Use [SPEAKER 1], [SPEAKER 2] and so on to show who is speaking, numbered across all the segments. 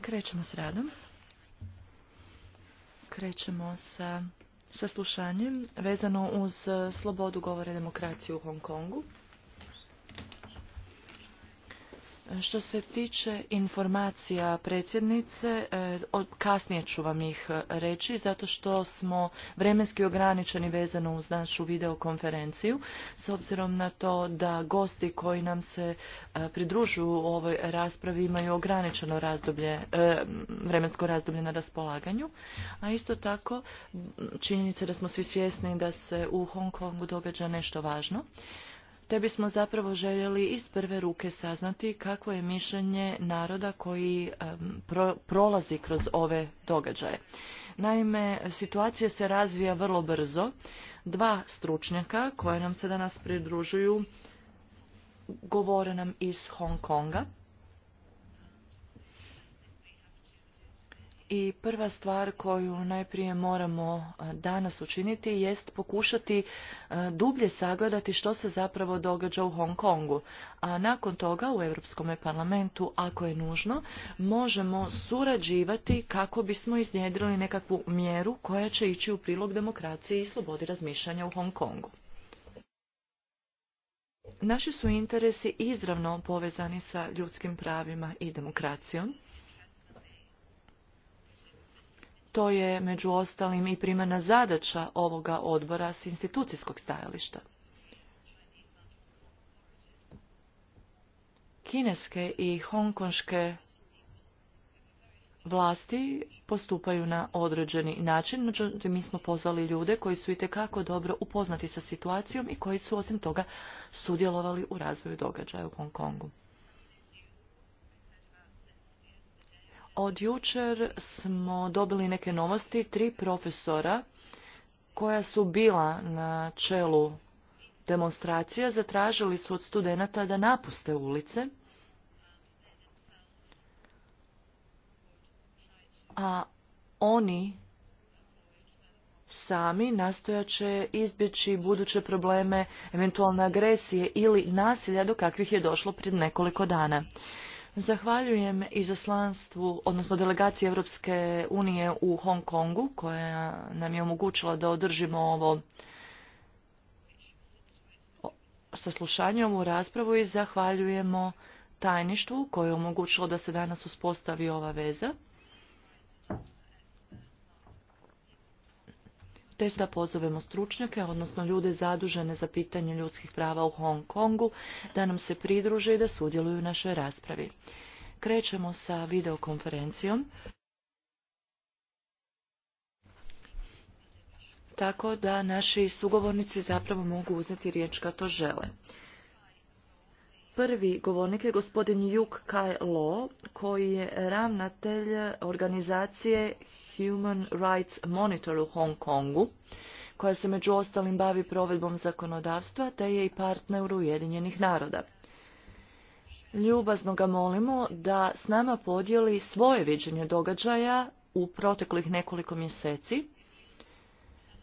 [SPEAKER 1] Krećemo s radom. Krećemo sa saslušanjem vezano uz slobodu i demokracije u Hong Kongu. Što se tiče informacija predsjednice, e, kasnije ću vam ih e, reći, zato što smo vremenski ograničeni vezano uz našu videokonferenciju, s obzirom na to da gosti koji nam se e, pridružuju u ovoj raspravi imaju ograničeno razdoblje, vremensko razdoblje na raspolaganju, a isto tako činjenica da smo svi svjesni da se u Hong događa nešto važno te bismo zapravo željeli iz prve ruke saznati kakvo je mišljenje naroda koji prolazi kroz ove događaje. Naime, situacija se razvija vrlo brzo. Dva stručnjaka koje nam se danas pridružuju govore nam iz Hong Konga. i prva stvar koju najprije moramo e, danas učiniti jest pokušati e, dublje sagledati što se zapravo događa u Hong Kongu. A nakon toga u Europskom parlamentu, ako je nužno, možemo surađivati kako bismo iznjedrili nekakvu mjeru koja će ići u prilog demokraciji i slobodi razmišljanja u Hong Kongu. Naši su interesi izravno povezani sa ljudskim pravima i demokracijom To je među ostalim i primjena zadaća ovoga odbora s institucijskog stajališta. Kineske i hongkonške vlasti postupaju na određeni način, međutim mi smo pozvali ljude koji su itekako dobro upoznati sa situacijom i koji su osim toga sudjelovali u razvoju događaja u Hong Kongu. Od jučer smo dobili neke novosti, tri profesora koja su bila na čelu demonstracija zatražili su od studenata da napuste ulice, a oni sami nastojat izbjeći buduće probleme, eventualne agresije ili nasilja do kakvih je došlo pred nekoliko dana. Zahvaljujem izaslanstvu, odnosno delegaciji Europske unije u Hong Kongu, koja nam je omogućila da održimo ovo saslušanje, ovu raspravu i zahvaljujemo tajništvu koje je omogućilo da se danas uspostavi ova veza te da pozovemo stručnjake, odnosno ljude zadužene za pitanje ljudskih prava u Hong Kongu, da nam se pridruže i da sudjeluju u našoj raspravi. Krećemo sa videokonferencijom. Tako da naši sugovornici zapravo mogu uzeti riječ kad to žele. Prvi govornik je gospodin Yuk Kai Lo, koji je ravnatelj organizacije Human Rights Monitor u Hong Kongu, koja se među ostalim bavi provedbom zakonodavstva, te je i partner Ujedinjenih naroda. Ljubazno ga molimo da s nama podijeli svoje viđenje događaja u proteklih nekoliko mjeseci,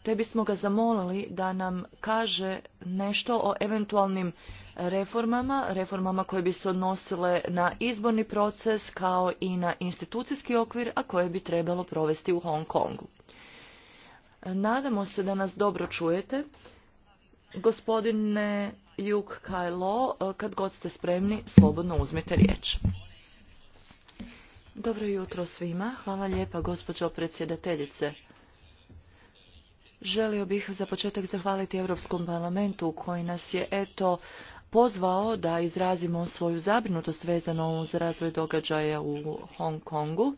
[SPEAKER 1] te bismo ga zamolili da nam kaže nešto o eventualnim reformama, reformama koje bi se odnosile na izborni proces kao i na institucijski okvir, a koje bi trebalo provesti u Hong Kongu. Nadamo se da nas dobro čujete. Gospodine Juk Lo, kad god ste spremni, slobodno uzmite riječ. Dobro jutro svima. Hvala lijepa, gospođo predsjedateljice. Želio bih za početak zahvaliti Europskom parlamentu koji nas je eto pozvao da izrazimo svoju zabrinutost vezano uz razvoj događaja u Hong Kongu.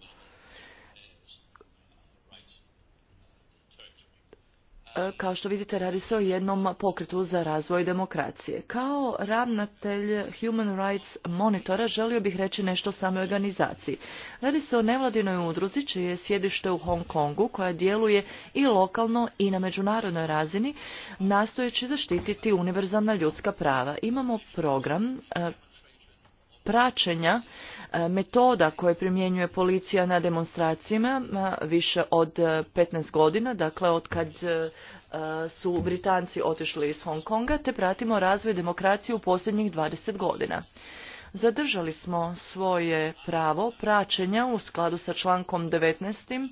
[SPEAKER 1] E, kao što vidite radi se o jednom pokretu za razvoj demokracije. Kao ravnatelj Human Rights Monitora želio bih reći nešto o samoj organizaciji. Radi se o nevladinoj udruzi čije je sjedište u Hong Kongu koja djeluje i lokalno i na međunarodnoj razini nastojeći zaštititi univerzalna ljudska prava. Imamo program e, praćenja e, metoda koje primjenjuje policija na demonstracijama e, više od 15 e, godina, dakle od kad su Britanci otišli iz Hongkonga, te pratimo razvoj demokracije u posljednjih 20 godina. Zadržali smo svoje pravo praćenja u skladu sa člankom 19.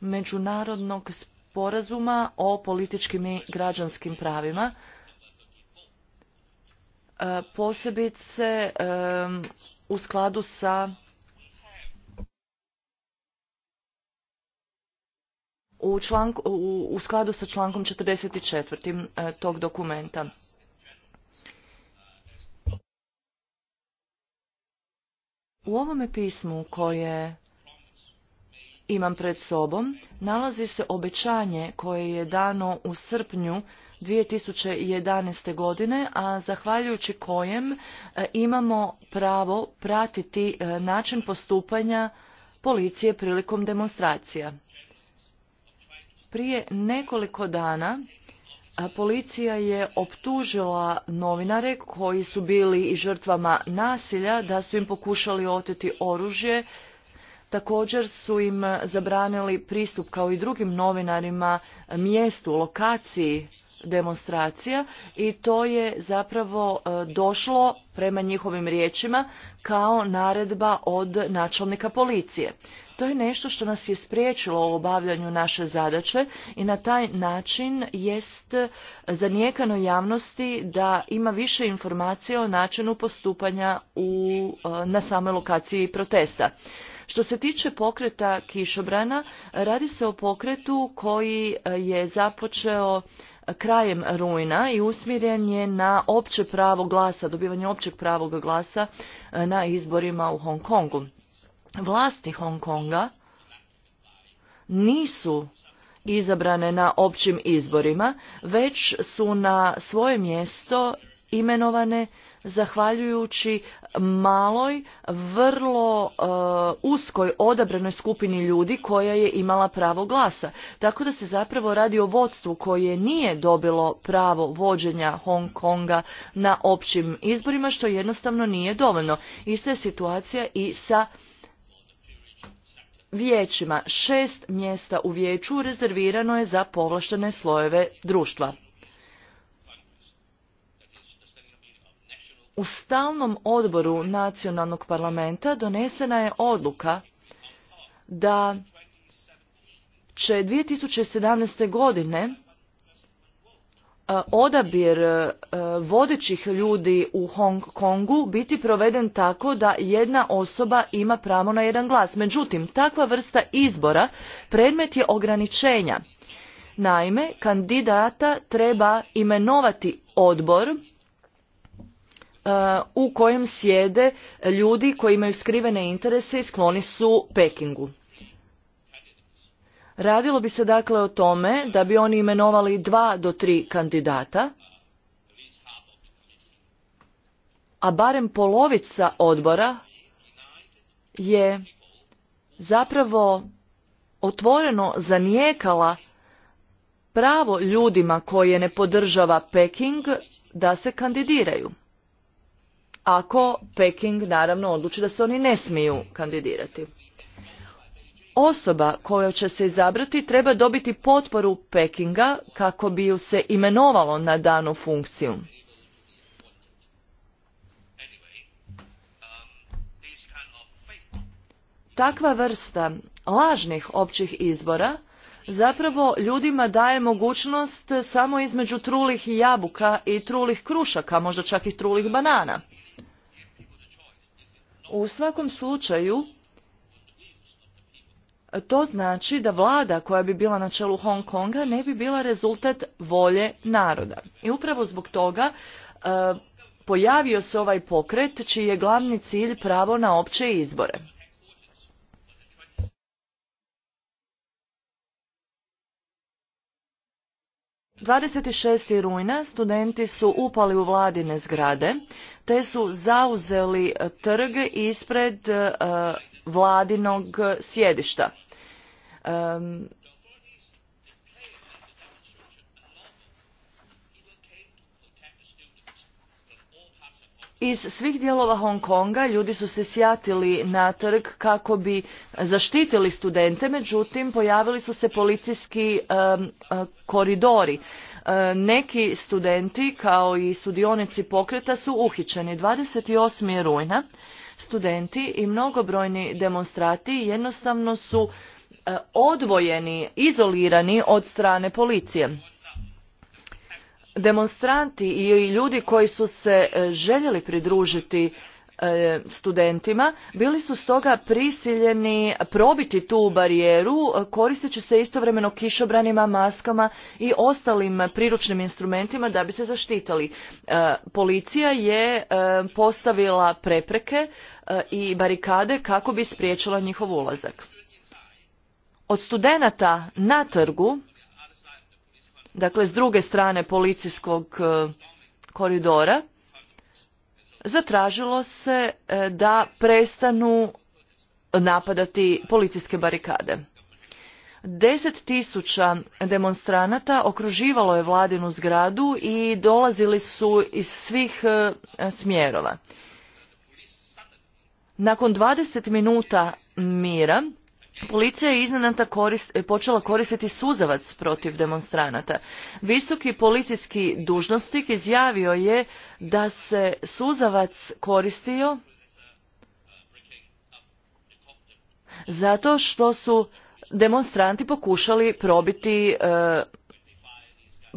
[SPEAKER 1] Međunarodnog sporazuma o političkim i građanskim pravima, posebice u skladu sa u, skladu sa člankom 44. E, tog dokumenta. U ovome pismu koje imam pred sobom nalazi se obećanje koje je dano u srpnju 2011. godine, a zahvaljujući kojem e, imamo pravo pratiti e, način postupanja policije prilikom demonstracija. Prije nekoliko dana policija je optužila novinare koji su bili i žrtvama nasilja da su im pokušali oteti oružje Također su im zabranili pristup kao i drugim novinarima mjestu, lokaciji demonstracija i to je zapravo e, došlo prema njihovim riječima kao naredba od načelnika policije. To je nešto što nas je spriječilo u obavljanju naše zadaće i na taj način jest zanijekano javnosti da ima više informacija o načinu postupanja e, na samoj lokaciji protesta. Što se tiče pokreta kišobrana, radi se o pokretu koji e, je započeo e, krajem rujna i usmjeren je na opće pravo glasa, dobivanje općeg pravog glasa e, na izborima u Hong Kongu. Vlasti Hong Konga nisu izabrane na općim izborima, već su na svoje mjesto imenovane zahvaljujući maloj, vrlo uh, uskoj odabranoj skupini ljudi koja je imala pravo glasa. Tako da se zapravo radi o vodstvu koje nije dobilo pravo vođenja Hong Konga na općim izborima što jednostavno nije dovoljno. Ista je situacija i sa vijećima. Šest mjesta u vijeću rezervirano je za povlaštene slojeve društva. U stalnom odboru nacionalnog parlamenta donesena je odluka da će 2017. godine e, odabir e, vodećih ljudi u Hong Kongu biti proveden tako da jedna osoba ima pravo na jedan glas. Međutim, takva vrsta izbora predmet je ograničenja. Naime, kandidata treba imenovati odbor E, u kojem sjede ljudi koji imaju skrivene interese i skloni su Pekingu. Radilo bi se dakle o tome da bi oni imenovali dva do tri kandidata, a barem polovica odbora je zapravo otvoreno zanijekala pravo ljudima koje ne podržava Peking da se kandidiraju ako Peking naravno odluči da se oni ne smiju kandidirati. Osoba koja će se izabrati treba dobiti potporu Pekinga kako bi ju se imenovalo na danu funkciju. Takva vrsta lažnih općih izbora zapravo ljudima daje mogućnost samo između trulih jabuka i trulih krušaka, možda čak i trulih banana. U svakom slučaju, to znači da vlada koja bi bila na čelu Hong Konga ne bi bila rezultat volje naroda. I upravo zbog toga e, pojavio se ovaj pokret čiji je glavni cilj pravo na opće izbore. 26. rujna studenti su upali u vladine zgrade, te su zauzeli trg ispred eh, vladinog sjedišta. Iz svih dijelova Hong Konga ljudi su se sjatili na trg kako bi zaštitili studente, međutim pojavili su se policijski e, koridori. E, neki studenti kao i sudionici pokreta su uhićeni. 28. rujna studenti i mnogobrojni demonstrati jednostavno su e, odvojeni, izolirani od strane policije demonstranti i ljudi koji su se e, željeli pridružiti e, studentima bili su stoga prisiljeni probiti tu barijeru e, koristeći se istovremeno kišobranima, maskama i ostalim priručnim instrumentima da bi se zaštitali. Policija je postavila prepreke i barikade kako bi spriječila njihov ulazak. Od studenata na trgu dakle s druge strane policijskog e, koridora, zatražilo se e, da prestanu napadati policijske barikade. Deset tisuća demonstranata okruživalo je vladinu zgradu i dolazili su iz svih e, smjerova. Nakon 20 minuta mira Policija je iznenata e, počela koristiti suzavac protiv demonstranata. Visoki policijski dužnostik izjavio je da se suzavac koristio zato što su demonstranti pokušali probiti e,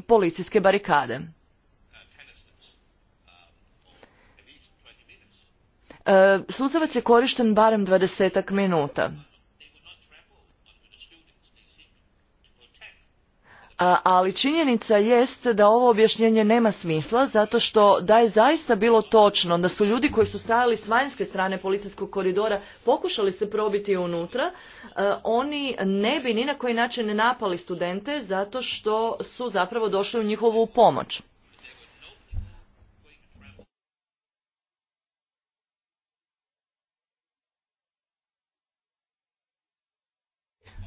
[SPEAKER 1] policijske barikade. E, suzavac je korišten barem dvadesetak minuta. ali činjenica jest da ovo objašnjenje nema smisla zato što da je zaista bilo točno da su ljudi koji su stajali s vanjske strane policijskog koridora pokušali se probiti unutra, e, oni ne bi ni na koji način napali studente zato što su zapravo došli u njihovu pomoć.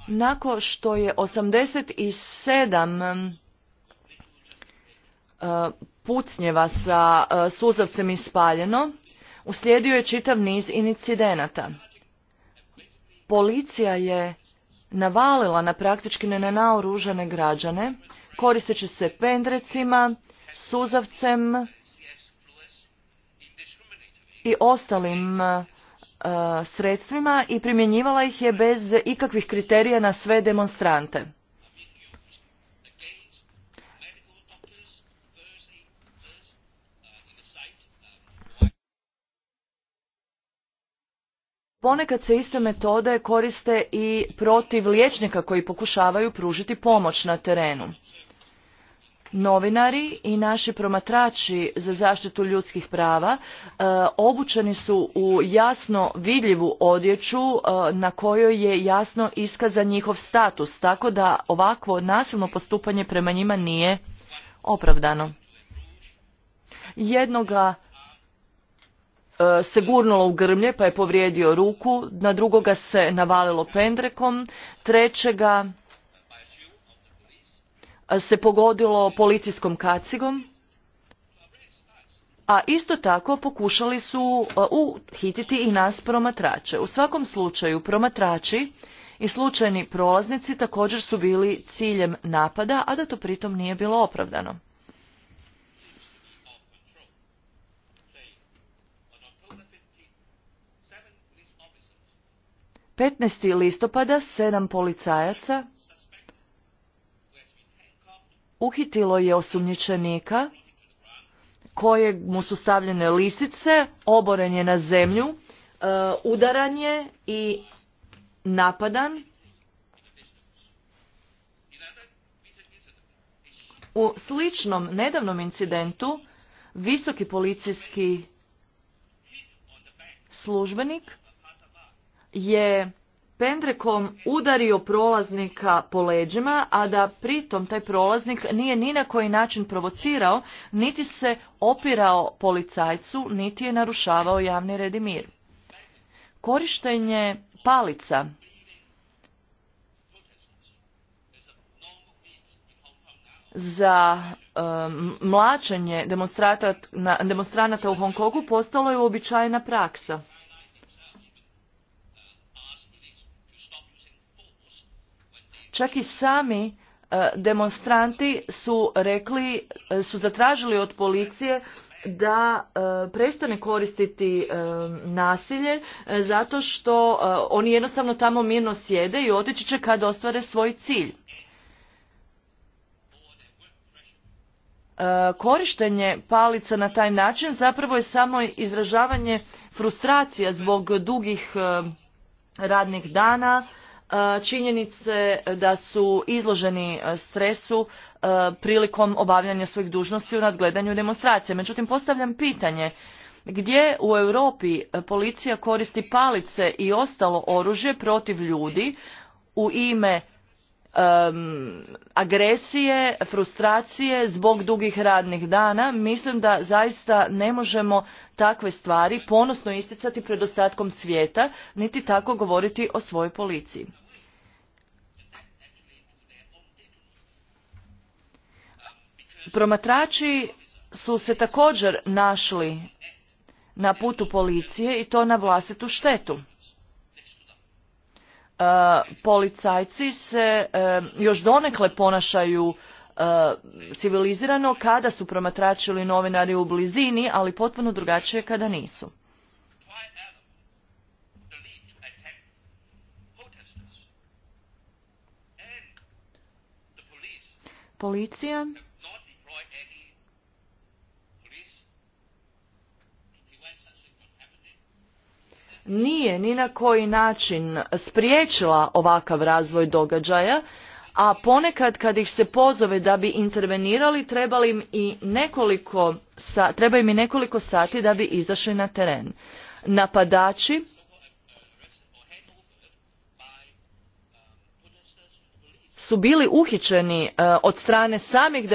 [SPEAKER 1] nakon što je 87 e, pucnjeva sa e, suzavcem ispaljeno, uslijedio je čitav niz incidenata. Policija je navalila na praktički nenaoružane građane, koristeći se pendrecima, suzavcem i ostalim e, E, sredstvima i primjenjivala ih je bez ikakvih kriterija na sve demonstrante. Ponekad se iste metode koriste i protiv liječnika koji pokušavaju pružiti pomoć na terenu. Novinari i naši promatrači za zaštitu ljudskih prava e, obučeni su u jasno vidljivu odjeću e, na kojoj je jasno iskazan njihov status, tako da ovakvo nasilno postupanje prema njima nije opravdano. Jednoga e, se gurnulo u grmlje pa je povrijedio ruku, na drugoga se navalilo pendrekom, trećega se pogodilo policijskom kacigom, a isto tako pokušali su uhititi i nas promatrače. U svakom slučaju promatrači i slučajni prolaznici također su bili ciljem napada, a da to pritom nije bilo opravdano. petnaest listopada sedam policajaca uhitilo je osumnjičenika kojeg mu su stavljene listice, oboren je na zemlju, e, udaran je i napadan. U sličnom nedavnom incidentu visoki policijski službenik je pendrekom udario prolaznika po leđima, a da pritom taj prolaznik nije ni na koji način provocirao, niti se opirao policajcu, niti je narušavao javni red i mir. Korištenje palica za mlačenje demonstranata u Hong postalo je uobičajena praksa. Čak i sami e, demonstranti su rekli, e, su zatražili od policije da e, prestane koristiti nasilje zato što oni jednostavno tamo mirno sjede i otići će kad ostvare svoj cilj. korištenje palica na taj način zapravo je samo izražavanje frustracija zbog dugih radnih dana, činjenice da su izloženi stresu prilikom obavljanja svojih dužnosti u nadgledanju demonstracije. Međutim, postavljam pitanje gdje u Europi policija koristi palice i ostalo oružje protiv ljudi u ime agresije, frustracije zbog dugih radnih dana, mislim da zaista ne možemo takve stvari ponosno isticati pred ostatkom svijeta, niti tako govoriti o svojoj policiji. Promatrači su se također našli na putu policije i to na vlastitu štetu. E, policajci se e, još donekle ponašaju e, civilizirano kada su promatračili novinari u blizini, ali potpuno drugačije kada nisu. Policija nije ni na koji način spriječila ovakav razvoj događaja, a ponekad kad ih se pozove da bi intervenirali treba im i nekoliko, treba im i nekoliko sati da bi izašli na teren. Napadači su bili uhićeni e, od strane samih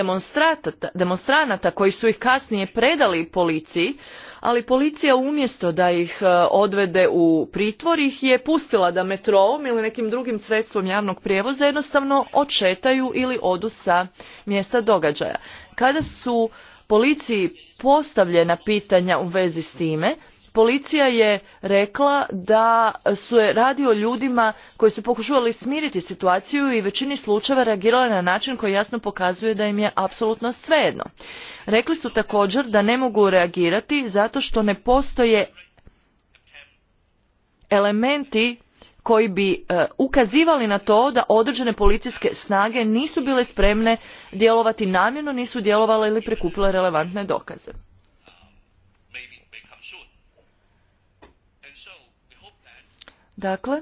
[SPEAKER 1] demonstranata koji su ih kasnije predali policiji ali policija umjesto da ih e, odvede u pritvor ih je pustila da metrovom ili nekim drugim sredstvom javnog prijevoza jednostavno očetaju ili odu sa mjesta događaja. Kada su policiji postavljena pitanja u vezi s time, policija je rekla da su radi o ljudima koji su pokušavali smiriti situaciju i većini slučajeva reagirala na način koji jasno pokazuje da im je apsolutno svejedno. Rekli su također da ne mogu reagirati zato što ne postoje elementi koji bi e, ukazivali na to da određene policijske snage nisu bile spremne djelovati namjerno, nisu djelovale ili prikupile relevantne dokaze. Dakle,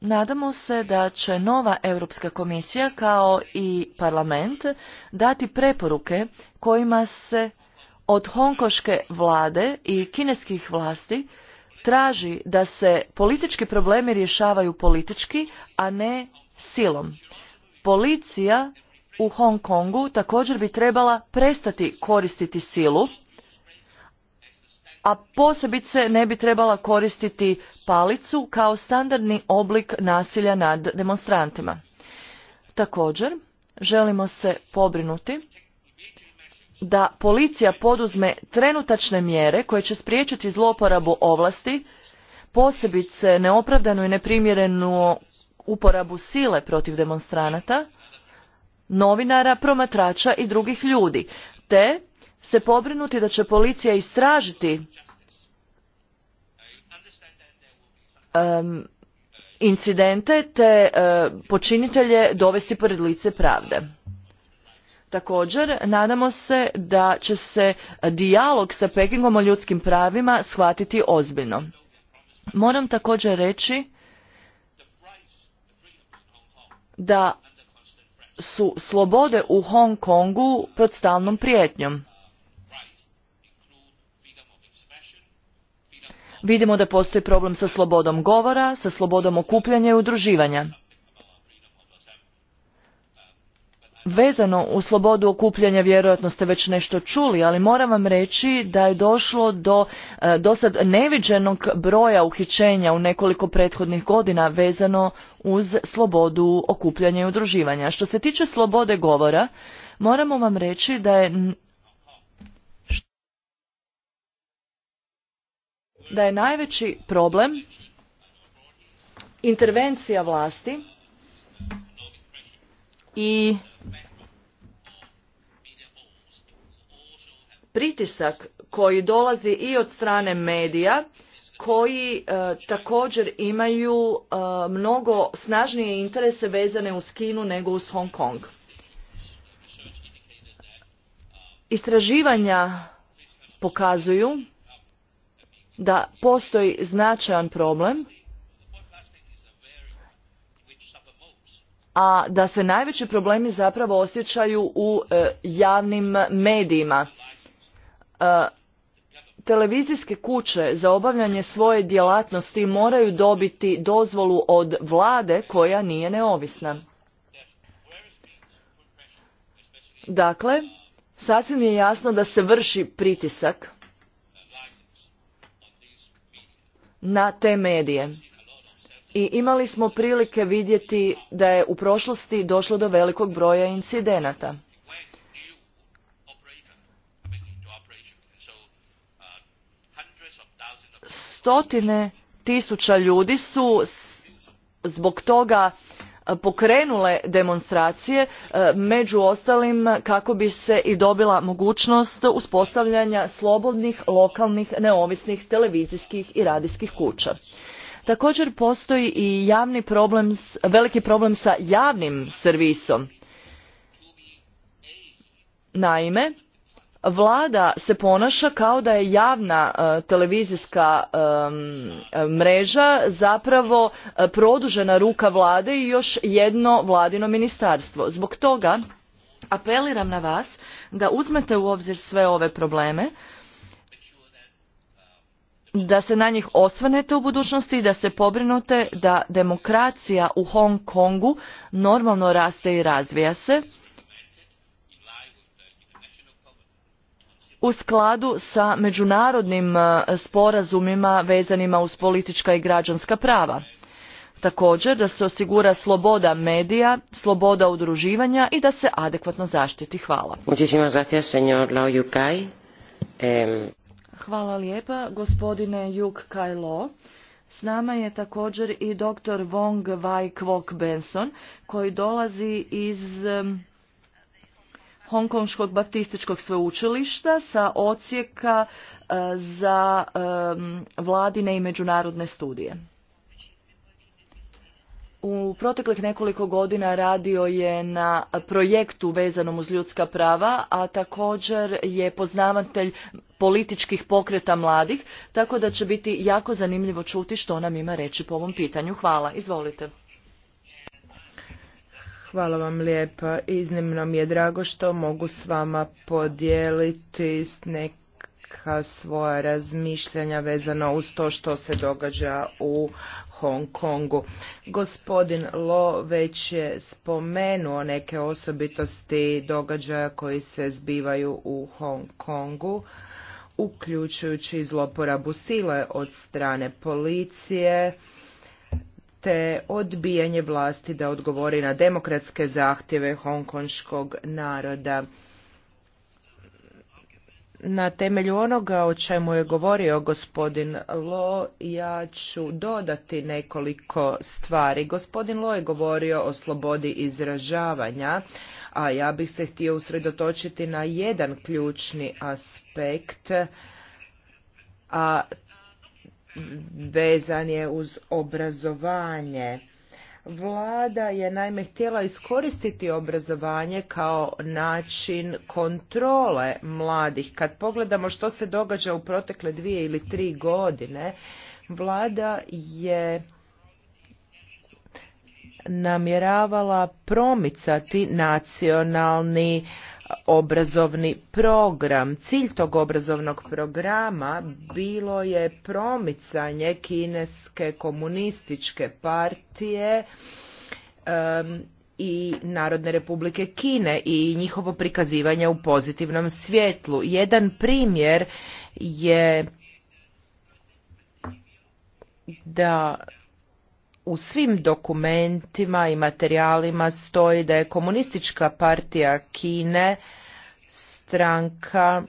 [SPEAKER 1] nadamo se da će nova Europska komisija kao i parlament dati preporuke kojima se od honkoške vlade i kineskih vlasti traži da se politički problemi rješavaju politički, a ne silom. Policija u Hong Kongu također bi trebala prestati koristiti silu a posebice ne bi trebala koristiti palicu kao standardni oblik nasilja nad demonstrantima. Također, želimo se pobrinuti da policija poduzme trenutačne mjere koje će spriječiti zloporabu ovlasti, posebice neopravdanu i neprimjerenu uporabu sile protiv demonstranata, novinara, promatrača i drugih ljudi, te se pobrinuti da će policija istražiti incidente te e, počinitelje dovesti pred lice pravde. Također, nadamo se da će se dijalog sa Pekingom o ljudskim pravima shvatiti ozbiljno. Moram također reći da su slobode u Hong Kongu pod stalnom prijetnjom. vidimo da postoji problem sa slobodom govora, sa slobodom okupljanja i udruživanja. Vezano u slobodu okupljanja vjerojatno ste već nešto čuli, ali moram vam reći da je došlo do e, dosad neviđenog broja uhićenja u nekoliko prethodnih godina vezano uz slobodu okupljanja i udruživanja. Što se tiče slobode govora, moramo vam reći da je da je najveći problem intervencija vlasti i pritisak koji dolazi i od strane medija koji e, također imaju e, mnogo snažnije interese vezane uz Kinu nego uz Hong Kong. Istraživanja pokazuju da postoji značajan problem a da se najveći problemi zapravo osjećaju u e, javnim medijima. E, televizijske kuće za obavljanje svoje djelatnosti moraju dobiti dozvolu od vlade koja nije neovisna. Dakle, sasvim je jasno da se vrši pritisak na te medije. I imali smo prilike vidjeti da je u prošlosti došlo do velikog broja incidenata. Stotine tisuća ljudi su zbog toga pokrenule demonstracije e, među ostalim kako bi se i dobila mogućnost uspostavljanja slobodnih lokalnih neovisnih televizijskih i radijskih kuća također postoji i javni problem veliki problem sa javnim servisom naime vlada se ponaša kao da je javna e, televizijska mreža zapravo e, produžena ruka vlade i još jedno vladino ministarstvo zbog toga apeliram na vas da uzmete u obzir sve ove probleme da se na njih osvrnete u budućnosti i da se pobrinute da demokracija u Hong Kongu normalno raste i razvija se u skladu sa međunarodnim e, sporazumima vezanima uz politička i građanska prava. Također da se osigura sloboda medija, sloboda udruživanja i da se adekvatno zaštiti. Hvala. Hvala lijepa gospodine Juk Lo. S nama je također i dr. Wong Wai Kwok Benson koji dolazi iz Hongkonškog baptističkog sveučilišta sa ocijeka e, za e, vladine i međunarodne studije. U proteklih nekoliko godina radio je na projektu vezanom uz ljudska prava, a također je poznavatelj političkih pokreta mladih, tako da će biti jako zanimljivo čuti što nam ima reći po ovom pitanju. Hvala. Izvolite.
[SPEAKER 2] Hvala vam lijepa. Iznimno mi je drago što mogu s vama podijeliti neka svoja razmišljanja vezano uz to što se događa u Hong Kongu. Gospodin Lo već je spomenuo neke osobitosti događaja koji se zbivaju u Hong Kongu, uključujući zloporabu sile od strane policije, te odbijanje vlasti da odgovori na demokratske zahtjeve hongkonškog naroda. Na temelju onoga o čemu je govorio gospodin Lo, ja ću dodati nekoliko stvari. Gospodin Lo je govorio o slobodi izražavanja, a ja bih se htio usredotočiti na jedan ključni aspekt, a vezan je uz obrazovanje. Vlada je naime htjela iskoristiti obrazovanje kao način kontrole mladih. Kad pogledamo što se događa u protekle dvije ili tri godine, vlada je namjeravala promicati nacionalni obrazovni program. Cilj tog obrazovnog programa bilo je promicanje kineske komunističke partije i Narodne republike Kine i njihovo prikazivanje u pozitivnom svjetlu. Jedan primjer je da u svim dokumentima i materijalima stoji da je komunistička partija Kine stranka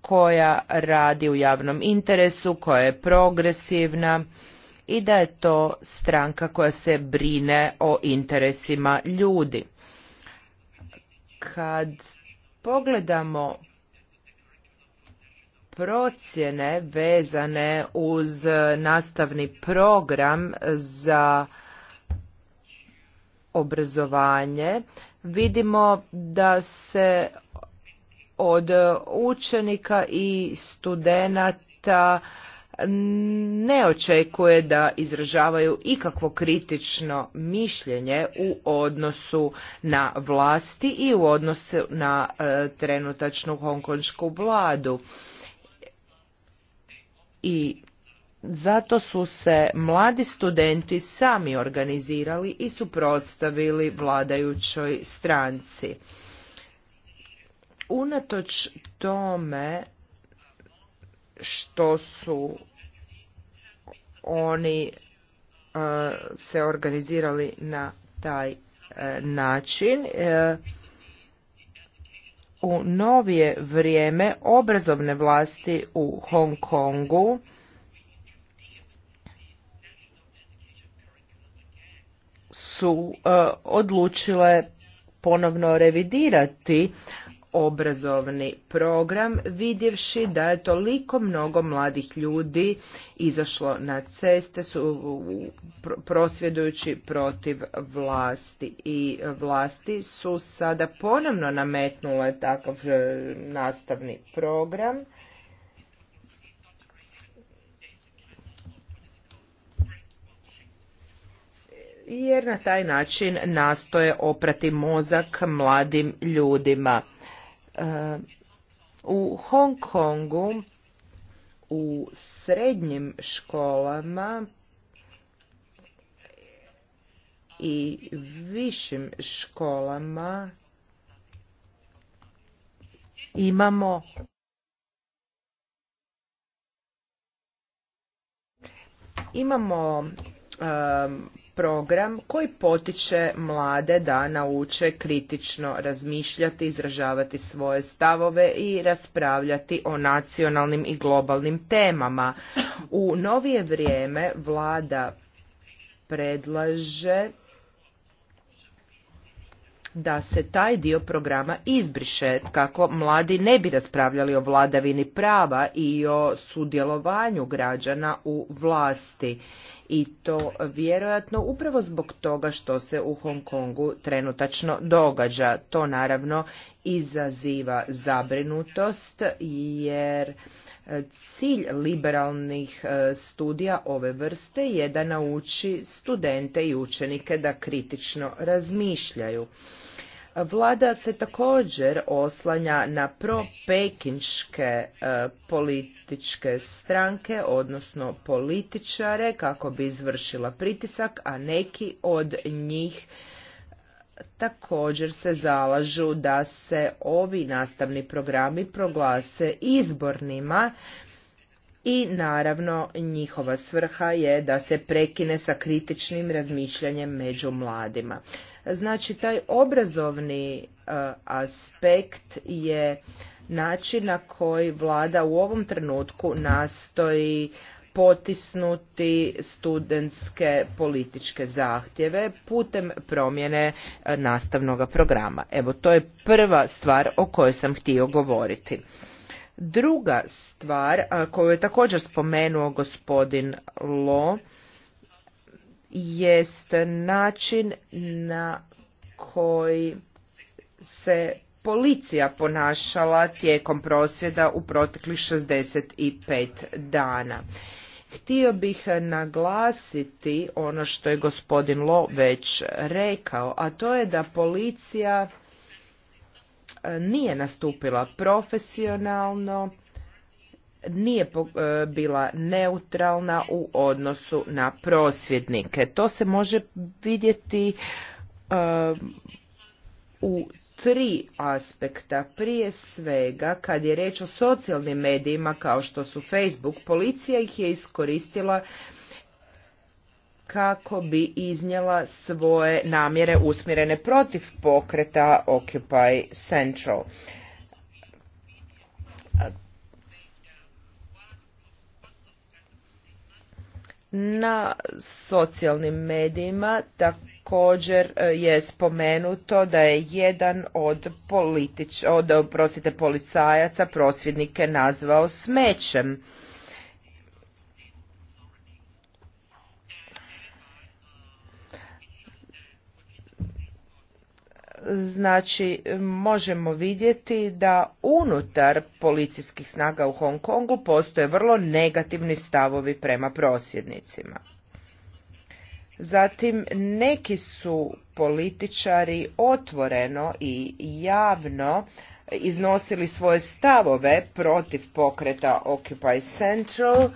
[SPEAKER 2] koja radi u javnom interesu, koja je progresivna i da je to stranka koja se brine o interesima ljudi. Kad pogledamo procjene vezane uz nastavni program za obrazovanje vidimo da se od učenika i studenata ne očekuje da izražavaju ikakvo kritično mišljenje u odnosu na vlasti i u odnosu na e, trenutačnu hongkonšku vladu i zato su se mladi studenti sami organizirali i suprotstavili vladajućoj stranci. Unatoč tome što su oni e, se organizirali na taj e, način e, u novije vrijeme obrazovne vlasti u Hong Kongu su e, odlučile ponovno revidirati obrazovni program vidjevši da je toliko mnogo mladih ljudi izašlo na ceste su prosvjedujući protiv vlasti i vlasti su sada ponovno nametnule takav e, nastavni program jer na taj način nastoje oprati mozak mladim ljudima u Hong Kongu u srednjim školama i višim školama imamo imamo program koji potiče mlade da nauče kritično razmišljati, izražavati svoje stavove i raspravljati o nacionalnim i globalnim temama. U novije vrijeme vlada predlaže da se taj dio programa izbriše kako mladi ne bi raspravljali o vladavini prava i o sudjelovanju građana u vlasti i to vjerojatno upravo zbog toga što se u Hong Kongu trenutačno događa. To naravno izaziva zabrinutost jer e, cilj liberalnih e, studija ove vrste je da nauči studente i učenike da kritično razmišljaju. Vlada se također oslanja na pro e, političke stranke, odnosno političare, kako bi izvršila pritisak, a neki od njih e, također se zalažu da se ovi nastavni programi proglase izbornima i naravno njihova svrha je da se prekine sa kritičnim razmišljanjem među mladima. Znači taj obrazovni e, aspekt je način na koji vlada u ovom trenutku nastoji potisnuti studentske političke zahtjeve putem promjene e, nastavnog programa. Evo, to je prva stvar o kojoj sam htio govoriti. Druga stvar koju je također spomenuo gospodin Lo jest način na koji se policija ponašala tijekom prosvjeda u proteklih 65 dana. Htio bih naglasiti ono što je gospodin Lo već rekao, a to je da policija E, nije nastupila profesionalno, nije e, bila neutralna u odnosu na prosvjednike. To se može vidjeti e, u tri aspekta. Prije svega, kad je reč o socijalnim medijima kao što su Facebook, policija ih je iskoristila kako bi iznjela svoje namjere usmjerene protiv pokreta Occupy Central. Na socijalnim medijima također e, je spomenuto da je jedan od, politič, od prostite, policajaca prosvjednike nazvao smećem. Znači, možemo vidjeti da unutar policijskih snaga u Hong Kongu postoje vrlo negativni stavovi prema prosvjednicima. Zatim, neki su političari otvoreno i javno iznosili svoje stavove protiv pokreta Occupy Central,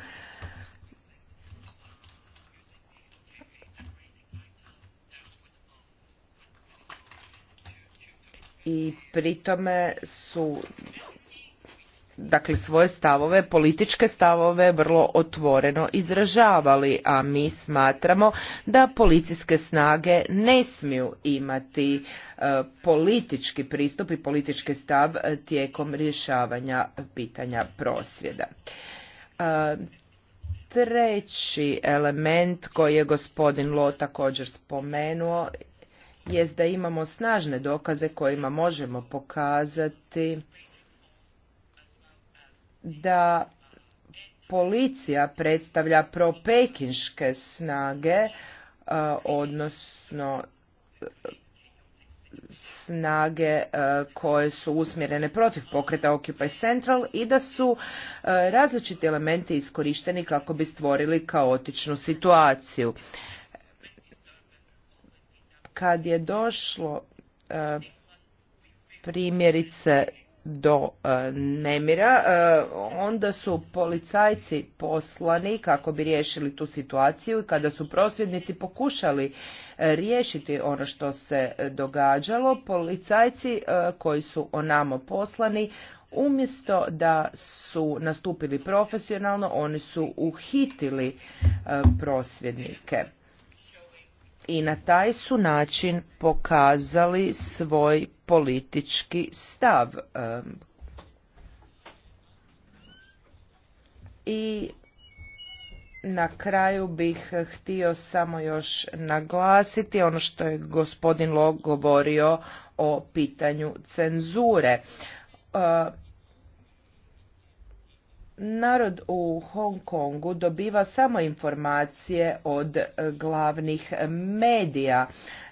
[SPEAKER 2] i pritome su dakle svoje stavove, političke stavove vrlo otvoreno izražavali, a mi smatramo da policijske snage ne smiju imati e, politički pristup i politički stav e, tijekom rješavanja pitanja prosvjeda. E, treći element koji je gospodin Lo također spomenuo jest da imamo snažne dokaze kojima možemo pokazati da policija predstavlja propekinške snage, e, odnosno e, snage e, koje su usmjerene protiv pokreta Occupy Central i da su različiti elementi iskorišteni kako bi stvorili kaotičnu situaciju. Kad je došlo e, primjerice do e, nemira, e, onda su policajci poslani kako bi riješili tu situaciju i kada su prosvjednici pokušali riješiti ono što se događalo, policajci koji su onamo poslani umjesto da su nastupili profesionalno, oni su uhitili prosvjednike i na taj su način pokazali svoj politički stav. I na kraju bih htio samo još naglasiti ono što je gospodin Log govorio o pitanju cenzure. E, Narod u Hong Kongu dobiva samo informacije od e, glavnih medija.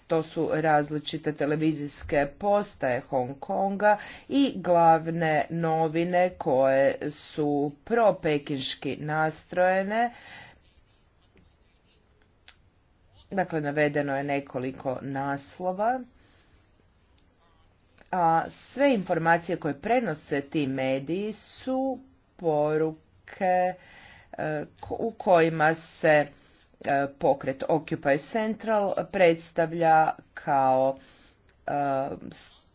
[SPEAKER 2] To su različite televizijske postaje Hong Konga i glavne novine koje su propekinški nastrojene. Dakle, navedeno je nekoliko naslova. A sve informacije koje prenose ti mediji su poruke e, u kojima se e, pokret Occupy Central predstavlja kao e,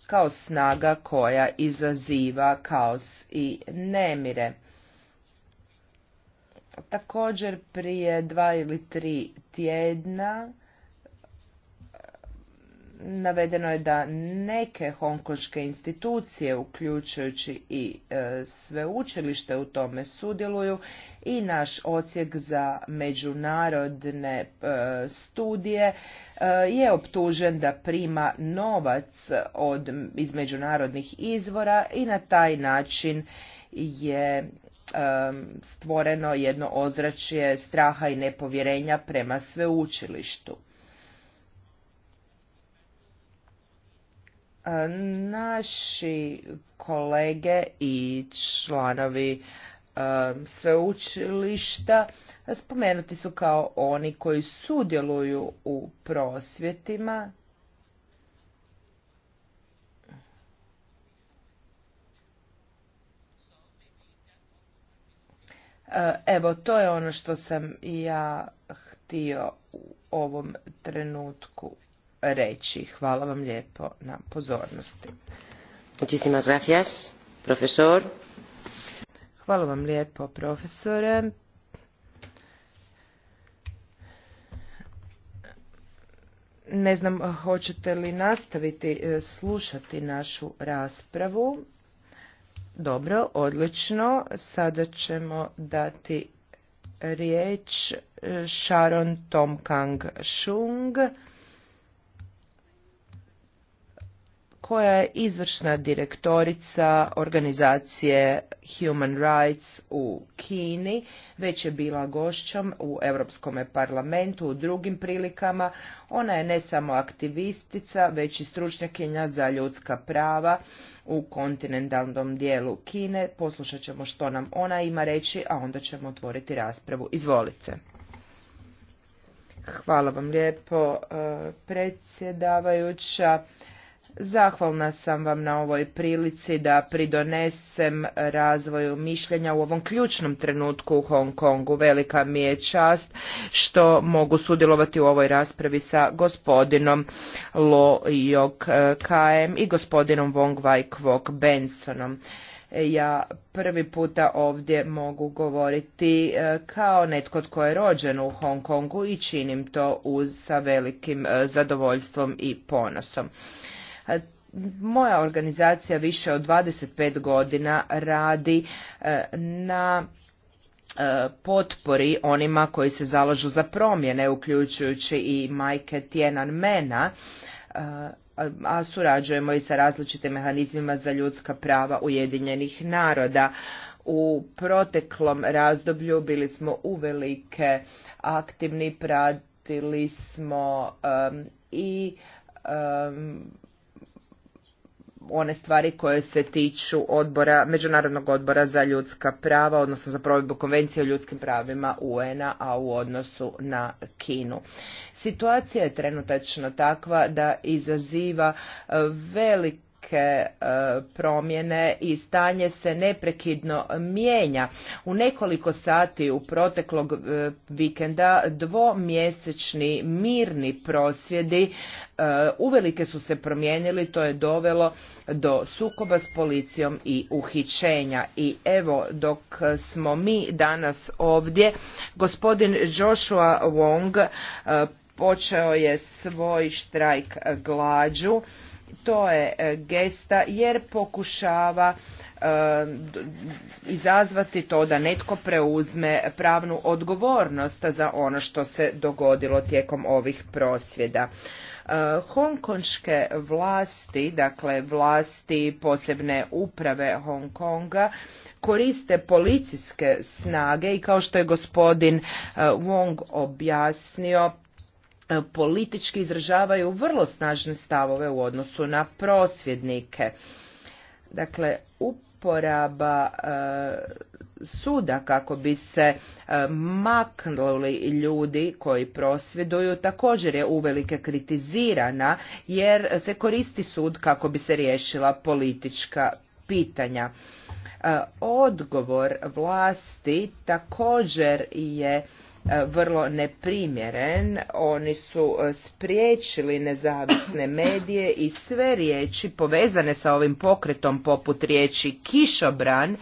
[SPEAKER 2] kao snaga koja izaziva kaos i nemire. Također prije dva ili tri tjedna navedeno je da neke hongkonške institucije, uključujući i sve sveučilište u tome sudjeluju i naš ocijek za međunarodne e, studije e, je optužen da prima novac od, iz međunarodnih izvora i na taj način je e, stvoreno jedno ozračje straha i nepovjerenja prema sveučilištu. E, naši kolege i članovi e, sveučilišta spomenuti su kao oni koji sudjeluju u prosvjetima e, Evo, to je ono što sam ja htio u ovom trenutku reći. Hvala vam lijepo na pozornosti.
[SPEAKER 3] Muchísimas gracias, profesor.
[SPEAKER 2] Hvala vam lijepo, profesore. Ne znam, hoćete li nastaviti e, slušati našu raspravu? Dobro, odlično. Sada ćemo dati riječ e, Sharon Tomkang Shung koja je izvršna direktorica organizacije Human Rights u Kini, već je bila gošćom u Europskom parlamentu u drugim prilikama. Ona je ne samo aktivistica, već i stručnjakinja za ljudska prava u kontinentalnom dijelu Kine. Poslušat ćemo što nam ona ima reći, a onda ćemo otvoriti raspravu. Izvolite. Hvala vam lijepo, eh, predsjedavajuća. Zahvalna sam vam na ovoj prilici da pridonesem razvoju mišljenja u ovom ključnom trenutku u Hong Kongu. Velika mi je čast što mogu sudjelovati u ovoj raspravi sa gospodinom Lo Jok Kaem i gospodinom Wong Wai Kwok Bensonom ja prvi puta ovdje mogu govoriti e, kao netko tko je rođen u Hong Kongu i činim to uz sa velikim e, zadovoljstvom i ponosom. Moja organizacija više od 25 godina radi e, na e, potpori onima koji se zalažu za promjene, uključujući i majke Tjenan Mena, e, a surađujemo i sa različitim mehanizmima za ljudska prava Ujedinjenih naroda. U proteklom razdoblju bili smo uvelike aktivni, pratili smo i one stvari koje se tiču odbora, Međunarodnog odbora za ljudska prava, odnosno za provedbu konvencije o ljudskim pravima UN-a, a u odnosu na Kinu. Situacija je trenutačno takva da izaziva e, velik E, promjene i stanje se neprekidno mijenja. U nekoliko sati u proteklog e, vikenda dvomjesečni mirni prosvjedi e, uvelike su se promijenili, to je dovelo do sukoba s policijom i uhićenja. I evo dok smo mi danas ovdje, gospodin Joshua Wong počeo je svoj štrajk glađu to je e, gesta jer pokušava e, izazvati to da netko preuzme pravnu odgovornost za ono što se dogodilo tijekom ovih prosvjeda. E, Hongkonske vlasti, dakle vlasti posebne uprave Hong Konga, koriste policijske snage i kao što je gospodin Wong objasnio, E, politički izražavaju vrlo snažne stavove u odnosu na prosvjednike. Dakle, uporaba e, suda kako bi se e, maknuli ljudi koji prosvjeduju također je uvelike kritizirana jer se koristi sud kako bi se riješila politička pitanja. Odgovor vlasti također je E, vrlo neprimjeren. Oni su e, spriječili nezavisne medije i sve riječi povezane sa ovim pokretom poput riječi kišobran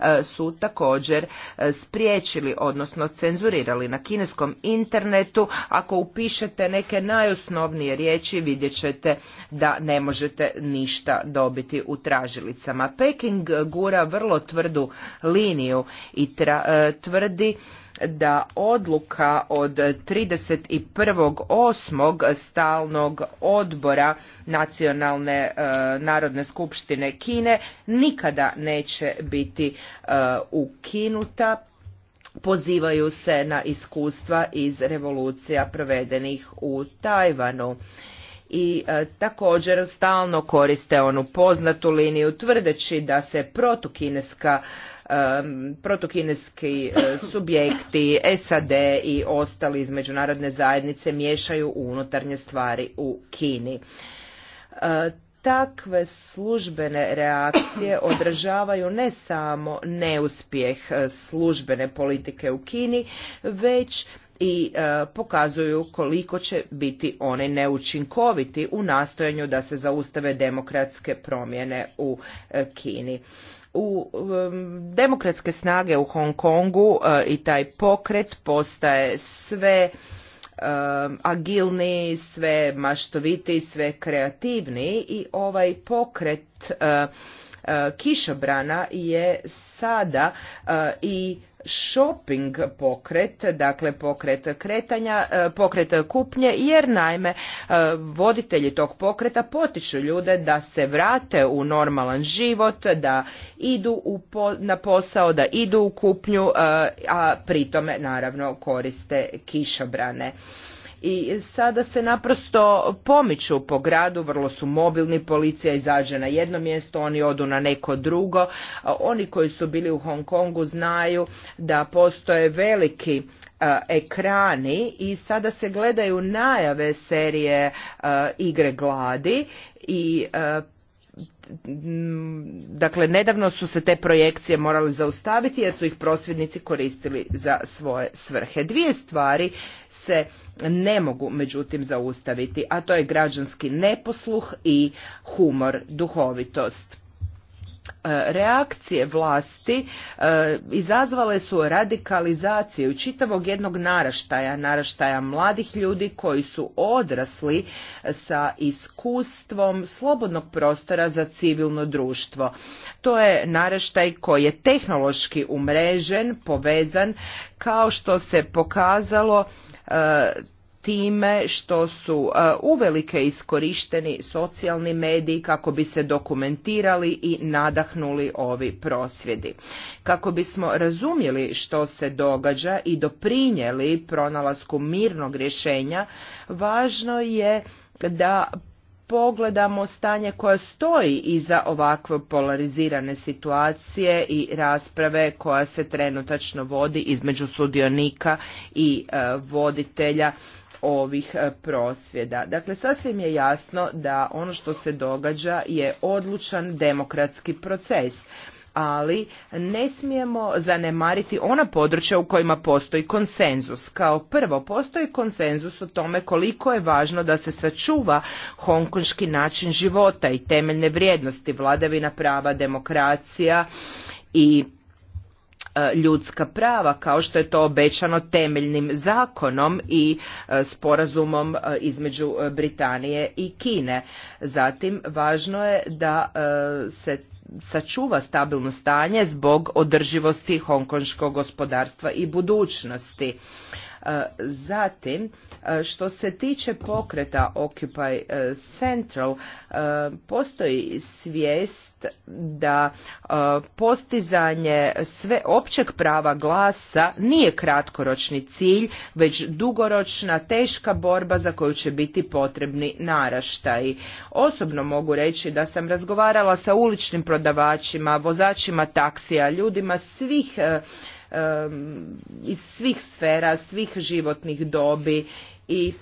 [SPEAKER 2] E, su također e, spriječili, odnosno cenzurirali na kineskom internetu. Ako upišete neke najosnovnije riječi vidjet ćete da ne možete ništa dobiti u tražilicama. Peking gura vrlo tvrdu liniju i e, tvrdi da odluka od 31.8. stalnog odbora Nacionalne narodne skupštine Kine nikada neće biti E, ukinuta pozivaju se na iskustva iz revolucija provedenih u Tajvanu i e, također stalno koriste onu poznatu liniju tvrdeći da se protukineska e, protukineski subjekti, SAD i ostali iz međunarodne zajednice miješaju u unutarnje stvari u Kini takve službene reakcije održavaju ne samo neuspjeh e, službene politike u Kini, već i e, pokazuju koliko će biti oni neučinkoviti u nastojanju da se zaustave demokratske promjene u e, Kini. U demokratske snage u Hong Kongu i taj pokret postaje sve Um, agilniji, sve maštovitiji, sve kreativniji i ovaj pokret uh, E, kišobrana je sada e, i shopping pokret, dakle pokret kretanja, e, pokret kupnje, jer naime voditelji tog pokreta potiču ljude da se vrate u normalan život, da idu u na posao, da idu u kupnju, a pritome naravno koriste kišobrane i sada se naprosto pomiču po gradu, vrlo su mobilni, policija izađe na jedno mjesto, oni odu na neko drugo. Oni koji su bili u Hong Kongu znaju da postoje veliki ekrani i sada se gledaju najave serije igre gladi i Mm, dakle nedavno su se te projekcije morali zaustaviti jer su ih prosvjednici koristili za svoje svrhe. Dvije stvari se ne mogu međutim zaustaviti, a to je građanski neposluh i humor, duhovitost. E, reakcije vlasti e, izazvale su radikalizaciju čitavog jednog naraštaja, naraštaja mladih ljudi koji su odrasli sa iskustvom slobodnog prostora za civilno društvo. To je naraštaj koji je tehnološki umrežen, povezan, kao što se pokazalo e, time što su e, uvelike iskorišteni socijalni mediji kako bi se dokumentirali i nadahnuli ovi prosvjedi. Kako bismo razumjeli što se događa i doprinijeli pronalasku mirnog rješenja, važno je da pogledamo stanje koje stoji iza ovakve polarizirane situacije i rasprave koja se trenutačno vodi između sudionika i e, voditelja ovih e, prosvjeda. Dakle, sasvim je jasno da ono što se događa je odlučan demokratski proces ali ne smijemo zanemariti ona područja u kojima postoji konsenzus. Kao prvo, postoji konsenzus o tome koliko je važno da se sačuva hongkonški način života i temeljne vrijednosti, vladavina prava, demokracija i E, ljudska prava kao što je to obećano temeljnim zakonom i e, sporazumom e, između Britanije i Kine. Zatim važno je da se sačuva stabilno stanje zbog održivosti hongkonškog gospodarstva i budućnosti. E, zatim, e, što se tiče pokreta Occupy e, Central, postoji svijest da postizanje sve općeg prava glasa nije kratkoročni cilj, već dugoročna teška borba za koju će biti potrebni naraštaji. Osobno mogu reći da sam razgovarala sa uličnim prodavačima, vozačima taksija, ljudima svih iz svih sfera, svih životnih dobi i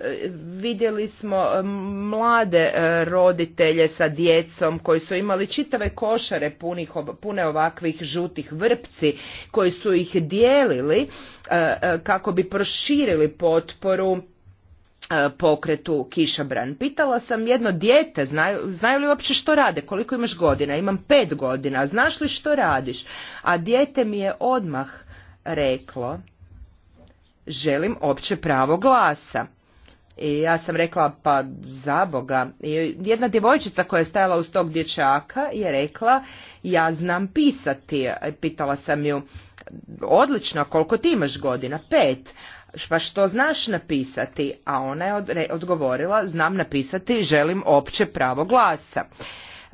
[SPEAKER 2] e, vidjeli smo e, mlade e, roditelje sa djecom koji su imali čitave košare punih, pune ovakvih žutih vrpci koji su ih dijelili kako bi proširili potporu E, pokretu Kišabran. Pitala sam jedno dijete, znaju, znaju li uopće što rade, koliko imaš godina, imam pet godina, znaš li što radiš? A dijete mi je odmah reklo, želim opće pravo glasa. I ja sam rekla, pa za Boga. jedna djevojčica koja je stajala uz tog dječaka je rekla, ja znam pisati. Pitala sam ju, odlično, koliko ti imaš godina? Pet pa što znaš napisati? A ona je odgovorila, znam napisati, želim opće pravo glasa.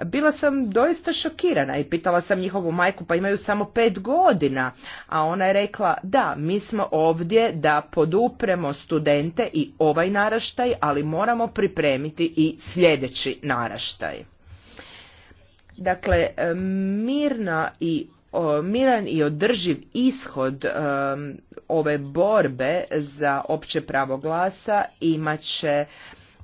[SPEAKER 2] Bila sam doista šokirana i pitala sam njihovu majku pa imaju samo pet godina, a ona je rekla da mi smo ovdje da podupremo studente i ovaj naraštaj, ali moramo pripremiti i sljedeći naraštaj. Dakle, mirna i miran i održiv ishod ove borbe za opće pravo glasa imat će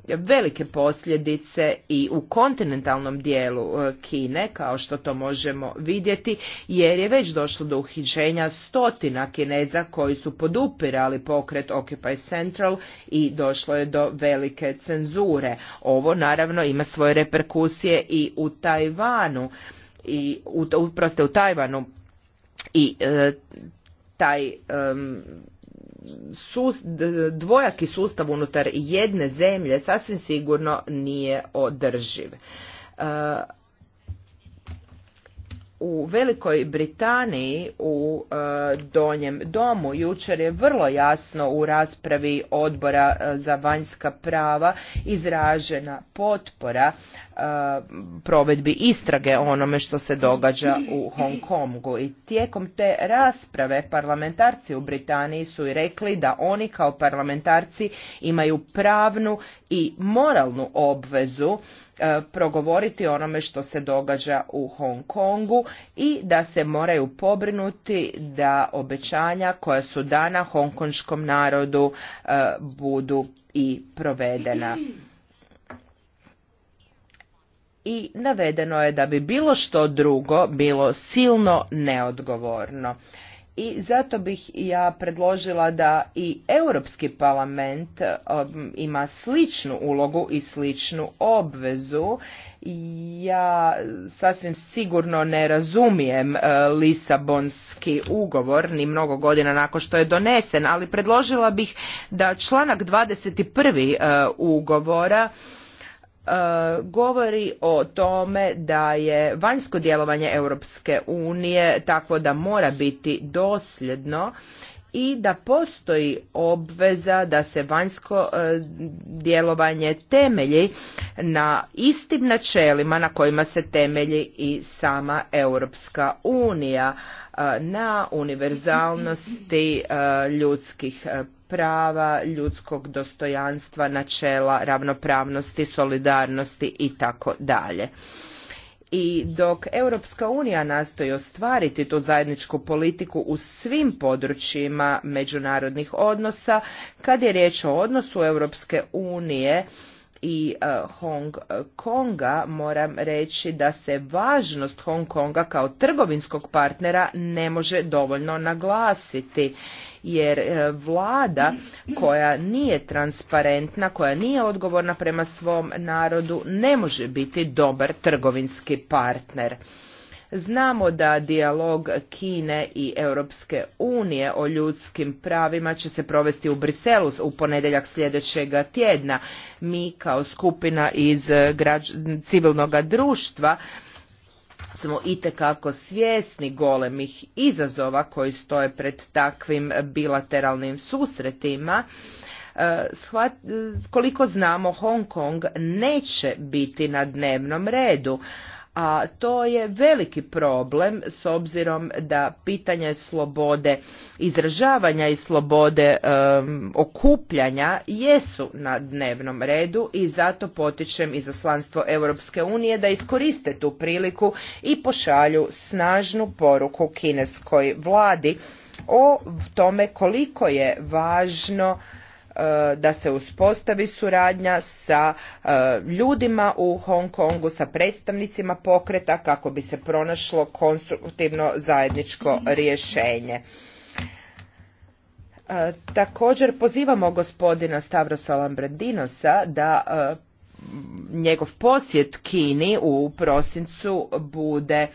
[SPEAKER 2] velike posljedice i u kontinentalnom dijelu e, Kine, kao što to možemo vidjeti, jer je već došlo do uhiđenja stotina Kineza koji su podupirali pokret Occupy Central i došlo je do velike cenzure. Ovo naravno ima svoje reperkusije i u Tajvanu i u Tajvanu i e, taj dvojaki sustav unutar jedne zemlje sasvim sigurno nije održiv. E, u Velikoj Britaniji u e, Donjem domu jučer je vrlo jasno u raspravi odbora e, za vanjska prava izražena potpora e, provedbi istrage onome što se događa u Hong Kongu i tijekom te rasprave parlamentarci u Britaniji su i rekli da oni kao parlamentarci imaju pravnu i moralnu obvezu E, progovoriti onome što se događa u Hong Kongu i da se moraju pobrinuti da obećanja koja su dana hongkonškom narodu e, budu i provedena i navedeno je da bi bilo što drugo bilo silno neodgovorno i zato bih ja predložila da i Europski parlament um, ima sličnu ulogu i sličnu obvezu. Ja sasvim sigurno ne razumijem uh, Lisabonski ugovor ni mnogo godina nakon što je donesen, ali predložila bih da članak 21. Uh, ugovora E, govori o tome da je vanjsko djelovanje Europske unije tako da mora biti dosljedno i da postoji obveza da se vanjsko e, djelovanje temelji na istim načelima na kojima se temelji i sama Europska unija na univerzalnosti ljudskih prava, ljudskog dostojanstva, načela ravnopravnosti, solidarnosti i tako dalje. I dok Europska unija nastoji ostvariti tu zajedničku politiku u svim područjima međunarodnih odnosa, kad je riječ o odnosu Europske unije i e, Hong Konga moram reći da se važnost Hong Konga kao trgovinskog partnera ne može dovoljno naglasiti jer e, vlada koja nije transparentna, koja nije odgovorna prema svom narodu ne može biti dobar trgovinski partner. Znamo da dijalog Kine i Europske unije o ljudskim pravima će se provesti u Briselu u ponedjeljak sljedećega tjedna. Mi kao skupina iz građ... civilnog društva smo itekako svjesni golemih izazova koji stoje pred takvim bilateralnim susretima. E, shvat, koliko znamo Hong Kong neće biti na dnevnom redu, a to je veliki problem s obzirom da pitanje slobode izražavanja i slobode okupljanja jesu na dnevnom redu i zato potičem izaslanstvo Europske unije da iskoriste tu priliku i pošalju snažnu poruku kineskoj vladi o tome koliko je važno Eh, da se uspostavi suradnja sa eh, ljudima u Hong Kongu, sa predstavnicima pokreta kako bi se pronašlo konstruktivno zajedničko rješenje. Eh, također pozivamo gospodina Stavrosa Lambrandinosa da njegov posjet Kini u prosincu bude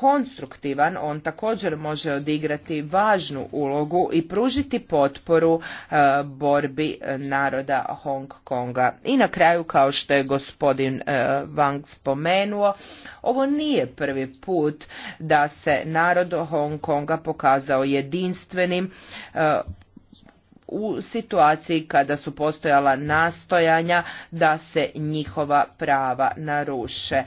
[SPEAKER 2] konstruktivan, on također može odigrati važnu ulogu i pružiti potporu e, borbi naroda Hong Konga. I na kraju, kao što je gospodin e, Wang spomenuo, ovo nije prvi put da se narod Hong Konga pokazao jedinstvenim e, u situaciji kada su postojala nastojanja da se njihova prava naruše.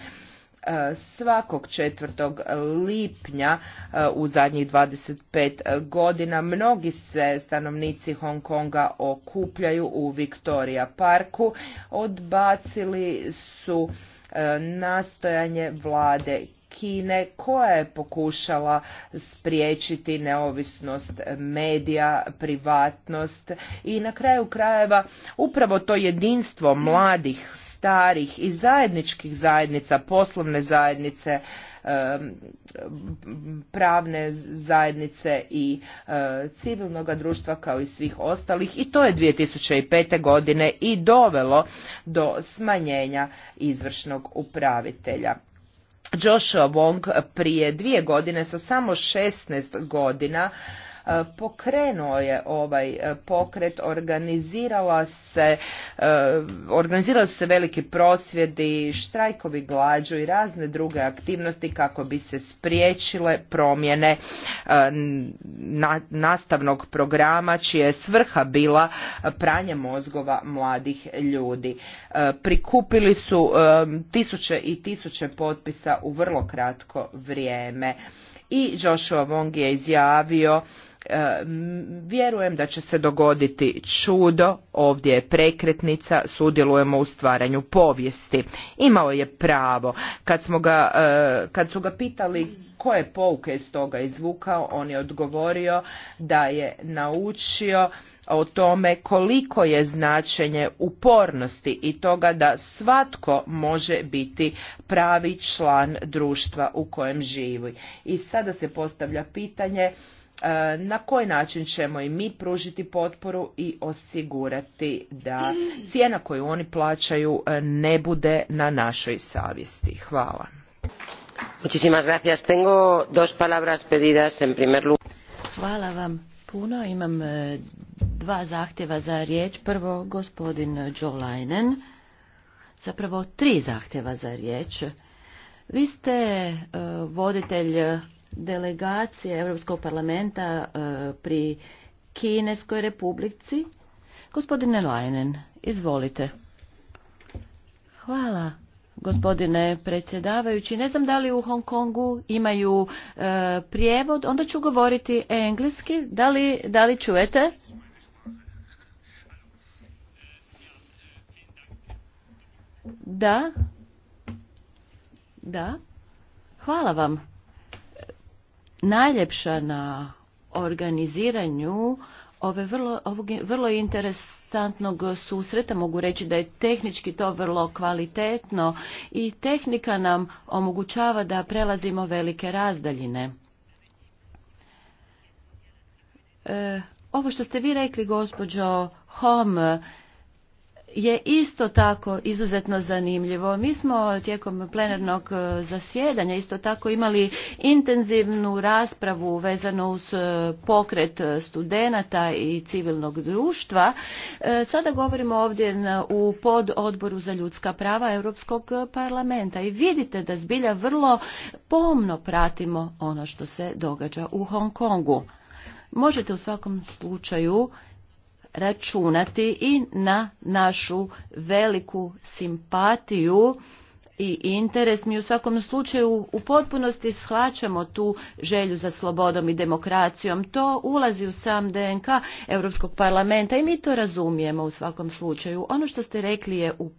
[SPEAKER 2] E, svakog 4. lipnja e, u zadnjih 25 godina mnogi se stanovnici Hong Konga okupljaju u Victoria Parku. Odbacili su e, nastojanje vlade Kine koja je pokušala spriječiti neovisnost medija, privatnost i na kraju krajeva upravo to jedinstvo mladih, starih i zajedničkih zajednica, poslovne zajednice, pravne zajednice i e, civilnog društva kao i svih ostalih i to je 2005. godine i dovelo do smanjenja izvršnog upravitelja. Joshua Wong prije dvije godine sa samo 16 godina E, pokrenuo je ovaj e, pokret, organizirala se, e, organizirali su se veliki prosvjedi, štrajkovi glađu i razne druge aktivnosti kako bi se spriječile promjene nastavnog programa čija je svrha bila pranje mozgova mladih ljudi. Prikupili su tisuće i tisuće potpisa u vrlo kratko vrijeme. I Joshua Wong je izjavio Eh, vjerujem da će se dogoditi čudo, ovdje je prekretnica, sudjelujemo u stvaranju povijesti. Imao je pravo. Kad, smo ga, eh, kad su ga pitali koje pouke iz toga izvukao, on je odgovorio da je naučio o tome koliko je značenje upornosti i toga da svatko može biti pravi član društva u kojem živi. I sada se postavlja pitanje E, na koji način ćemo i mi pružiti potporu i osigurati da cijena koju oni plaćaju e, ne bude na našoj savjesti. Hvala.
[SPEAKER 3] Hvala vam puno. Imam e,
[SPEAKER 4] dva zahtjeva za riječ. Prvo gospodin Joe Leinen. Zapravo tri zahtjeva za riječ. Vi ste voditelj delegacije Europskog parlamenta e, pri Kineskoj republici. Gospodine Lajnen, izvolite. Hvala. Gospodine predsjedavajući, ne znam da li u Hong Kongu imaju e, prijevod, onda ću govoriti engleski. Da li, da li čujete? Da. Da. Hvala vam najljepša na organiziranju ove vrlo, ovog vrlo interesantnog susreta. Mogu reći da je tehnički to vrlo kvalitetno i tehnika nam omogućava da prelazimo velike razdaljine. E, ovo što ste vi rekli, gospođo Hom, je isto tako izuzetno zanimljivo. Mi smo tijekom plenarnog e, zasjedanja isto tako imali intenzivnu raspravu vezanu uz e, pokret studenata i civilnog društva. E, sada govorimo ovdje u pododboru za ljudska prava Europskog parlamenta i vidite da zbilja vrlo pomno pratimo ono što se događa u Hong Kongu. Možete u svakom slučaju računati i na našu veliku simpatiju i interes. Mi u svakom slučaju u potpunosti shvaćamo tu želju za slobodom i demokracijom. To ulazi u sam DNK Europskog parlamenta i mi to razumijemo u svakom slučaju. Ono što ste rekli je u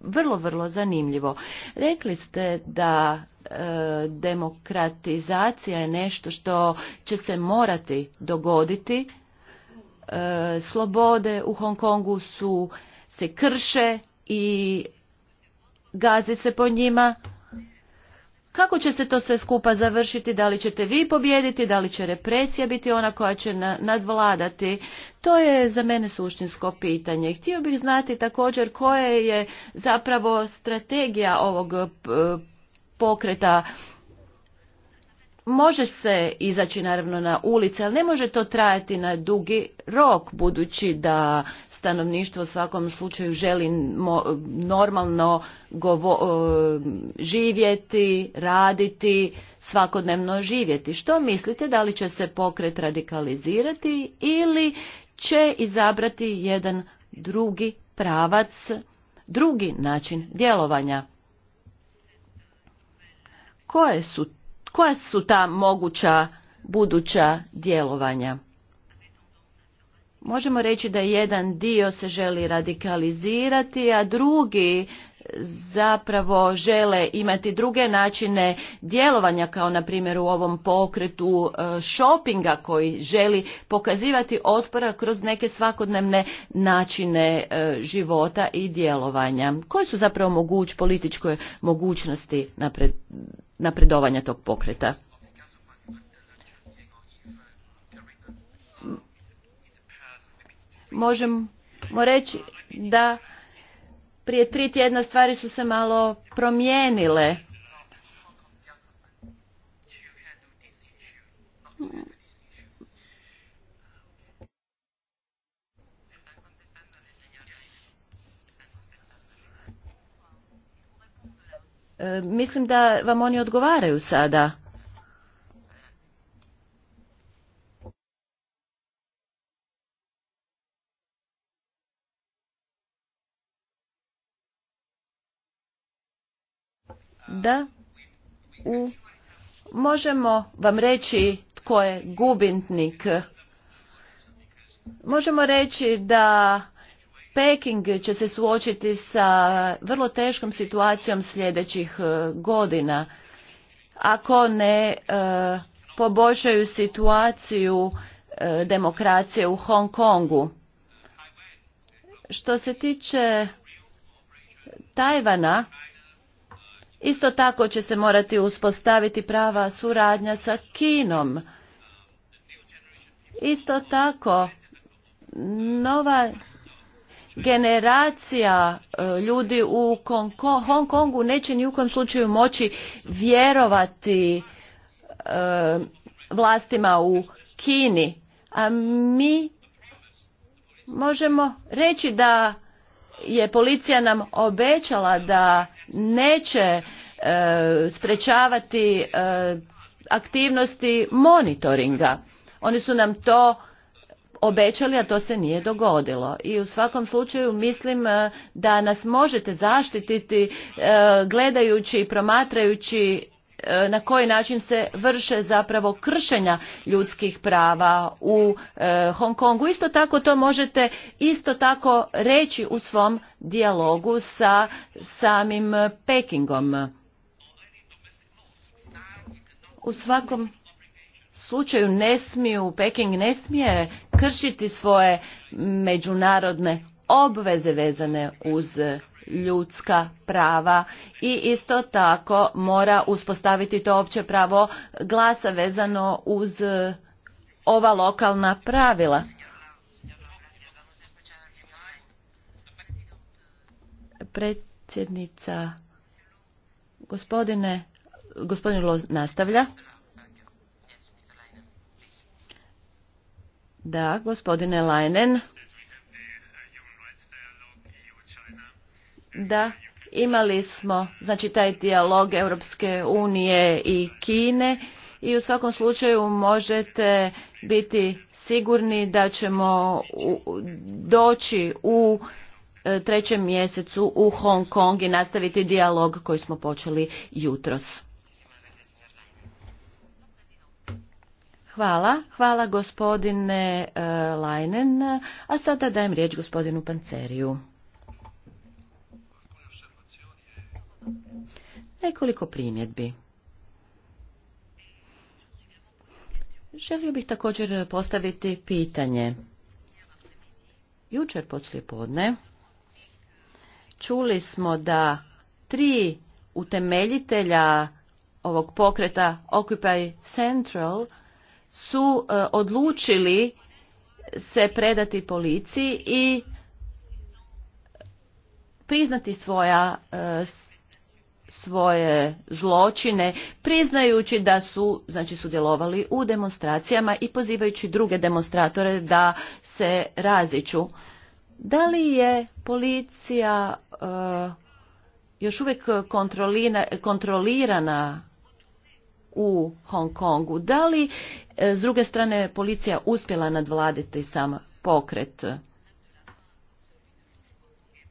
[SPEAKER 4] vrlo, vrlo zanimljivo. Rekli ste da e, demokratizacija je nešto što će se morati dogoditi e, slobode u Hong Kongu su se krše i gazi se po njima. Kako će se to sve skupa završiti? Da li ćete vi pobijediti? Da li će represija biti ona koja će nadvladati? To je za mene suštinsko pitanje. Htio bih znati također koja je zapravo strategija ovog e, pokreta Može se izaći naravno na ulice, ali ne može to trajati na dugi rok, budući da stanovništvo u svakom slučaju želi normalno govo e, živjeti, raditi, svakodnevno živjeti. Što mislite, da li će se pokret radikalizirati ili će izabrati jedan drugi pravac, drugi način djelovanja? Koje su koja su ta moguća buduća djelovanja? Možemo reći da jedan dio se želi radikalizirati, a drugi zapravo žele imati druge načine djelovanja kao na primjer u ovom pokretu e, shoppinga koji želi pokazivati otpora kroz neke svakodnevne načine e, života i djelovanja. Koji su zapravo moguć, političkoj mogućnosti napred, napredovanja tog pokreta? Možemo reći da prije tri tjedna stvari su se malo promijenile. E, mislim da vam oni odgovaraju sada. da možemo vam reći tko je gubitnik. Možemo reći da Peking će se suočiti sa vrlo teškom situacijom sljedećih e, godina. Ako ne e, poboljšaju situaciju e, demokracije u Hong Kongu. Što se tiče Tajvana, Isto tako će se morati uspostaviti prava suradnja sa Kinom. Isto tako, nova generacija e, ljudi u Hong Kongu neće ni u kom slučaju moći vjerovati e, vlastima u Kini. A mi možemo reći da je policija nam obećala da neće e, sprečavati e, aktivnosti monitoringa. Oni su nam to obećali, a to se nije dogodilo. I u svakom slučaju mislim e, da nas možete zaštititi gledajući i promatrajući E, na koji način se vrše zapravo kršenja ljudskih prava u e, Hong Kongu. Isto tako to možete isto tako reći u svom dijalogu sa samim Pekingom. U svakom slučaju ne smiju, Peking ne smije kršiti svoje međunarodne obveze vezane uz ljudska prava i isto tako mora uspostaviti to opće pravo glasa vezano uz e, ova lokalna pravila. Predsjednica gospodine gospodin Loz nastavlja. Da, gospodine Lajnen. da imali smo znači taj dijalog Europske unije i Kine i u svakom slučaju možete biti sigurni da ćemo doći u e, trećem mjesecu u Hong Kong i nastaviti dijalog koji smo počeli jutros. Hvala, hvala gospodine e, Leinen, a sada dajem riječ gospodinu Panceriju. nekoliko primjedbi. Želio bih također postaviti pitanje. Jučer poslije podne čuli smo da tri utemeljitelja ovog pokreta Occupy Central su e, odlučili se predati policiji i priznati svoja e, svoje zločine priznajući da su znači sudjelovali u demonstracijama i pozivajući druge demonstratore da se raziću da li je policija eh, još uvijek kontrolirana u Hong Kongu da li eh, s druge strane policija uspjela nadvladiti sam pokret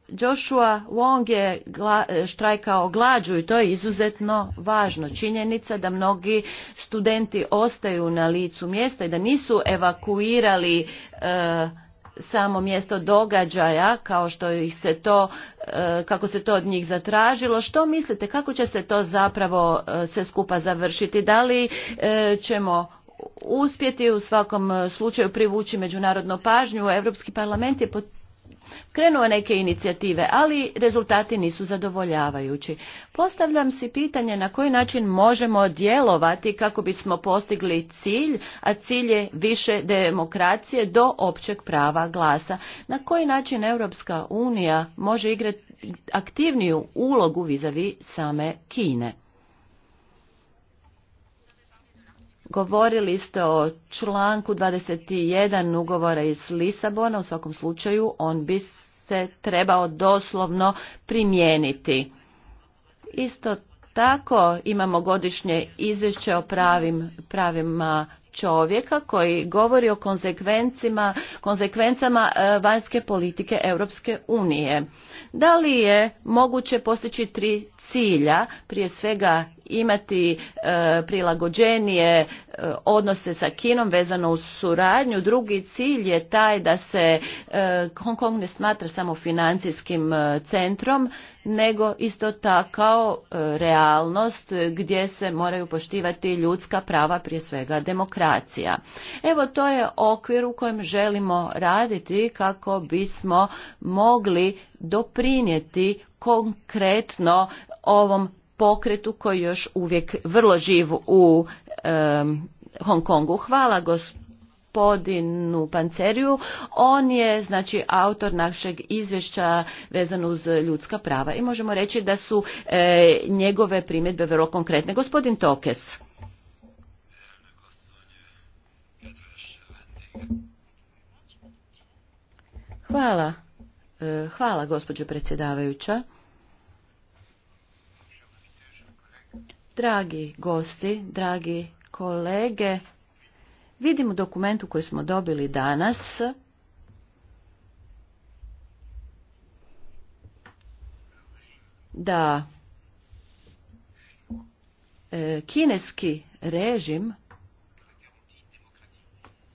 [SPEAKER 4] Joshua Wong je e, štrajkao glađu i to je izuzetno važno. Činjenica da mnogi studenti ostaju na licu mjesta i da nisu evakuirali e, samo mjesto događaja kao što ih se to e, kako se to od njih zatražilo što mislite kako će se to zapravo e, sve skupa završiti da li ćemo uspjeti u svakom slučaju privući međunarodnu pažnju europski parlament je pod krenuo neke inicijative, ali rezultati nisu zadovoljavajući. Postavljam si pitanje na koji način možemo djelovati kako bismo postigli cilj, a cilj je više demokracije do općeg prava glasa. Na koji način Europska unija može igrati aktivniju ulogu vizavi same Kine? Govorili ste o članku 21 ugovora iz Lisabona, u svakom slučaju on bi se trebao doslovno primijeniti. Isto tako imamo godišnje izvješće o pravim, pravima čovjeka koji govori o konsekvencama e, vanjske politike Europske unije. Da li je moguće postići tri cilja, prije svega imati e, prilagođenije e, odnose sa Kinom vezano uz suradnju. Drugi cilj je taj da se e, Hong Kong ne smatra samo financijskim centrom, nego isto tako realnost gdje se moraju poštivati ljudska prava, prije svega demokracija. Evo to je okvir u kojem želimo raditi kako bismo mogli doprinijeti konkretno ovom pokretu koji još uvijek vrlo živ u um, Hong Kongu. Hvala gospodinu Panceriju. On je znači autor našeg izvješća vezano uz ljudska prava i možemo reći da su e, njegove primjedbe vrlo konkretne. Gospodin Tokes. Hvala. E, hvala gospođo predsjedavajuća. Dragi gosti, dragi kolege, vidimo dokumentu koji smo dobili danas. Da e, kineski režim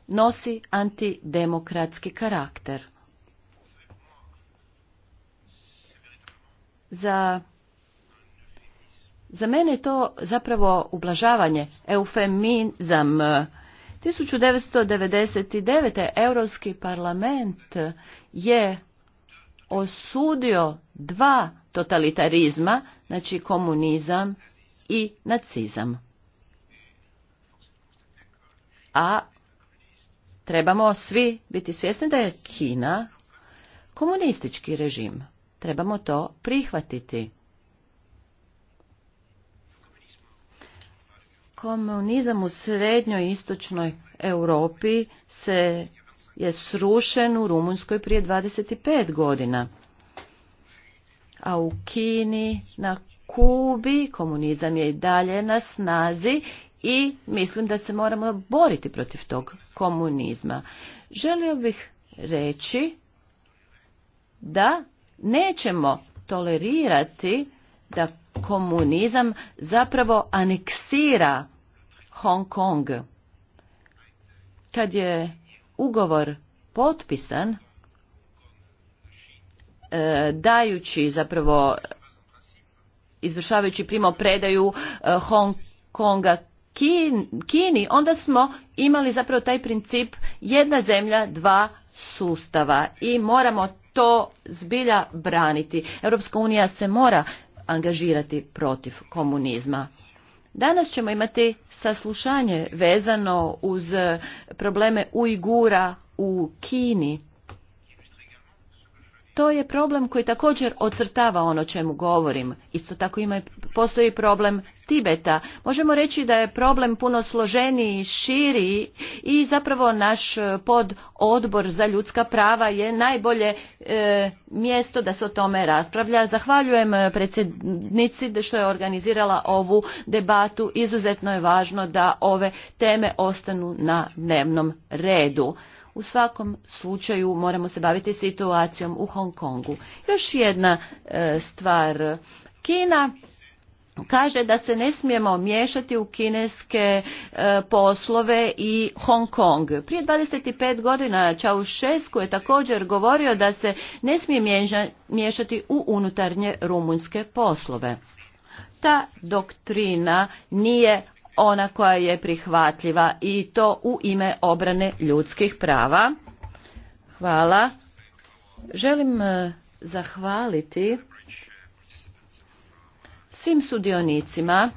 [SPEAKER 4] nosi antidemokratski karakter. Za za mene je to zapravo ublažavanje, eufemizam. 1999. Europski parlament je osudio dva totalitarizma, znači komunizam i nacizam. A trebamo svi biti svjesni da je Kina komunistički režim. Trebamo to prihvatiti. Komunizam u srednjoj istočnoj Europi se je srušen u Rumunjskoj prije 25 godina. A u Kini, na Kubi, komunizam je i dalje na snazi i mislim da se moramo boriti protiv tog komunizma. Želio bih reći da nećemo tolerirati da komunizam zapravo aneksira Hong Kong. Kad je ugovor potpisan, e, dajući zapravo izvršavajući primo predaju e, Hong Konga Kini, onda smo imali zapravo taj princip jedna zemlja, dva sustava i moramo to zbilja braniti. Europska unija se mora angažirati protiv komunizma. Danas ćemo imati saslušanje vezano uz probleme Ujgura u Kini to je problem koji također ocrtava ono čemu govorim. Isto tako ima, postoji problem Tibeta. Možemo reći da je problem puno složeniji, širi i zapravo naš e, odbor za ljudska prava je najbolje e, mjesto da se o tome raspravlja. Zahvaljujem e, predsjednici što je organizirala ovu debatu. Izuzetno je važno da ove teme ostanu na dnevnom redu. U svakom slučaju moramo se baviti situacijom u Hong Kongu. Još jedna e, stvar. Kina kaže da se ne smijemo miješati u kineske e, poslove i Hong Kong. Prije 25 godina Čaušesku je također govorio da se ne smije miješati u unutarnje rumunjske poslove. Ta doktrina nije ona koja je prihvatljiva i to u ime obrane ljudskih prava. Hvala. Želim e, zahvaliti svim sudionicima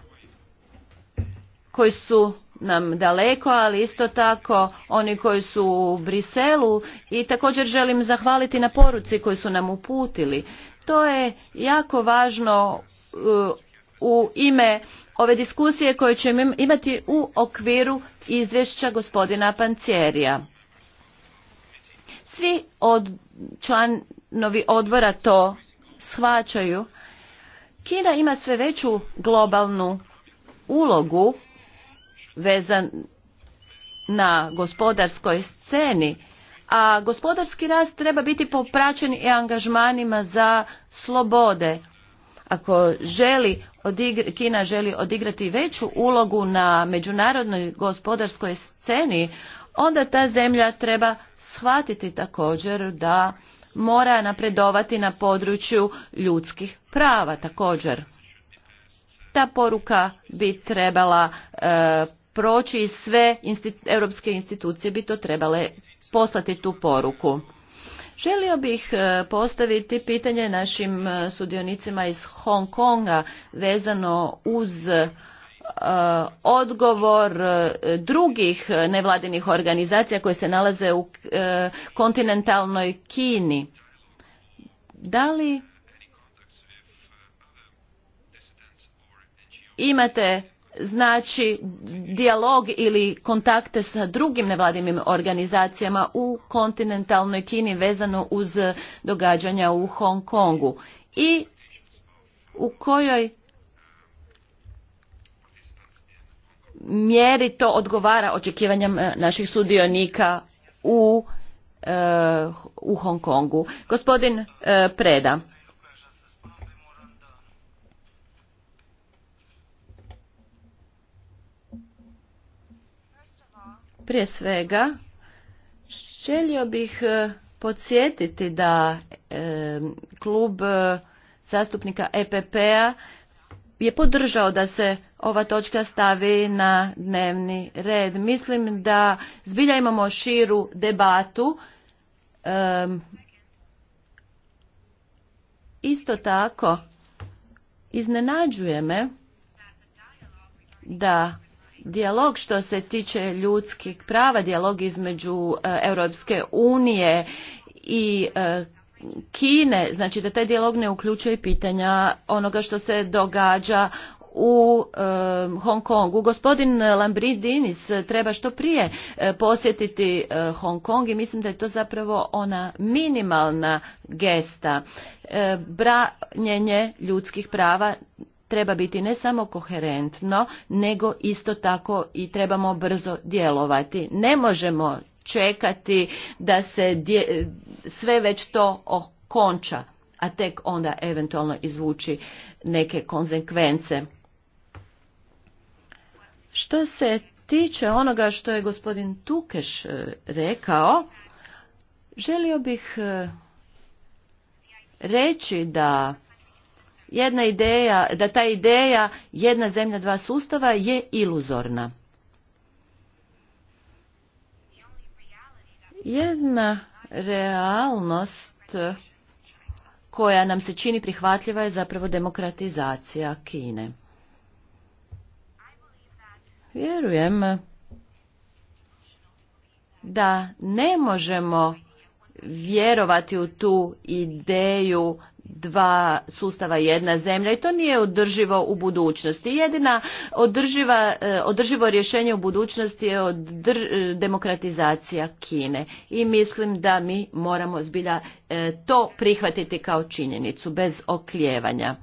[SPEAKER 4] koji su nam daleko, ali isto tako oni koji su u Briselu i također želim zahvaliti na poruci koji su nam uputili. To je jako važno e, u ime ove diskusije koje ćemo imati u okviru izvješća gospodina Pancjerija. Svi od, članovi odbora to shvaćaju. Kina ima sve veću globalnu ulogu vezan na gospodarskoj sceni, a gospodarski rast treba biti popraćen i angažmanima za slobode ako želi Kina želi odigrati veću ulogu na međunarodnoj gospodarskoj sceni, onda ta zemlja treba shvatiti također da mora napredovati na području ljudskih prava također. Ta poruka bi trebala e, proći i sve europske institucije bi to trebale poslati tu poruku. Želio bih e, postaviti pitanje našim e, sudionicima iz Hong Konga vezano uz e, odgovor drugih nevladinih organizacija koje se nalaze u kontinentalnoj Kini. Da li imate znači dijalog ili kontakte sa drugim nevladinim organizacijama u kontinentalnoj Kini vezano uz događanja u Hong Kongu i u kojoj mjeri to odgovara očekivanjem e, naših sudionika u, e, u Hong Kongu. Gospodin e, Preda. Prije svega, želio bih e, podsjetiti da e, klub e, zastupnika EPP-a je podržao da se ova točka stavi na dnevni red. Mislim da zbilja imamo širu debatu. isto tako, iznenađuje me da Dijalog što se tiče ljudskih prava, dijalog između e, Europske unije i e, Kine, znači da taj dijalog ne uključuje pitanja onoga što se događa u e, Hong Kongu. Gospodin Lambridinis treba što prije e, posjetiti e, Hong Kong i mislim da je to zapravo ona minimalna gesta. Branjenje ljudskih prava treba biti ne samo koherentno, nego isto tako i trebamo brzo djelovati. Ne možemo čekati da se sve već to okonča, a tek onda eventualno izvuči neke konzekvence. Što se tiče onoga što je gospodin Tukeš e, rekao, želio bih e, reći da jedna ideja, da ta ideja jedna zemlja dva sustava je iluzorna. Jedna realnost koja nam se čini prihvatljiva je zapravo demokratizacija Kine. Vjerujem da ne možemo vjerovati u tu ideju dva sustava jedna zemlja i to nije održivo u budućnosti. Jedina održiva, e, održivo rješenje u budućnosti je od e, demokratizacija Kine i mislim da mi moramo zbilja e, to prihvatiti kao činjenicu bez okljevanja.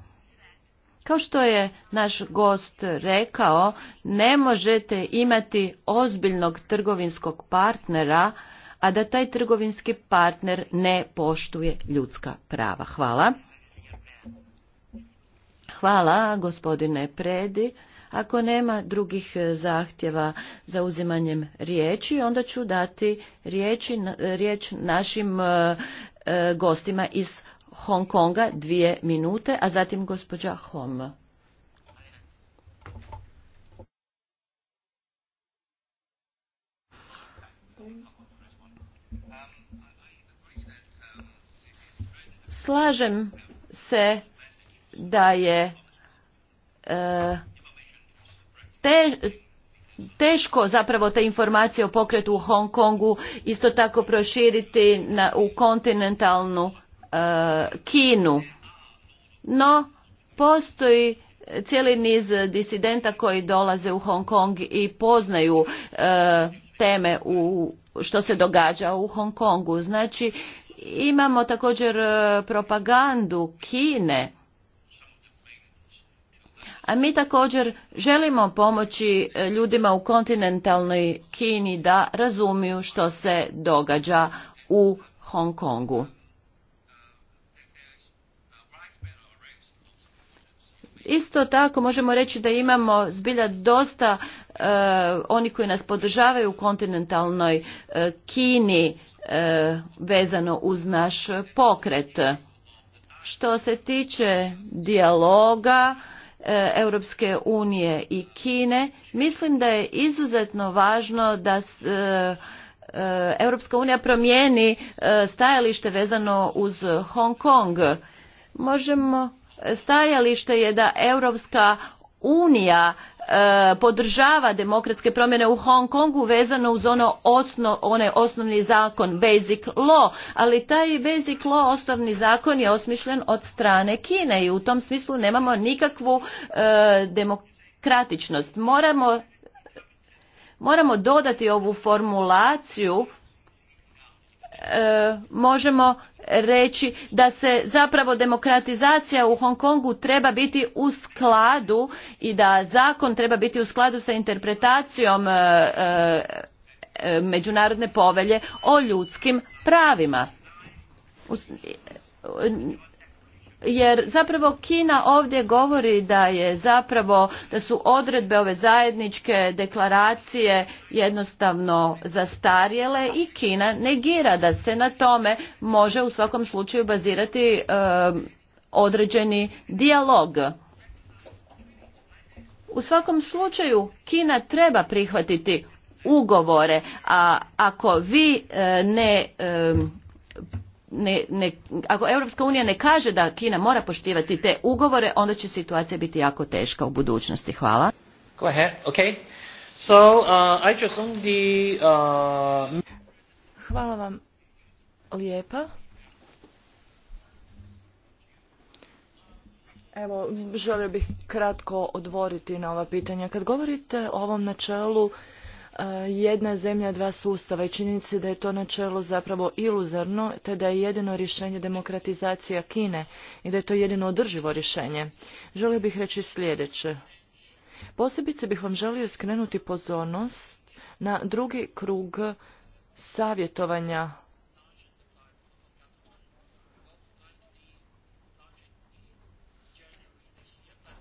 [SPEAKER 4] Kao što je naš gost rekao, ne možete imati ozbiljnog trgovinskog partnera a da taj trgovinski partner ne poštuje ljudska prava. Hvala. Hvala gospodine Predi. Ako nema drugih e, zahtjeva za uzimanjem riječi, onda ću dati riječi, riječ našim e, e, gostima iz Hong Konga dvije minute, a zatim gospođa Hom. Slažem se da je e, teško zapravo te informacije o pokretu u Hong Kongu isto tako proširiti na, u kontinentalnu e, Kinu. No, postoji cijeli niz disidenta koji dolaze u Hong Kong i poznaju e, teme u što se događa u Hong Kongu. Znači, Imamo također e, propagandu Kine. A mi također želimo pomoći e, ljudima u kontinentalnoj Kini da razumiju što se događa u Hong Kongu. Isto tako možemo reći da imamo zbilja dosta E, oni koji nas podržavaju u kontinentalnoj e, Kini e, vezano uz naš pokret. Što se tiče dijaloga Europske unije i Kine, mislim da je izuzetno važno da Europska unija promijeni stajalište vezano uz Hong Kong. Možemo, stajalište je da Europska unija E, podržava demokratske promjene u Hong Kongu vezano uz ono onaj osnovni zakon Basic Law, ali taj Basic Law osnovni zakon je osmišljen od strane Kine i u tom smislu nemamo nikakvu e, demokratičnost. moramo dodati ovu formulaciju možemo reći da se zapravo demokratizacija u Hong Kongu treba biti u skladu i da zakon treba biti u skladu sa interpretacijom e, e, e, međunarodne povelje o ljudskim pravima jer zapravo Kina ovdje govori da je zapravo da su odredbe ove zajedničke deklaracije jednostavno zastarjele i Kina negira da se na tome može u svakom slučaju bazirati određeni dijalog. U svakom slučaju Kina treba prihvatiti ugovore, a ako vi e, ne ne, ne, ako Europska unija ne kaže da Kina mora poštivati te ugovore, onda će situacija biti jako teška u budućnosti. Hvala.
[SPEAKER 1] Go ahead. Okay. So, uh, I just on uh, Hvala vam lijepa. Evo, želio bih kratko odvoriti na ova pitanja. Kad govorite o ovom načelu E, jedna zemlja, dva sustava i činjenica da je to načelo zapravo iluzorno, te da je jedino rješenje demokratizacija Kine i da je to jedino održivo rješenje. Želio bih reći sljedeće. Posebice bih vam želio skrenuti pozornost na drugi krug savjetovanja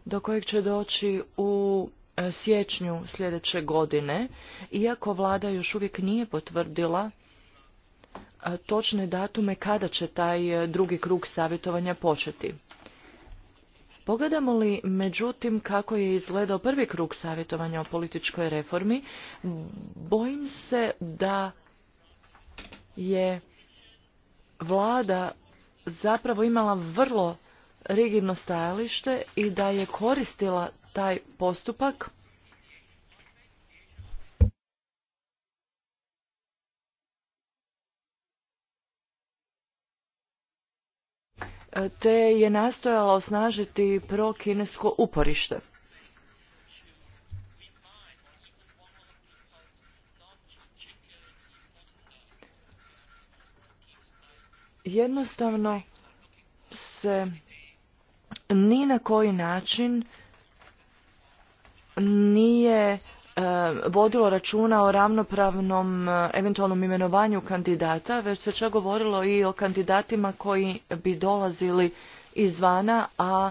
[SPEAKER 1] do kojeg će doći u E, siječnju sljedeće godine, iako vlada još uvijek nije potvrdila e, točne datume kada će taj e, drugi krug savjetovanja početi. Pogledamo li međutim kako je izgledao prvi krug savjetovanja o političkoj reformi, bojim se da je vlada zapravo imala vrlo rigidno stajalište i da je koristila taj postupak te je nastojala osnažiti pro-kinesko uporište. Jednostavno se ni na koji način nije e, vodilo računa o ravnopravnom e, eventualnom imenovanju kandidata, već se čak govorilo i o kandidatima koji bi dolazili izvana, a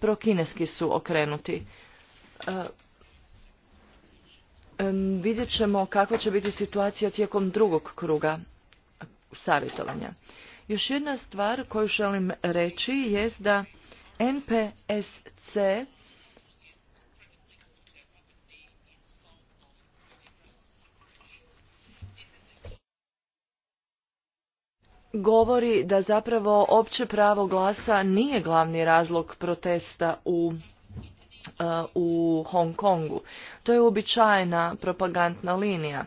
[SPEAKER 1] prokineski su okrenuti. E, vidjet ćemo kakva će biti situacija tijekom drugog kruga savjetovanja. Još jedna stvar koju želim reći jest da NPSC govori da zapravo opće pravo glasa nije glavni razlog protesta u uh, u Hong Kongu. To je uobičajena propagandna linija.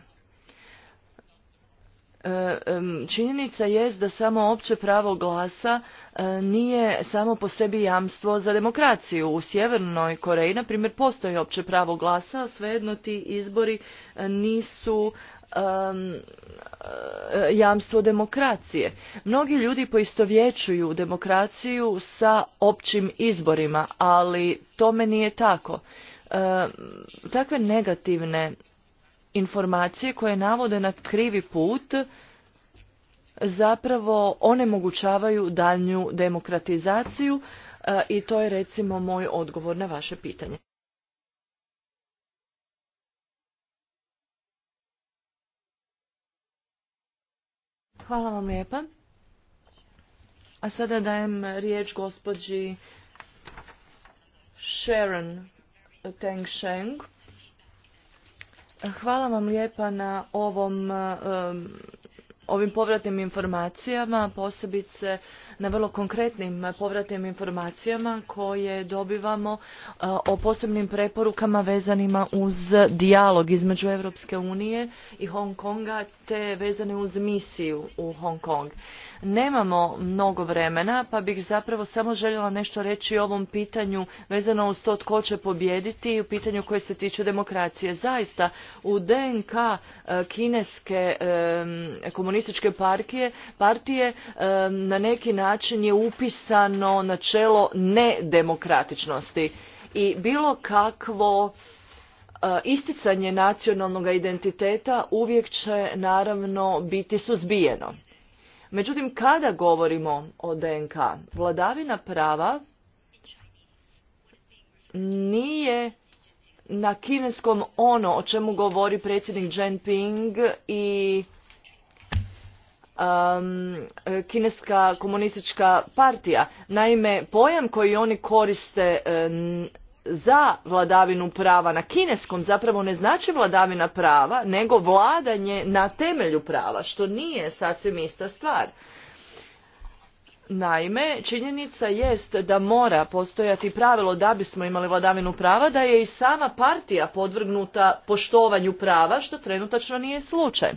[SPEAKER 1] Uh, um, činjenica je da samo opće pravo glasa uh, nije samo po sebi jamstvo za demokraciju. U Sjevernoj Koreji, na primjer, postoji opće pravo glasa, a svejedno ti izbori nisu Um, e, jamstvo demokracije. Mnogi ljudi poistovjećuju demokraciju sa općim izborima, ali tome nije tako. E, takve negativne informacije koje navode na krivi put zapravo onemogućavaju daljnju demokratizaciju e, i to je recimo moj odgovor na vaše pitanje. Hvala vam lijepa. A sada dajem riječ gospođi Sharon Teng Sheng. Hvala vam lijepa na ovom, um, ovim povratnim informacijama, posebice na vrlo konkretnim povratnim informacijama koje dobivamo uh, o posebnim preporukama vezanima uz dijalog između Europske unije i Hong Konga te vezane uz misiju u Hong Kong. Nemamo mnogo vremena, pa bih zapravo samo željela nešto reći o ovom pitanju vezano uz to tko će pobijediti i u pitanju koje se tiče demokracije. Zaista, u DNK e, kineske e, komunističke partije, partije e, na neki način je upisano načelo nedemokratičnosti i bilo kakvo E, isticanje nacionalnog identiteta uvijek će naravno biti suzbijeno. Međutim, kada govorimo o DNK, vladavina prava nije na kineskom ono o čemu govori predsjednik Jinping i kineska komunistička partija. Naime, pojam koji oni koriste za vladavinu prava na kineskom zapravo ne znači vladavina prava nego vladanje na temelju prava što nije sasvim ista stvar. Naime, činjenica jest da mora postojati pravilo da bismo imali vladavinu prava, da je i sama partija podvrgnuta poštovanju prava, što trenutačno nije slučaj.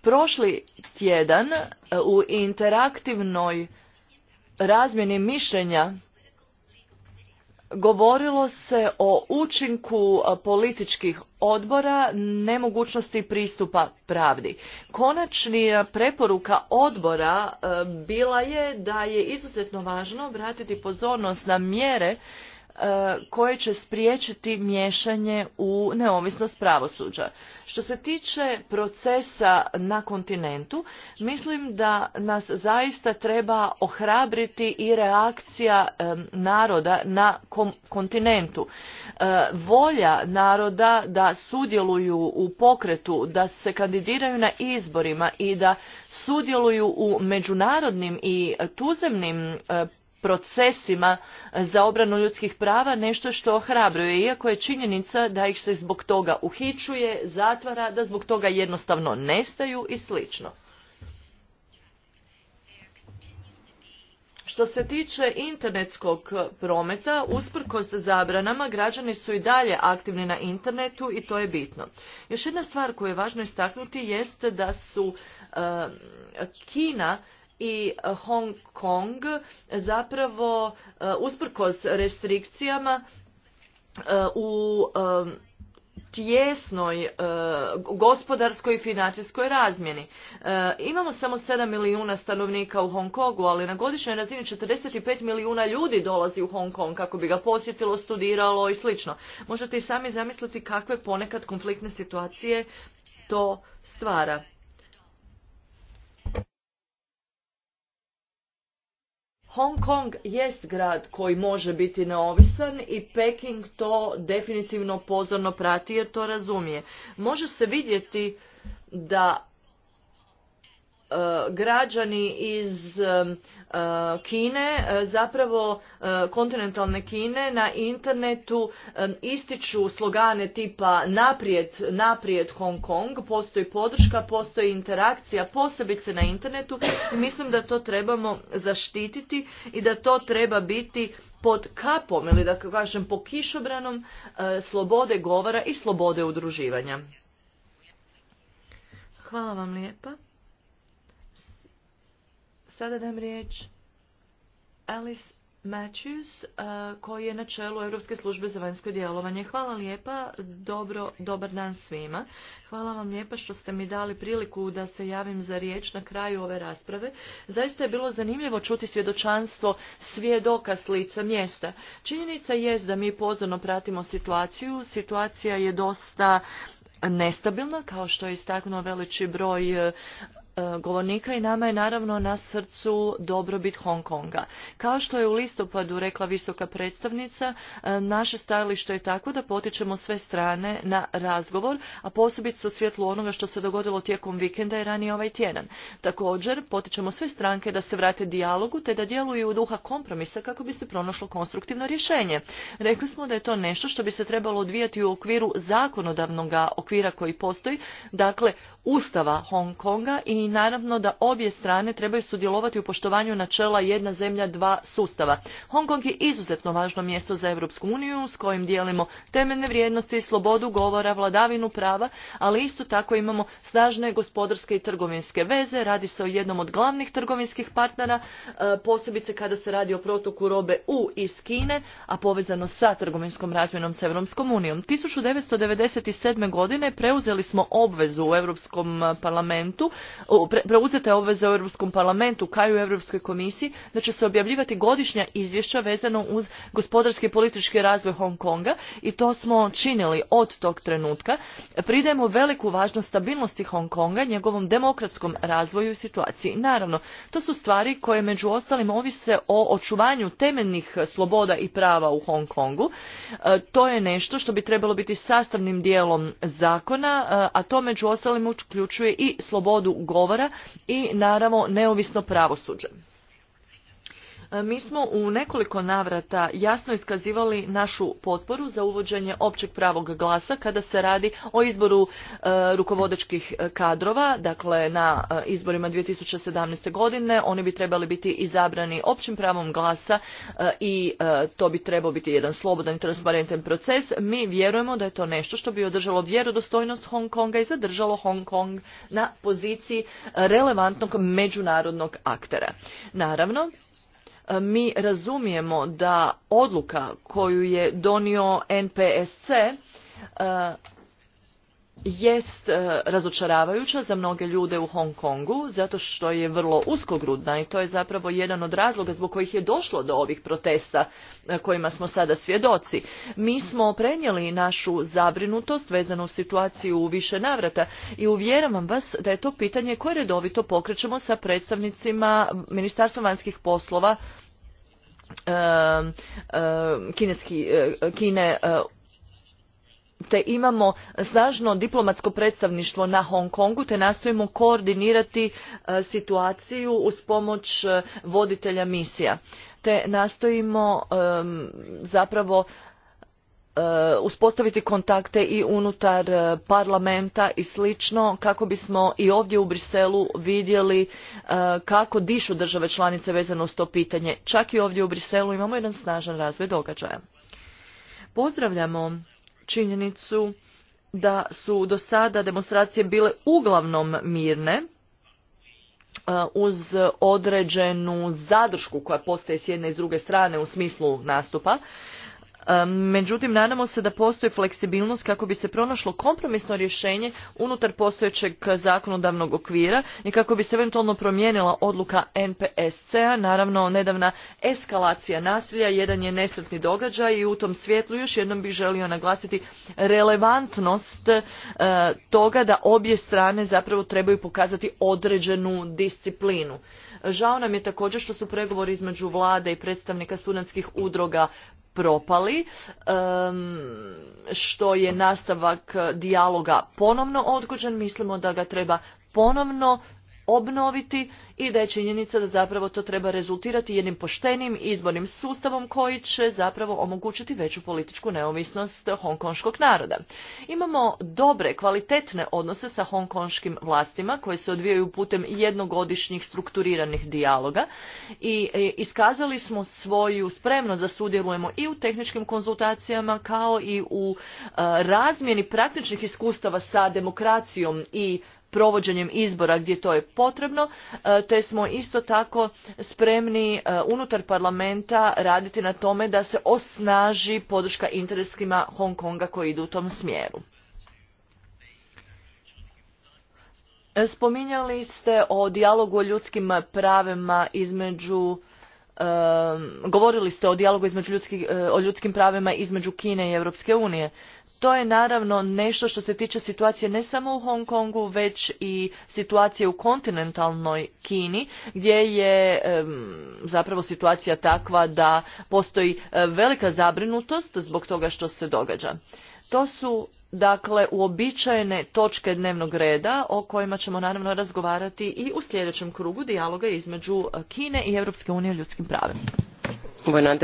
[SPEAKER 1] Prošli tjedan e, u interaktivnoj razmjeni mišljenja govorilo se o učinku političkih odbora nemogućnosti pristupa pravdi. Konačnija preporuka odbora bila je da je izuzetno važno obratiti pozornost na mjere E, koje će spriječiti miješanje u neovisnost pravosuđa. Što se tiče procesa na kontinentu, mislim da nas zaista treba ohrabriti i reakcija e, naroda na kontinentu. E, volja naroda da sudjeluju u pokretu, da se kandidiraju na izborima i da sudjeluju u međunarodnim i tuzemnim procesima za obranu ljudskih prava nešto što ohrabruje, iako je činjenica da ih se zbog toga uhičuje, zatvara, da zbog toga jednostavno nestaju i slično. Što se tiče internetskog prometa, usprkos zabranama, građani su i dalje aktivni na internetu i to je bitno. Još jedna stvar koju je važno istaknuti jest da su eh, Kina i Hong Kong zapravo eh, usprkos restrikcijama eh, u eh, tjesnoj gospodarskoj i financijskoj razmjeni. imamo samo 7 milijuna stanovnika u Hong Kongu, ali na godišnjoj razini 45 milijuna ljudi dolazi u Hong Kong kako bi ga posjetilo, studiralo i slično. Možete i sami zamisliti kakve ponekad konfliktne situacije to stvara. Hong Kong jest grad koji može biti neovisan i Peking to definitivno pozorno prati jer to razumije. Može se vidjeti da E, građani iz e, e, Kine, zapravo kontinentalne Kine na internetu ističu slogane tipa naprijed, naprijed Hong Kong, postoji podrška, postoji interakcija, posebice na internetu i mislim da to trebamo zaštititi i da to treba biti pod kapom ili da kažem po kišobranom slobode govora i slobode udruživanja. Hvala vam lijepa. Sada dam riječ Alice Matthews, uh, koji je na čelu Europske službe za vanjsko djelovanje. Hvala lijepa, dobro, dobar dan svima. Hvala vam lijepa što ste mi dali priliku da se javim za riječ na kraju ove rasprave. Zaista je bilo zanimljivo čuti svjedočanstvo svjedoka s lica mjesta. Činjenica je da mi pozorno pratimo situaciju. Situacija je dosta nestabilna, kao što je istaknuo veliči broj E, govornika i nama je naravno na srcu dobrobit Hong Konga. Kao što je u listopadu rekla visoka predstavnica, e, naše stajalište je tako da potičemo sve strane na razgovor, a posebice u svjetlu onoga što se dogodilo tijekom vikenda i ranije ovaj tjedan. Također, potičemo sve stranke da se vrate dijalogu te da djeluju u duha kompromisa kako bi se pronašlo konstruktivno rješenje. Rekli smo da je to nešto što bi se trebalo odvijati u okviru zakonodavnog okvira koji postoji, dakle Ustava Hong Konga i naravno da obje strane trebaju sudjelovati u poštovanju načela jedna zemlja, dva sustava. Hong Kong je izuzetno važno mjesto za Europsku uniju s kojim dijelimo temeljne vrijednosti, slobodu govora, vladavinu prava, ali isto tako imamo snažne gospodarske i trgovinske veze. Radi se o jednom od glavnih trgovinskih partnera, e, posebice kada se radi o protoku robe u iz Kine, a povezano sa trgovinskom razmjenom s Europskom unijom. 1997. godine preuzeli smo obvezu u Europskom e, parlamentu preuzete obveze u Europskom parlamentu kao i u Europskoj komisiji da će se objavljivati godišnja izvješća vezano uz gospodarski i politički razvoj Hong Konga i to smo činili od tog trenutka. Pridajemo veliku važnost stabilnosti Hong Konga, njegovom demokratskom razvoju i situaciji. Naravno, to su stvari koje među ostalim ovise o očuvanju temeljnih sloboda i prava u Hong Kongu. E, to je nešto što bi trebalo biti sastavnim dijelom zakona, e, a to među ostalim uključuje i slobodu govora i naravno neovisno pravosuđe. E, mi smo u nekoliko navrata jasno iskazivali našu potporu za uvođenje općeg pravog glasa kada se radi o izboru e, rukovodečkih e, kadrova, dakle na izborima 2017. godine oni bi trebali biti izabrani općim pravom glasa i to bi trebao biti jedan slobodan i transparentan proces. Mi vjerujemo da je to nešto što bi održalo vjerodostojnost Hong Konga i zadržalo Hong Kong na poziciji relevantnog međunarodnog aktera. Naravno, mi razumijemo da odluka koju je donio NPSC eh, jest e, razočaravajuća za mnoge ljude u Hong Kongu zato što je vrlo uskogrudna i to je zapravo jedan od razloga zbog kojih je došlo do ovih protesta e, kojima smo sada svjedoci. Mi smo prenijeli našu zabrinutost vezanu situaciju u više navrata i uvjeravam vas da je to pitanje koje redovito pokrećemo sa predstavnicima Ministarstva vanjskih poslova e, Kine te imamo snažno diplomatsko predstavništvo na Hong Kongu te nastojimo koordinirati e, situaciju uz pomoć e, voditelja misija te nastojimo zapravo e, uspostaviti kontakte i unutar parlamenta i slično kako bismo i ovdje u Briselu vidjeli kako dišu države članice vezano uz to pitanje. Čak i ovdje u Briselu imamo jedan snažan razvoj događaja. Pozdravljamo činjenicu da su do sada demonstracije bile uglavnom mirne e, uz određenu zadršku koja postoji s jedne i s druge strane u smislu nastupa Međutim, nadamo se da postoji fleksibilnost kako bi se pronašlo kompromisno rješenje unutar postojećeg zakonodavnog okvira i kako bi se eventualno promijenila odluka NPSC-a. Naravno, nedavna eskalacija nasilja jedan je nesretni događaj i u tom svjetlu još jednom bih želio naglasiti relevantnost e, toga da obje strane zapravo trebaju pokazati određenu disciplinu. Žao nam je također što su pregovori između vlade i predstavnika studentskih udruga propali, što je nastavak dijaloga ponovno odgođen. Mislimo da ga treba ponovno obnoviti i da je činjenica da zapravo to treba rezultirati jednim poštenim izbornim sustavom koji će zapravo omogućiti veću političku neovisnost hongkonškog naroda. Imamo dobre, kvalitetne odnose sa hongkonškim vlastima koje se odvijaju putem jednogodišnjih strukturiranih dijaloga i e, iskazali smo svoju spremnost da sudjelujemo i u tehničkim konzultacijama kao i u e, razmjeni praktičnih iskustava sa demokracijom i provođenjem izbora gdje to je potrebno, e, te smo isto tako spremni e, unutar parlamenta raditi na tome da se osnaži podrška interesima Hong Konga koji idu u tom smjeru. E, spominjali ste o dijalogu o ljudskim pravima između govorili ste o dijalogu e, o ljudskim pravima između Kine i Europske unije. To je naravno nešto što se tiče situacije ne samo u Hong Kongu, već i situacije u kontinentalnoj Kini, gdje je zapravo situacija takva da postoji e, velika zabrinutost zbog toga što se događa. To su dakle uobičajene točke dnevnog reda o kojima ćemo naravno razgovarati i u sljedećem krugu dijaloga između Kine i Europske unije o ljudskim pravima.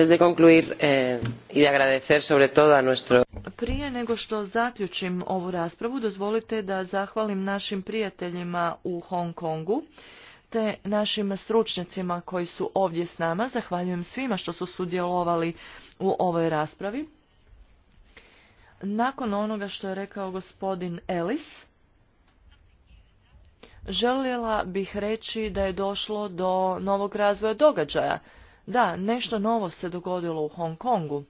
[SPEAKER 3] de concluir eh, y de agradecer sobre todo a nuestro...
[SPEAKER 1] Prije nego što zaključim ovu raspravu, dozvolite da zahvalim našim prijateljima u Hong Kongu te našim stručnjacima koji su ovdje s nama. Zahvaljujem svima što su sudjelovali u ovoj raspravi nakon onoga što je rekao gospodin Ellis, željela bih reći da je došlo do novog razvoja događaja. Da, nešto novo se dogodilo u Hong Kongu.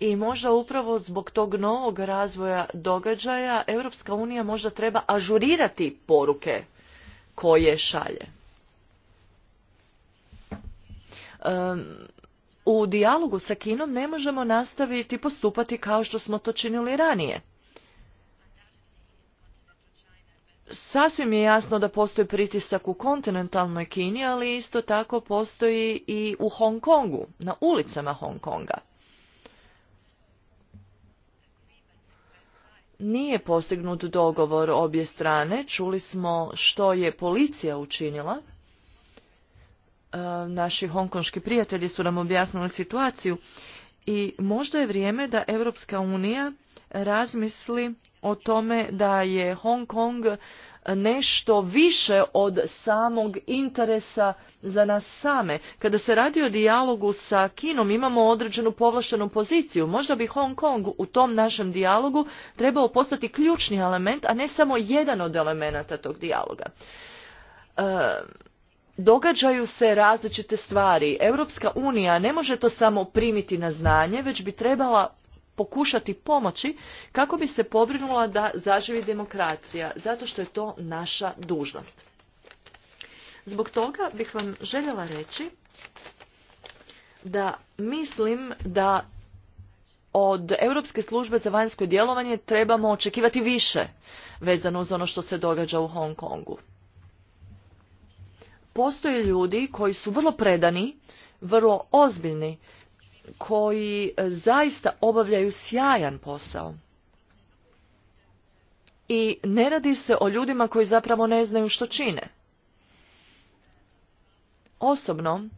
[SPEAKER 1] I možda upravo zbog tog novog razvoja događaja Europska unija možda treba ažurirati poruke koje šalje u dijalogu sa Kinom ne možemo nastaviti postupati kao što smo to činili ranije. Sasvim je jasno da postoji pritisak u kontinentalnoj Kini, ali isto tako postoji i u Hongkongu, na ulicama Hongkonga. Konga. Nije postignut dogovor obje strane, čuli smo što je policija učinila. E, naši hongkonški prijatelji su nam objasnili situaciju i možda je vrijeme da Europska unija razmisli o tome da je Hong Kong nešto više od samog interesa za nas same. Kada se radi o dijalogu sa Kinom imamo određenu povlaštenu poziciju. Možda bi Hong Kong u tom našem dijalogu trebao postati ključni element, a ne samo jedan od elemenata tog dijaloga. E, događaju se različite stvari. Europska unija ne može to samo primiti na znanje, već bi trebala pokušati pomoći kako bi se pobrinula da zaživi demokracija, zato što je to naša dužnost. Zbog toga bih vam željela reći da mislim da od Europske službe za vanjsko djelovanje trebamo očekivati više vezano uz ono što se događa u Hong Kongu postoje ljudi koji su vrlo predani, vrlo ozbiljni, koji e, zaista obavljaju sjajan posao. I ne radi se o ljudima koji zapravo ne znaju što čine. Osobno,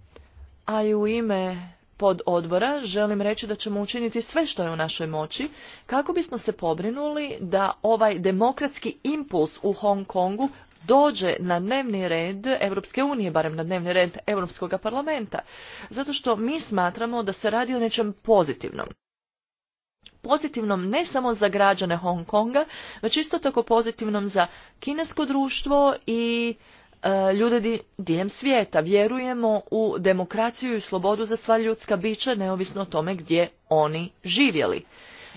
[SPEAKER 1] a i u ime pod odbora želim reći da ćemo učiniti sve što je u našoj moći kako bismo se pobrinuli da ovaj demokratski impuls u Hong Kongu dođe na dnevni red Europske unije, barem na dnevni red Europskog parlamenta, zato što mi smatramo da se radi o nečem pozitivnom pozitivnom ne samo za građane Hong Konga, već isto tako pozitivnom za kinesko društvo i e, ljude diljem svijeta. Vjerujemo u demokraciju i slobodu za sva ljudska bića, neovisno o tome gdje oni živjeli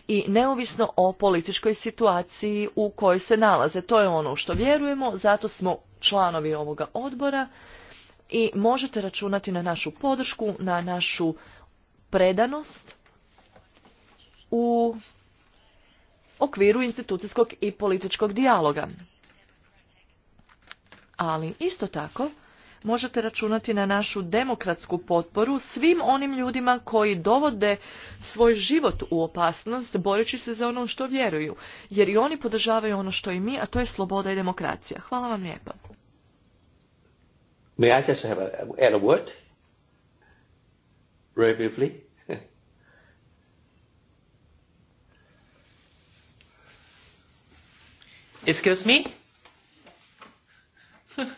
[SPEAKER 1] i neovisno o političkoj situaciji u kojoj se nalaze. To je ono što vjerujemo, zato smo članovi ovoga odbora i možete računati na našu podršku, na našu predanost u okviru institucijskog i političkog dijaloga. Ali isto tako možete računati na našu demokratsku potporu svim onim ljudima koji dovode svoj život u opasnost boreći se za ono što vjeruju, jer i oni podržavaju ono što i mi, a to je sloboda i demokracija. Hvala vam lijepa.
[SPEAKER 5] May I just
[SPEAKER 6] Excuse me?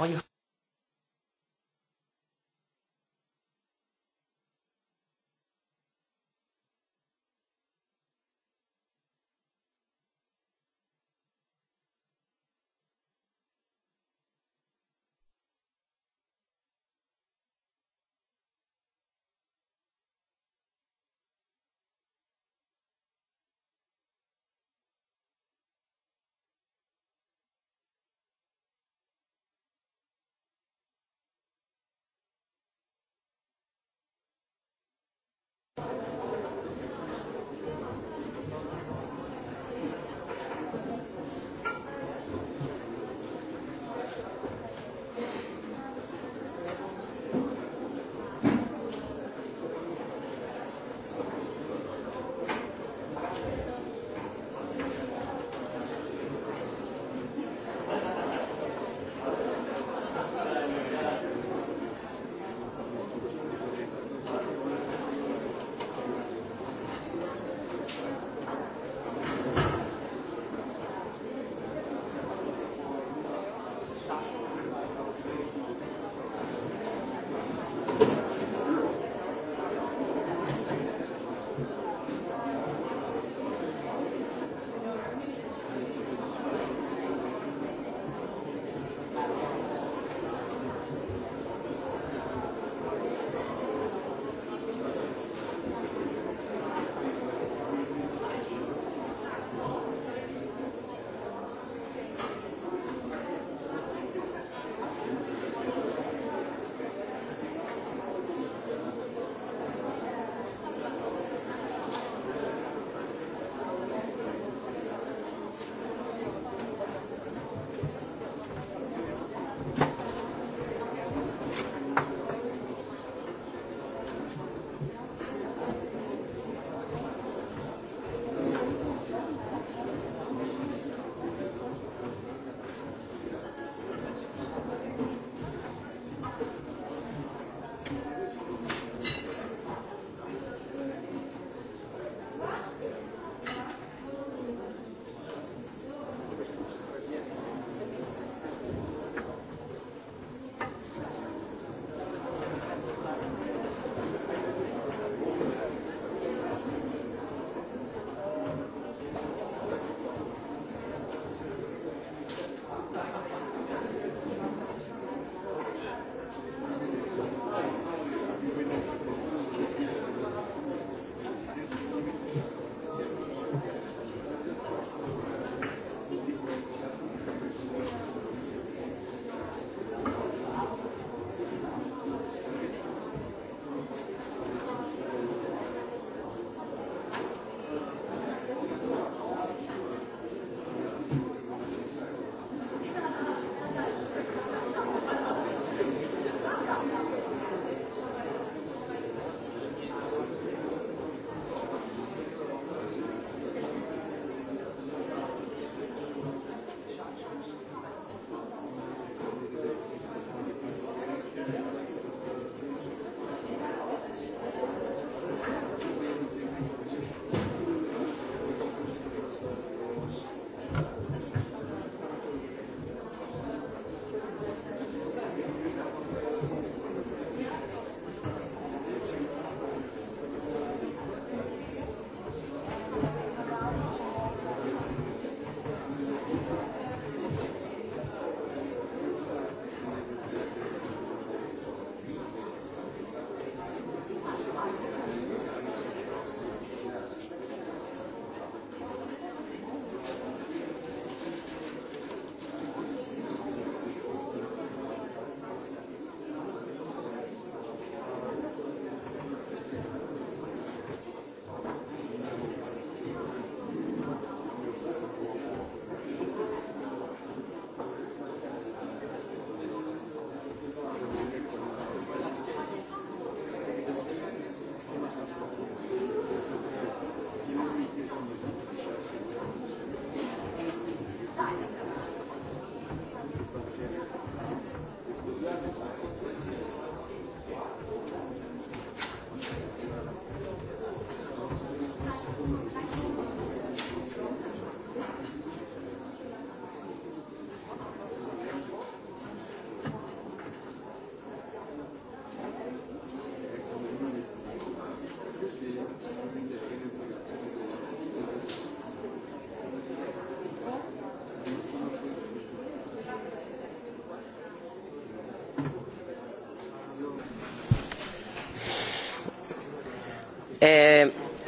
[SPEAKER 7] you.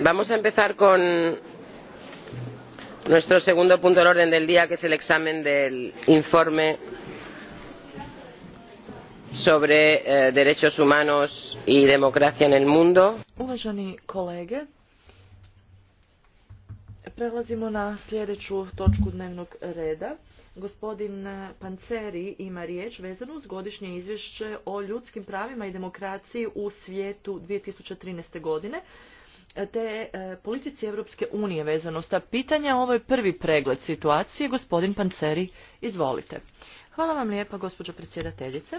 [SPEAKER 3] vamos a empezar con nuestro segundo punto del orden del día que es el examen del informe sobre eh, derechos humanos y democracia en el mundo.
[SPEAKER 1] Uvaženi kolege, prelazimo na sljedeću točku dnevnog reda. Gospodin Panceri ima riječ vezano uz godišnje izvješće o ljudskim pravima i demokraciji u svijetu 2013. godine te e, politici Europske unije vezano uz ta pitanja. Ovo je prvi pregled situacije. Gospodin Panceri, izvolite. Hvala vam lijepa, gospođo predsjedateljice.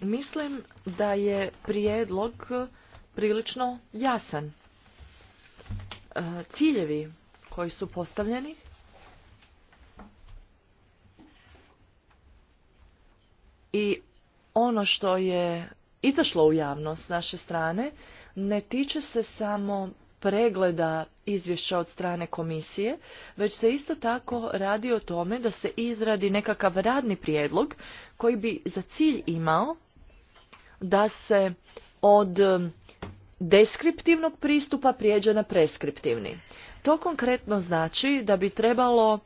[SPEAKER 1] Mislim da je prijedlog prilično jasan. E, ciljevi koji su postavljeni i ono što je izašlo u javnost s naše strane ne tiče se samo pregleda izvješća od strane komisije, već se isto tako radi o tome da se izradi nekakav radni prijedlog koji bi za cilj imao da se od deskriptivnog pristupa prijeđe na preskriptivni. To konkretno znači da bi trebalo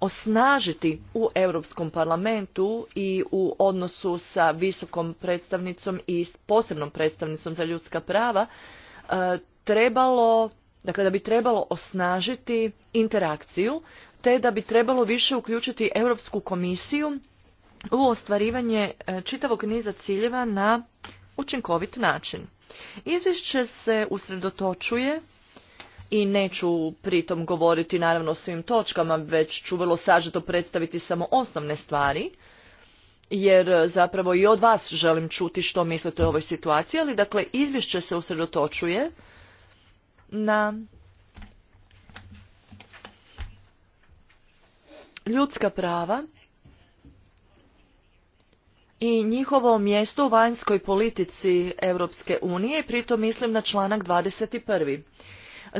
[SPEAKER 1] osnažiti u Europskom parlamentu i u odnosu sa visokom predstavnicom i posebnom predstavnicom za ljudska prava e, trebalo, dakle da bi trebalo osnažiti interakciju te da bi trebalo više uključiti Europsku komisiju u ostvarivanje e, čitavog niza ciljeva na učinkovit način. Izvješće se usredotočuje i neću pritom govoriti naravno o svim točkama, već ću vrlo sažeto predstaviti samo osnovne stvari, jer zapravo i od vas želim čuti što mislite o ovoj situaciji, ali dakle izvješće se usredotočuje na ljudska prava i njihovo mjesto u vanjskoj politici Europske unije, pritom mislim na članak 21.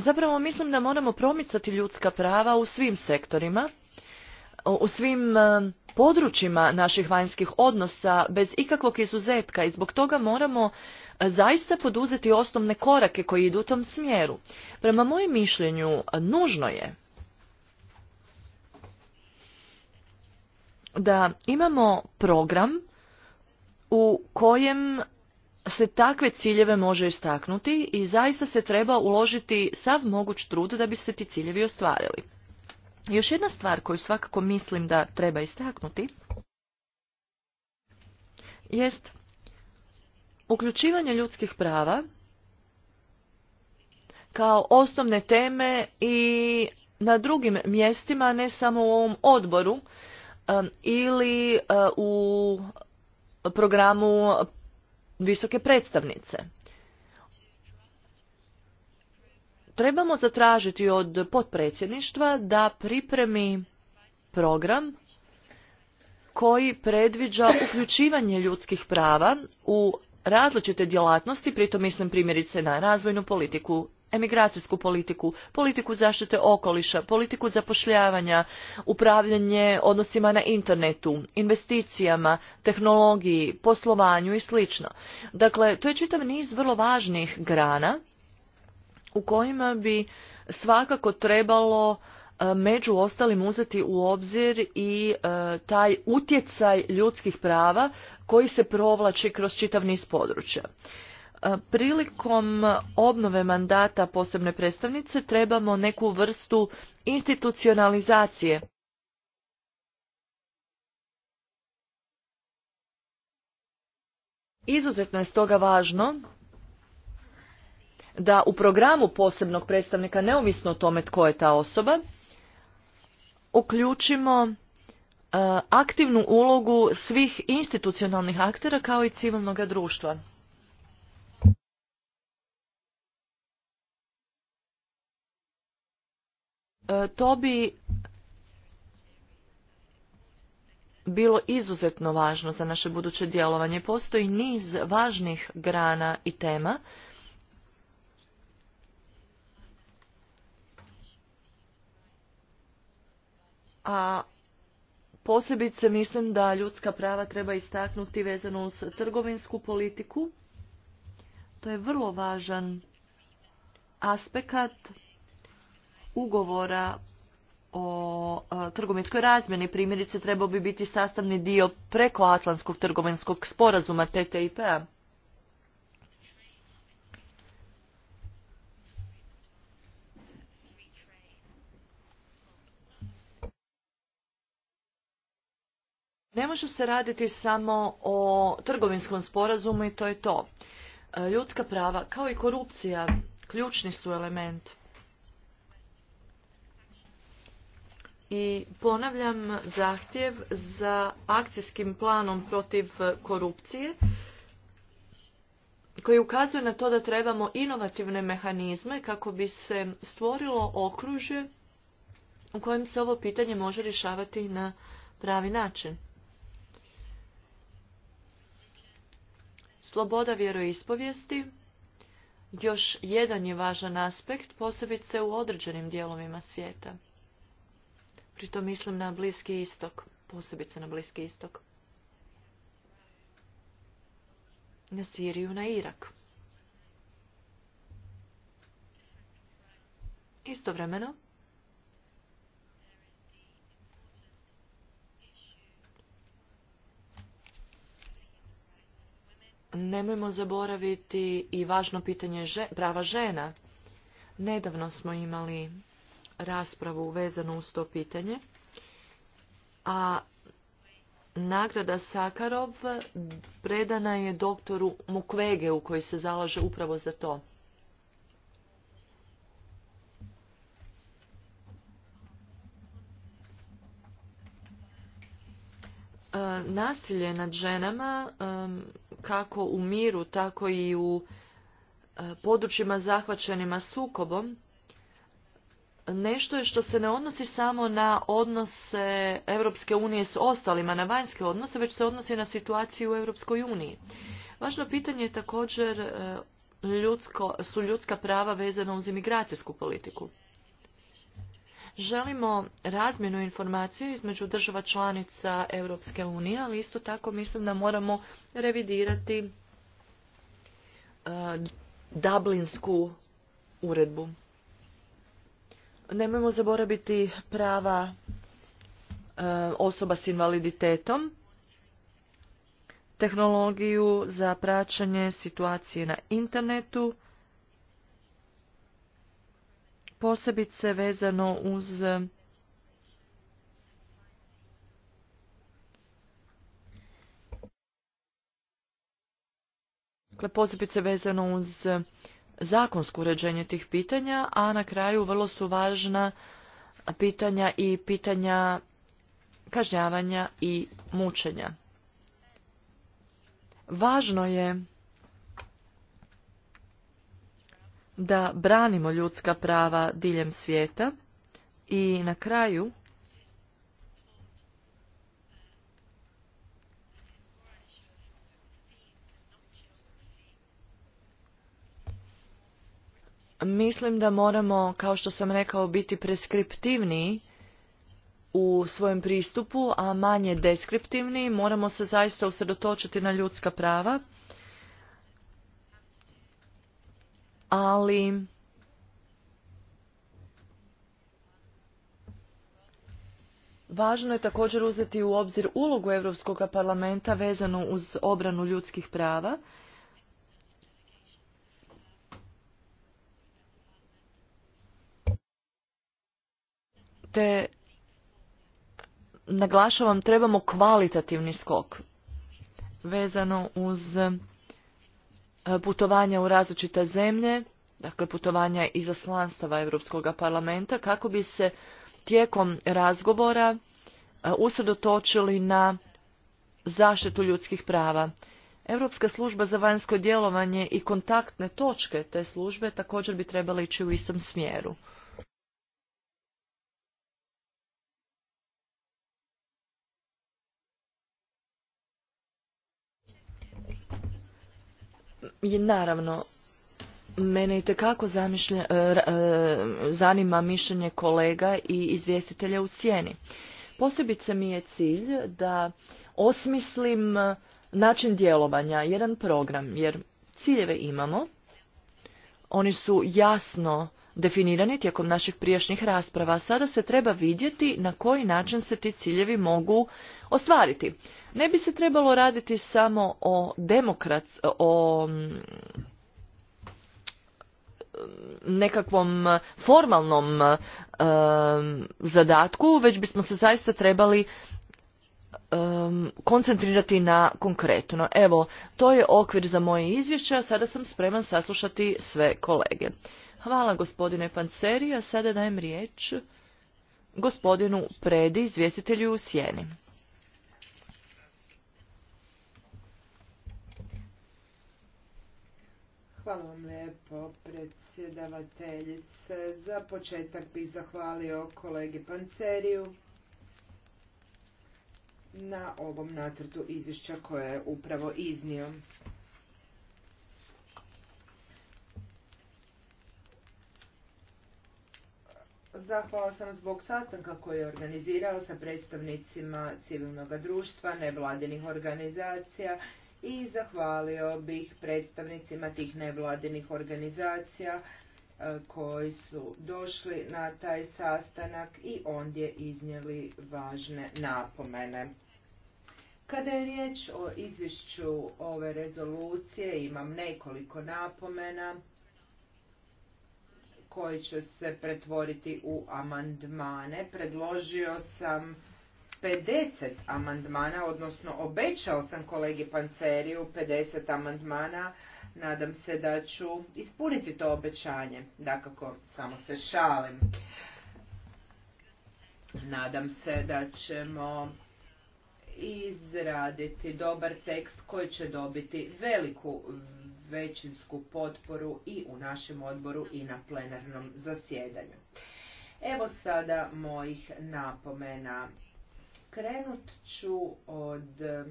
[SPEAKER 1] Zapravo mislim da moramo promicati ljudska prava u svim sektorima, u svim e, područjima naših vanjskih odnosa bez ikakvog izuzetka i zbog toga moramo e, zaista poduzeti osnovne korake koji idu u tom smjeru. Prema mojem mišljenju e, nužno je da imamo program u kojem se takve ciljeve može istaknuti i zaista se treba uložiti sav moguć trud da bi se ti ciljevi ostvarili. Još jedna stvar koju svakako mislim da treba istaknuti jest uključivanje ljudskih prava kao osnovne teme i na drugim mjestima, ne samo u ovom odboru um, ili uh, u programu visoke predstavnice. Trebamo zatražiti od potpredsjedništva da pripremi program koji predviđa uključivanje ljudskih prava u različite djelatnosti, pritom mislim primjerice na razvojnu politiku emigracijsku politiku, politiku zaštite okoliša, politiku zapošljavanja, upravljanje odnosima na internetu, investicijama, tehnologiji, poslovanju i sl. Dakle, to je čitav niz vrlo važnih grana u kojima bi svakako trebalo e, među ostalim uzeti u obzir i e, taj utjecaj ljudskih prava koji se provlači kroz čitav niz područja. E, prilikom obnove mandata posebne predstavnice trebamo neku vrstu institucionalizacije Izuzetno je stoga važno da u programu posebnog predstavnika, neovisno o tome tko je ta osoba, uključimo e, aktivnu ulogu svih institucionalnih aktera kao i civilnog društva. E, to bi bilo izuzetno važno za naše buduće djelovanje. Postoji niz važnih grana i tema. A posebice mislim da ljudska prava treba istaknuti vezano uz trgovinsku politiku. To je vrlo važan aspekt ugovora o e, trgovinskoj razmjeni primjerice trebao bi biti sastavni dio atlantskog trgovinskog sporazuma TTIP-a. Ne može se raditi samo o trgovinskom sporazumu i to je to. E, ljudska prava kao i korupcija ključni su element. i ponavljam zahtjev za akcijskim planom protiv korupcije koji ukazuje na to da trebamo inovativne mehanizme kako bi se stvorilo okružje u kojem se ovo pitanje može rješavati na pravi način. Sloboda vjeroispovijesti još jedan je važan aspekt, posebice u određenim dijelovima svijeta. Pritom mislim na Bliski istok, posebice na Bliski istok. Na Siriju, na Irak. Istovremeno, nemojmo zaboraviti i važno pitanje prava žena. Nedavno smo imali raspravu vezanu uz to pitanje. A nagrada Sakarov predana je doktoru u koji se zalaže upravo za to. E, nasilje nad ženama, e, kako u miru, tako i u e, područjima zahvaćenima sukobom, nešto je što se ne odnosi samo na odnose Europske unije s ostalima, na vanjske odnose, već se odnosi na situaciju u Europskoj uniji. Važno pitanje je također e, ljudsko, su ljudska prava vezana uz imigracijsku politiku. Želimo razmjenu informaciju između država članica Europske unije, ali isto tako mislim da moramo revidirati e, Dublinsku uredbu. Nemojmo zaboraviti prava e, osoba s invaliditetom, tehnologiju za praćanje situacije na internetu, posebice vezano uz dakle, posebice vezano uz zakonsko uređenje tih pitanja, a na kraju vrlo su važna pitanja i pitanja kažnjavanja i mučenja. Važno je da branimo ljudska prava diljem svijeta i na kraju Mislim da moramo, kao što sam rekao, biti preskriptivni u svojem pristupu, a manje deskriptivni. Moramo se zaista usredotočiti na ljudska prava, ali Važno je također uzeti u obzir ulogu Europskog parlamenta vezanu uz obranu ljudskih prava te naglašavam trebamo kvalitativni skok vezano uz e, putovanja u različite zemlje, dakle putovanja izaslanstava Europskog parlamenta kako bi se tijekom razgovora e, usredotočili na zaštitu ljudskih prava. Europska služba za vanjsko djelovanje i kontaktne točke te službe također bi trebale ići u istom smjeru. je naravno mene i tekako e, e, zanima mišljenje kolega i izvjestitelja u sjeni. Posebice mi je cilj da osmislim način djelovanja, jedan program, jer ciljeve imamo, oni su jasno definirani tijekom naših prijašnjih rasprava. Sada se treba vidjeti na koji način se ti ciljevi mogu ostvariti. Ne bi se trebalo raditi samo o demokrat, o mm, nekakvom formalnom zadatku, već bismo se zaista trebali koncentrirati na konkretno. Evo, to je okvir za moje izvješće, a sada sam spreman saslušati sve kolege. Hvala gospodine Panceri, a sada dajem riječ gospodinu Predi, izvjestitelju u Sjeni.
[SPEAKER 2] Hvala vam lijepo, predsjedavateljice. Za početak bih zahvalio kolegi Panceriju na ovom nacrtu izvješća koje je upravo iznio. Zahvala sam zbog sastanka koji je organizirao sa predstavnicima civilnog društva, nevladinih organizacija i zahvalio bih predstavnicima tih nevladinih organizacija e, koji su došli na taj sastanak i ondje iznijeli važne napomene. Kada je riječ o izvišću ove rezolucije, imam nekoliko napomena koji će se pretvoriti u amandmane. Predložio sam 50 amandmana, odnosno obećao sam kolegi Panceriju 50 amandmana. Nadam se da ću ispuniti to obećanje. Dakako, samo se šalim. Nadam se da ćemo izraditi dobar tekst koji će dobiti veliku većinsku potporu i u našem odboru i na plenarnom zasjedanju. Evo sada mojih napomena. Krenut ću od eh,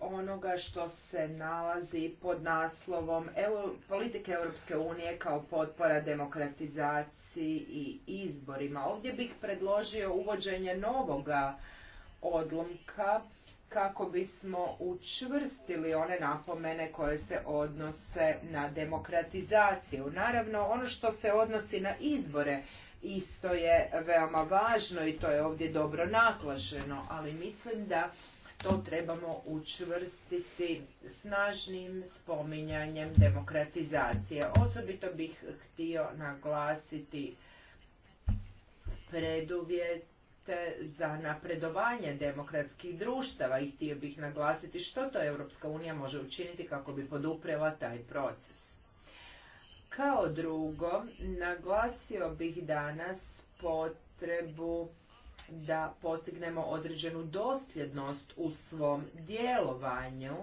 [SPEAKER 2] onoga što se nalazi pod naslovom politike Europske unije kao potpora demokratizaciji i izborima. Ovdje bih predložio uvođenje novoga odlomka kako bismo učvrstili one napomene koje se odnose na demokratizaciju. Naravno, ono što se odnosi na izbore isto je veoma važno i to je ovdje dobro naklaženo, ali mislim da to trebamo učvrstiti snažnim spominjanjem demokratizacije. Osobito bih htio naglasiti preduvjet za napredovanje demokratskih društava i htio bih naglasiti što to Europska unija može učiniti kako bi poduprela taj proces. Kao drugo, naglasio bih danas potrebu da postignemo određenu dosljednost u svom djelovanju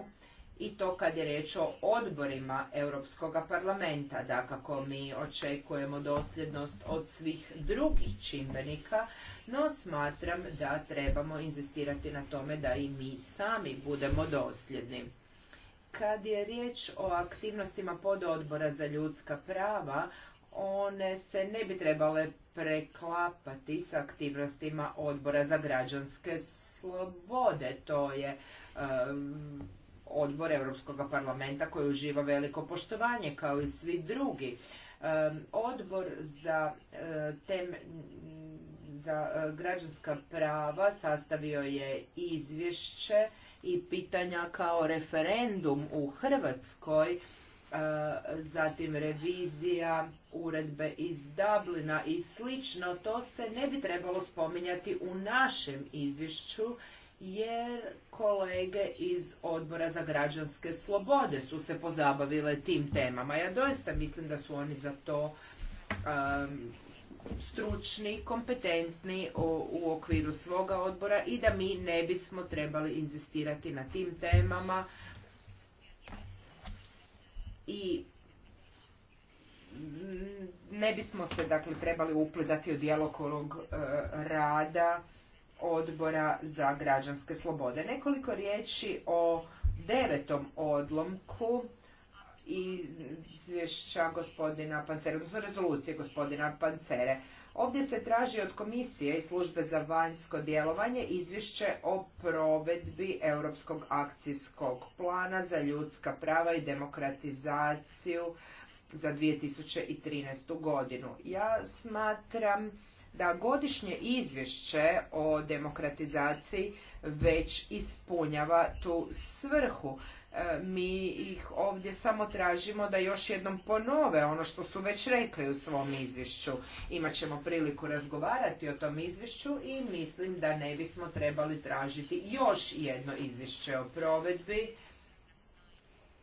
[SPEAKER 2] i to kad je reč o odborima Europskog parlamenta. Dakako mi očekujemo dosljednost od svih drugih čimbenika, no smatram da trebamo inzistirati na tome da i mi sami budemo dosljedni. Kad je riječ o aktivnostima pododbora za ljudska prava, one se ne bi trebale preklapati sa aktivnostima odbora za građanske slobode. To je odbor Europskog parlamenta koji uživa veliko poštovanje kao i svi drugi. odbor za tem za e, građanska prava sastavio je izvješće i pitanja kao referendum u Hrvatskoj, e, zatim revizija uredbe iz Dublina i slično, to se ne bi trebalo spominjati u našem izvješću jer kolege iz odbora za građanske slobode su se pozabavile tim temama. Ja doista mislim da su oni za to e, stručni, kompetentni u okviru svoga odbora i da mi ne bismo trebali inzistirati na tim temama i ne bismo se dakle trebali upledati u djelokrug e, rada odbora za građanske slobode. Nekoliko riječi o devetom odlomku izvješća gospodina Pancere, odnosno rezolucije gospodina Pancere. Ovdje se traži od komisije i službe za vanjsko djelovanje izvješće o provedbi Europskog akcijskog plana za ljudska prava i demokratizaciju za 2013. godinu. Ja smatram da godišnje izvješće o demokratizaciji već ispunjava tu svrhu E, mi ih ovdje samo tražimo da još jednom ponove ono što su već rekli u svom izvješću. Imaćemo priliku razgovarati o tom izvješću i mislim da ne bismo trebali tražiti još jedno izvješće o provedbi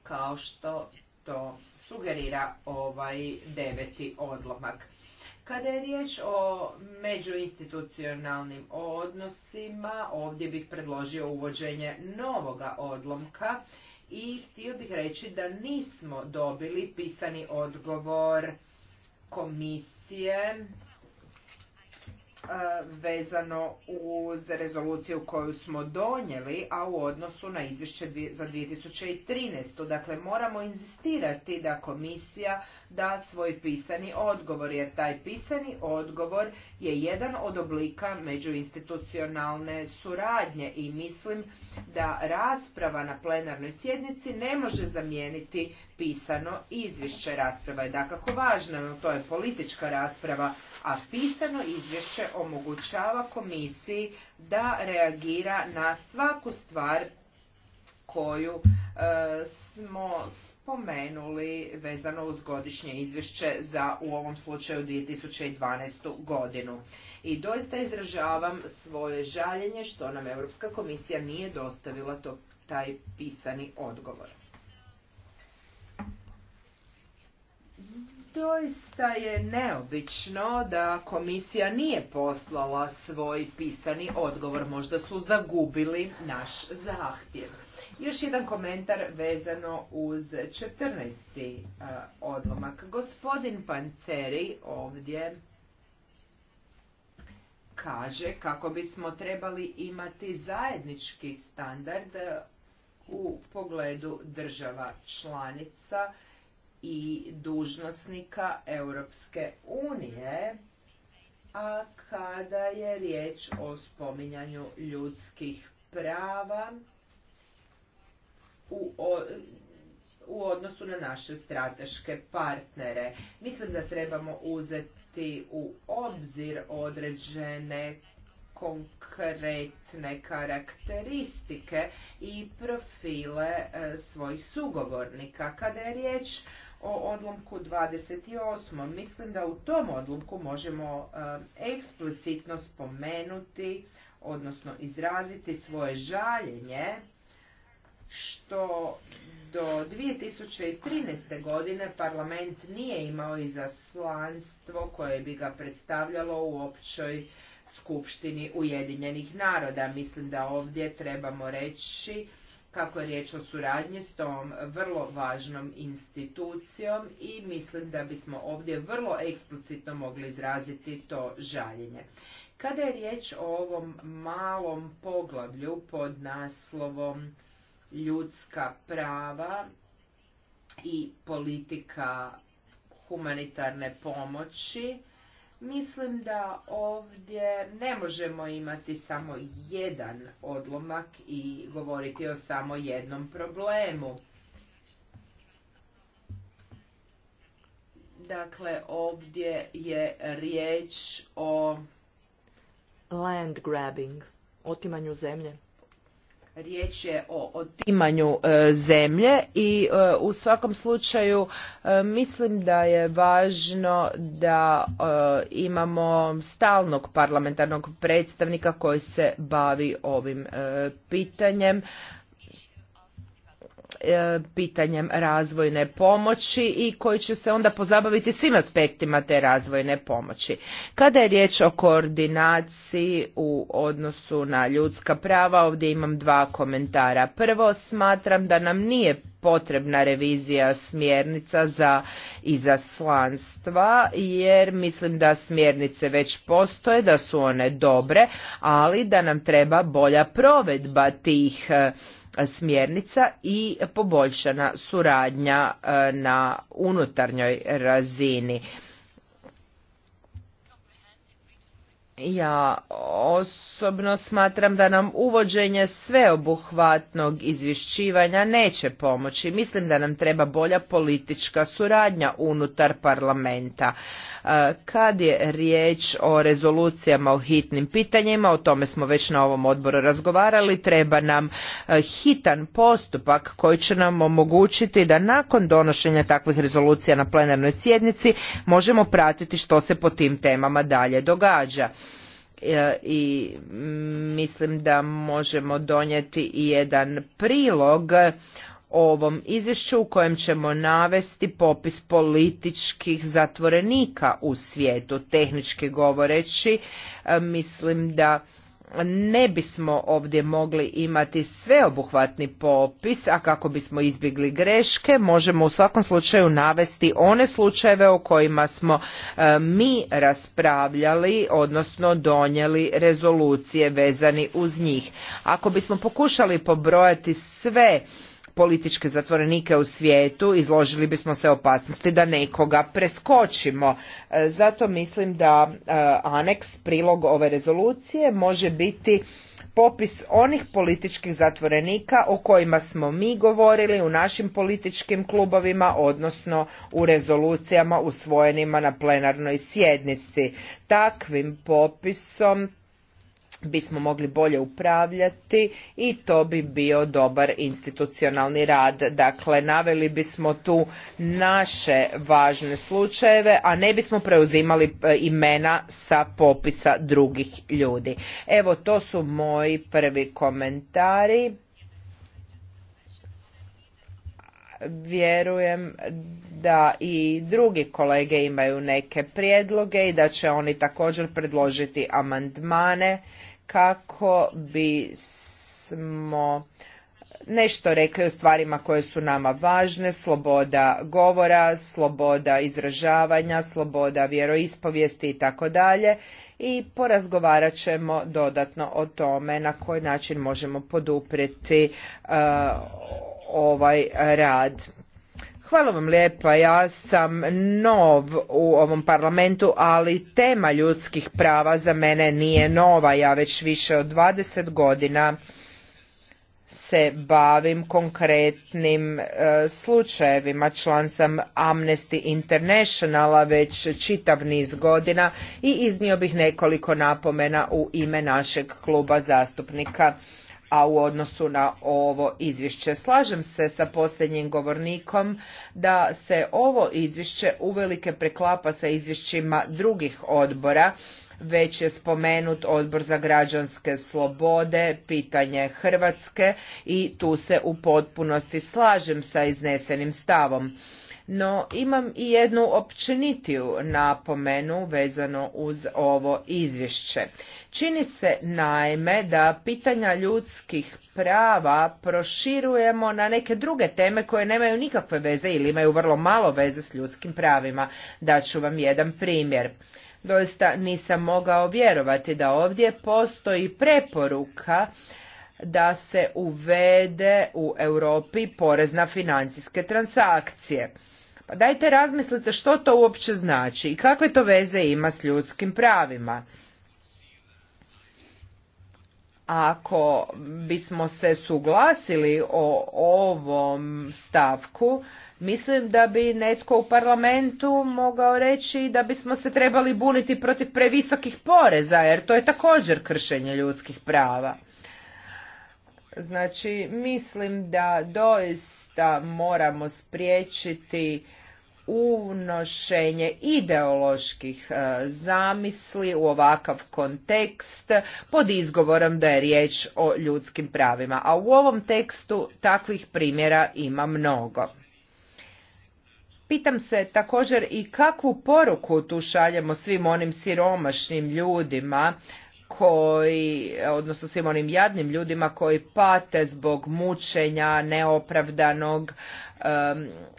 [SPEAKER 2] kao što to sugerira ovaj deveti odlomak. Kada je riječ o međuinstitucionalnim odnosima, ovdje bih predložio uvođenje novoga odlomka i htio bih reći da nismo dobili pisani odgovor komisije E, vezano uz rezoluciju koju smo donijeli, a u odnosu na izvješće za 2013. Dakle, moramo inzistirati da komisija da svoj pisani odgovor, jer taj pisani odgovor je jedan od oblika međuinstitucionalne suradnje i mislim da rasprava na plenarnoj sjednici ne može zamijeniti pisano izvješće. Rasprava je dakako važna, no to je politička rasprava a pisano izvješće omogućava komisiji da reagira na svaku stvar koju e, smo spomenuli vezano uz godišnje izvješće za u ovom slučaju 2012. godinu. I doista izražavam svoje žaljenje što nam Europska komisija nije dostavila to, taj pisani odgovor. Doista je neobično da komisija nije poslala svoj pisani odgovor, možda su zagubili naš zahtjev. Još jedan komentar vezano uz 14. odlomak. Gospodin Panceri ovdje kaže kako bismo trebali imati zajednički standard u pogledu država članica i dužnosnika Europske unije, a kada je riječ o spominjanju ljudskih prava u, u odnosu na naše strateške partnere. Mislim da trebamo uzeti u obzir određene konkretne karakteristike i profile e, svojih sugovornika. Kada je riječ o odlomku 28. Mislim da u tom odlomku možemo um, eksplicitno spomenuti, odnosno izraziti svoje žaljenje što do 2013. godine parlament nije imao izaslanstvo koje bi ga predstavljalo u općoj skupštini Ujedinjenih naroda. Mislim da ovdje trebamo reći kako je riječ o suradnji s tom vrlo važnom institucijom i mislim da bismo ovdje vrlo eksplicitno mogli izraziti to žaljenje. Kada je riječ o ovom malom poglavlju pod naslovom ljudska prava i politika humanitarne pomoći, Mislim da ovdje ne možemo imati samo jedan odlomak i govoriti o samo jednom problemu. Dakle, ovdje je riječ o
[SPEAKER 1] land grabbing, otimanju zemlje
[SPEAKER 2] riječ je o otimanju e, zemlje i e, u svakom slučaju e, mislim da je važno da imamo stalnog parlamentarnog predstavnika koji se bavi ovim pitanjem E, pitanjem razvojne pomoći i koji će se onda pozabaviti svim aspektima te razvojne pomoći. Kada je riječ o koordinaciji u odnosu na ljudska prava, ovdje imam dva komentara. Prvo, smatram da nam nije potrebna revizija smjernica za izaslanstva jer mislim da smjernice već postoje, da su one dobre, ali da nam treba bolja provedba tih e, smjernica i poboljšana suradnja e, na unutarnjoj razini. Ja osobno smatram da nam uvođenje sveobuhvatnog izvješćivanja neće pomoći. Mislim da nam treba bolja politička suradnja unutar parlamenta. E, kad je riječ o rezolucijama o hitnim pitanjima, o tome smo već na ovom odboru razgovarali, treba nam e, hitan postupak koji će nam omogućiti da nakon donošenja takvih rezolucija na plenarnoj sjednici možemo pratiti što se po tim temama dalje događa e, i mislim da možemo donijeti i jedan prilog ovom izvješću u kojem ćemo navesti popis političkih zatvorenika u svijetu, tehnički govoreći. E, mislim da ne bismo ovdje mogli imati sveobuhvatni popis, a kako bismo izbjegli greške, možemo u svakom slučaju navesti one slučajeve o kojima smo e, mi raspravljali, odnosno donijeli rezolucije vezani uz njih. Ako bismo pokušali pobrojati sve političke zatvorenike u svijetu izložili bismo se opasnosti da nekoga preskočimo. E, zato mislim da e, aneks, prilog ove rezolucije može biti popis onih političkih zatvorenika o kojima smo mi govorili u našim političkim klubovima, odnosno u rezolucijama usvojenima na plenarnoj sjednici. Takvim popisom bismo mogli bolje upravljati i to bi bio dobar institucionalni rad. Dakle, naveli bismo tu naše važne slučajeve, a ne bismo preuzimali e, imena sa popisa drugih ljudi. Evo, to su moji prvi komentari. vjerujem da i drugi kolege imaju neke prijedloge i da će oni također predložiti amandmane kako bismo nešto rekli o stvarima koje su nama važne, sloboda govora, sloboda izražavanja, sloboda vjeroispovijesti i tako dalje i porazgovarat ćemo dodatno o tome na koji način možemo poduprijeti e, ovaj rad. Hvala vam lijepa. Ja sam nov u ovom parlamentu, ali tema ljudskih prava za mene nije nova. Ja već više od 20 godina se bavim konkretnim e, slučajevima. Član sam Amnesty Internationala već čitav niz godina i iznio bih nekoliko napomena u ime našeg kluba zastupnika a u odnosu na ovo izvješće. Slažem se sa posljednjim govornikom da se ovo izvješće uvelike preklapa sa izvješćima drugih odbora, već je spomenut odbor za građanske slobode, pitanje Hrvatske i tu se u potpunosti slažem sa iznesenim stavom. No imam i jednu općenitiju napomenu vezano uz ovo izvješće. Čini se naime da pitanja ljudskih prava proširujemo na neke druge teme koje nemaju nikakve veze ili imaju vrlo malo veze s ljudskim pravima. Daću vam jedan primjer. Doista nisam mogao vjerovati da ovdje postoji preporuka da se uvede u Europi porez na financijske transakcije. Pa dajte razmislite što to uopće znači i kakve to veze ima s ljudskim pravima. Ako bismo se suglasili o ovom stavku, mislim da bi netko u parlamentu mogao reći da bismo se trebali buniti protiv previsokih poreza, jer to je također kršenje ljudskih prava. Znači, mislim da doista da moramo spriječiti unošenje ideoloških e, zamisli u ovakav kontekst pod izgovorom da je riječ o ljudskim pravima. A u ovom tekstu takvih primjera ima mnogo. Pitam se također i kakvu poruku tu šaljemo svim onim siromašnim ljudima koji, odnosno svim onim jadnim ljudima koji pate zbog mučenja neopravdanog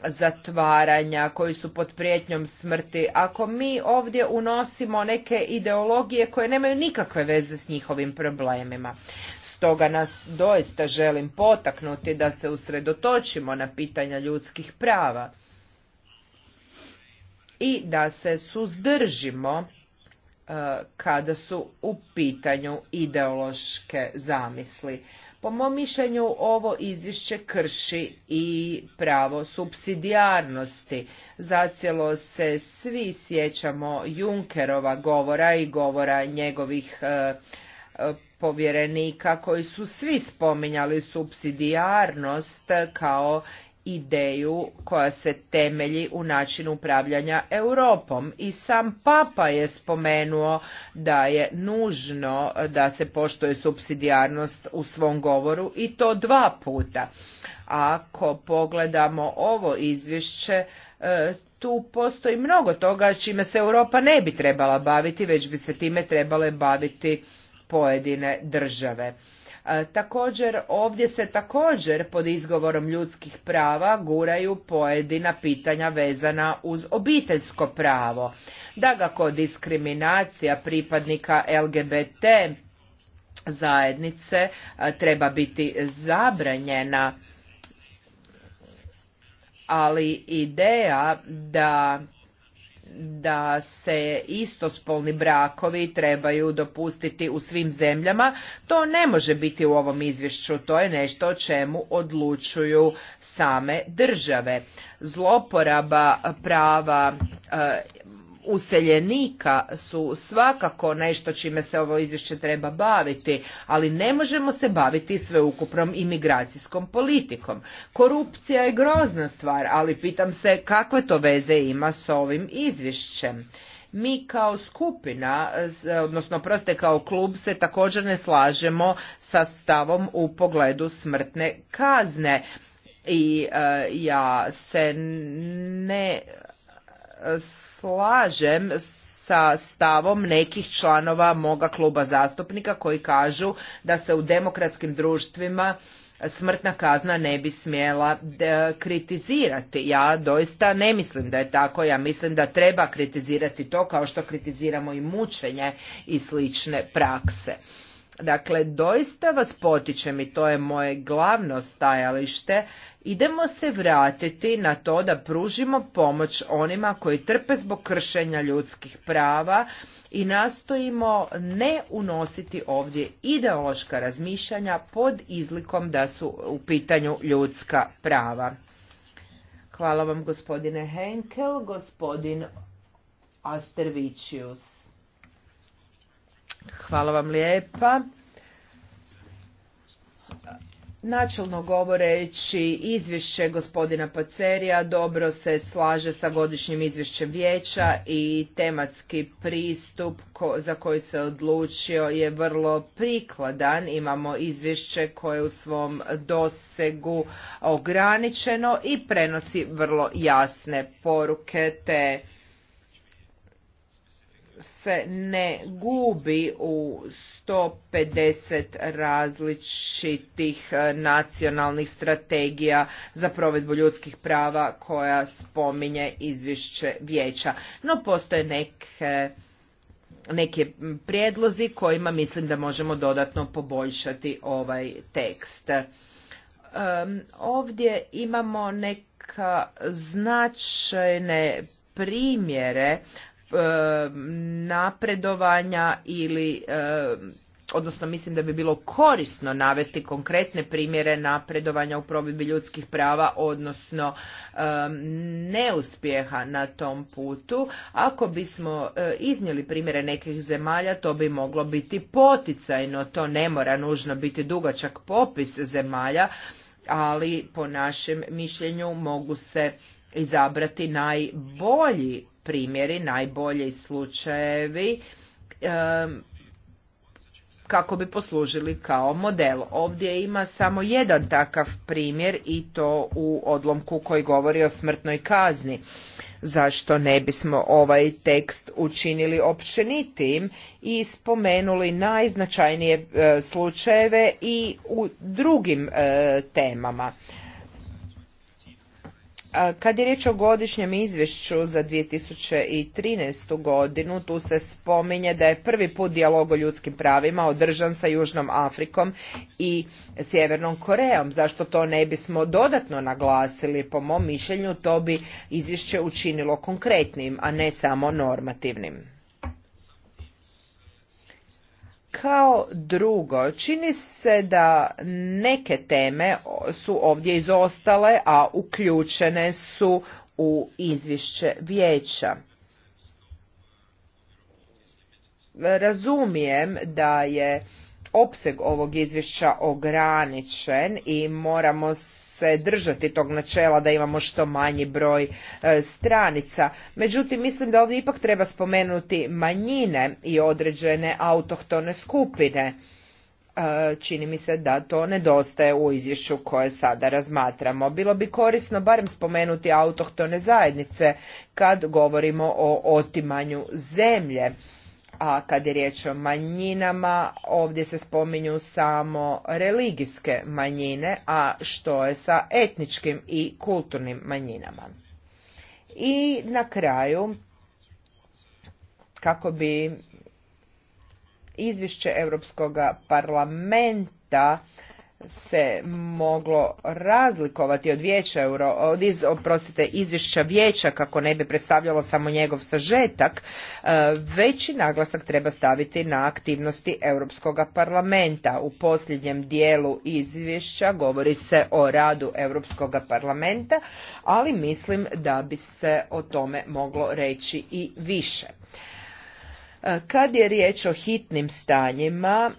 [SPEAKER 2] zatvaranja, koji su pod prijetnjom smrti. Ako mi ovdje unosimo neke ideologije koje nemaju nikakve veze s njihovim problemima. Stoga nas doista želim potaknuti da se usredotočimo na pitanja ljudskih prava i da se suzdržimo E, kada su u pitanju ideološke zamisli. Po mom mišljenju ovo izvješće krši i pravo subsidijarnosti. Zacijelo se svi sjećamo Junkerova govora i govora njegovih e, povjerenika koji su svi spominjali subsidijarnost kao ideju koja se temelji u načinu upravljanja Europom. I sam Papa je spomenuo da je nužno da se poštuje subsidijarnost u svom govoru i to dva puta. Ako pogledamo ovo izvješće, e, tu postoji mnogo toga čime se Europa ne bi trebala baviti, već bi se time trebale baviti pojedine države. E, također, ovdje se također pod izgovorom ljudskih prava guraju pojedina pitanja vezana uz obiteljsko pravo. Da ga kod diskriminacija pripadnika LGBT zajednice e, treba biti zabranjena, ali ideja da da se istospolni brakovi trebaju dopustiti u svim zemljama, to ne može biti u ovom izvješću, to je nešto o čemu odlučuju same države. Zloporaba prava e, useljenika su svakako nešto čime se ovo izvješće treba baviti, ali ne možemo se baviti sveukupnom imigracijskom politikom. Korupcija je grozna stvar, ali pitam se kakve to veze ima s ovim izvješćem. Mi kao skupina, odnosno proste kao klub, se također ne slažemo sa stavom u pogledu smrtne kazne. I e, ja se ne slažem sa stavom nekih članova moga kluba zastupnika koji kažu da se u demokratskim društvima smrtna kazna ne bi smjela e, kritizirati. Ja doista ne mislim da je tako, ja mislim da treba kritizirati to kao što kritiziramo i mučenje i slične prakse. Dakle, doista vas potičem i to je moje glavno stajalište Idemo se vratiti na to da pružimo pomoć onima koji trpe zbog kršenja ljudskih prava i nastojimo ne unositi ovdje ideološka razmišljanja pod izlikom da su u pitanju ljudska prava. Hvala vam gospodine Henkel, gospodin Astervičius. Hvala vam lijepa. Načelno govoreći, izvješće gospodina Pacerija dobro se slaže sa godišnjim izvješćem vijeća i tematski pristup za koji se odlučio je vrlo prikladan. Imamo izvješće koje u svom dosegu ograničeno i prenosi vrlo jasne poruke te se ne gubi u 150 različitih e, nacionalnih strategija za provedbu ljudskih prava koja spominje izvješće vijeća. No postoje neke neke prijedlozi kojima mislim da možemo dodatno poboljšati ovaj tekst. E, ovdje imamo neka značajne primjere napredovanja ili e, odnosno mislim da bi bilo korisno navesti konkretne primjere napredovanja u provedbi ljudskih prava odnosno e, neuspjeha na tom putu ako bismo e, iznijeli primjere nekih zemalja to bi moglo biti poticajno to ne mora nužno biti dugačak popis zemalja ali po našem mišljenju mogu se izabrati najbolji primjeri, najbolji slučajevi kako bi poslužili kao model. Ovdje ima samo jedan takav primjer i to u odlomku koji govori o smrtnoj kazni. Zašto ne bismo ovaj tekst učinili općenitim i spomenuli najznačajnije e, slučajeve i u drugim e, temama? Kad je riječ o godišnjem izvješću za 2013. godinu, tu se spominje da je prvi put dijalog o ljudskim pravima održan sa Južnom Afrikom i Sjevernom Korejom. Zašto to ne bismo dodatno naglasili? Po mom mišljenju to bi izvješće učinilo konkretnim, a ne samo normativnim. Kao drugo, čini se da neke teme su ovdje izostale, a uključene su u izvišće vijeća. Razumijem da je opseg ovog izvješća ograničen i moramo se držati tog načela da imamo što manji broj e, stranica. Međutim, mislim da ovdje ipak treba spomenuti manjine i određene autohtone skupine. E, čini mi se da to nedostaje u izvješću koje sada razmatramo. Bilo bi korisno barem spomenuti autohtone zajednice kad govorimo o otimanju zemlje a kad je riječ o manjinama, ovdje se spominju samo religijske manjine, a što je sa etničkim i kulturnim manjinama. I na kraju, kako bi izvješće Europskog parlamenta se moglo razlikovati od vijeća euro, od iz, oprostite, izvješća vijeća kako ne bi predstavljalo samo njegov sažetak, e, veći naglasak treba staviti na aktivnosti Europskog parlamenta. U posljednjem dijelu izvješća govori se o radu Europskog parlamenta, ali mislim da bi se o tome moglo reći i više. E, kad je riječ o hitnim stanjima,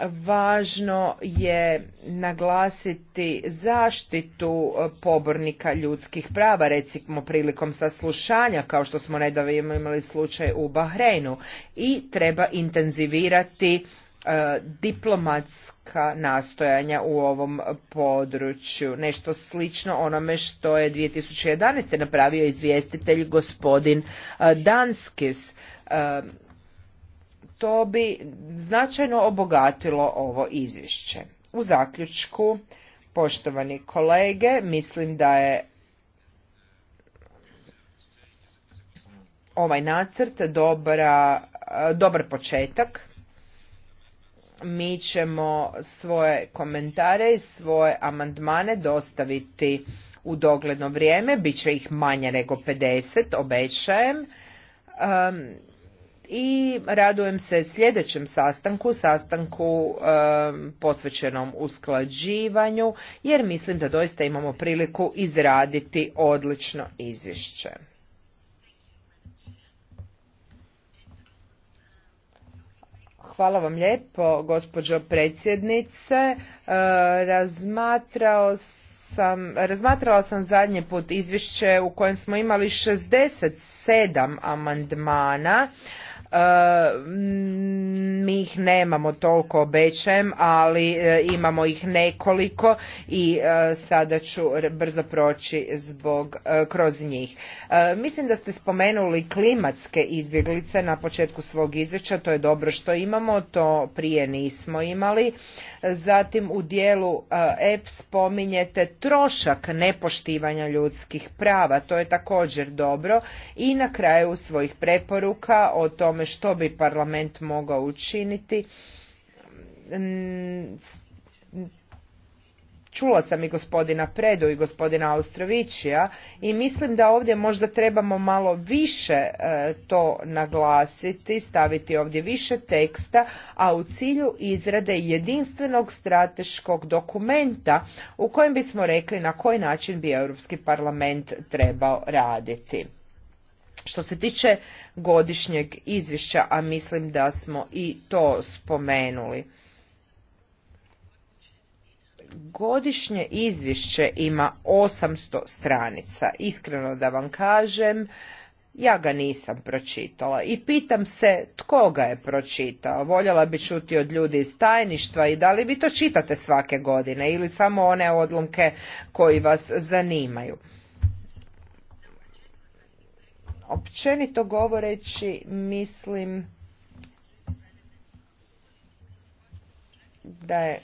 [SPEAKER 2] važno je naglasiti zaštitu e, pobornika ljudskih prava, recimo prilikom saslušanja, kao što smo nedavno imali slučaj u Bahreinu, i treba intenzivirati e, diplomatska nastojanja u ovom području. Nešto slično onome što je 2011. napravio izvjestitelj gospodin e, Danskis što bi značajno obogatilo ovo izvješće. U zaključku, poštovani kolege, mislim da je ovaj nacrt dobra, dobar početak. Mi ćemo svoje komentare i svoje amandmane dostaviti u dogledno vrijeme, bit će ih manje nego 50, obećajem. Um, i radujem se sljedećem sastanku, sastanku e, posvećenom usklađivanju, jer mislim da doista imamo priliku izraditi odlično izvješće. Hvala vam lijepo, gospođo predsjednice. E, razmatrao sam, razmatrala sam zadnje put izvješće u kojem smo imali 67 amandmana. E, mi ih nemamo toliko obećajem, ali e, imamo ih nekoliko i e, sada ću brzo proći zbog, kroz njih. Mislim da ste spomenuli klimatske izbjeglice na početku svog izvješća, to je dobro što imamo, to prije nismo imali. Zatim u dijelu EPS spominjete trošak nepoštivanja ljudskih prava, to je također dobro. I na kraju svojih preporuka o tome što bi parlament mogao učiniti. Mm, čula sam i gospodina Predu i gospodina Austrovićija i mislim da ovdje možda trebamo malo više e, to naglasiti, staviti ovdje više teksta, a u cilju izrade jedinstvenog strateškog dokumenta u kojem bismo rekli na koji način bi Europski parlament trebao raditi. Što se tiče godišnjeg izvješća, a mislim da smo i to spomenuli, godišnje izvješće ima 800 stranica. Iskreno da vam kažem, ja ga nisam pročitala i pitam se tko ga je pročitao. Voljela bi čuti od ljudi iz tajništva i da li vi to čitate svake godine ili samo one odlomke koji vas zanimaju općenito govoreći mislim da je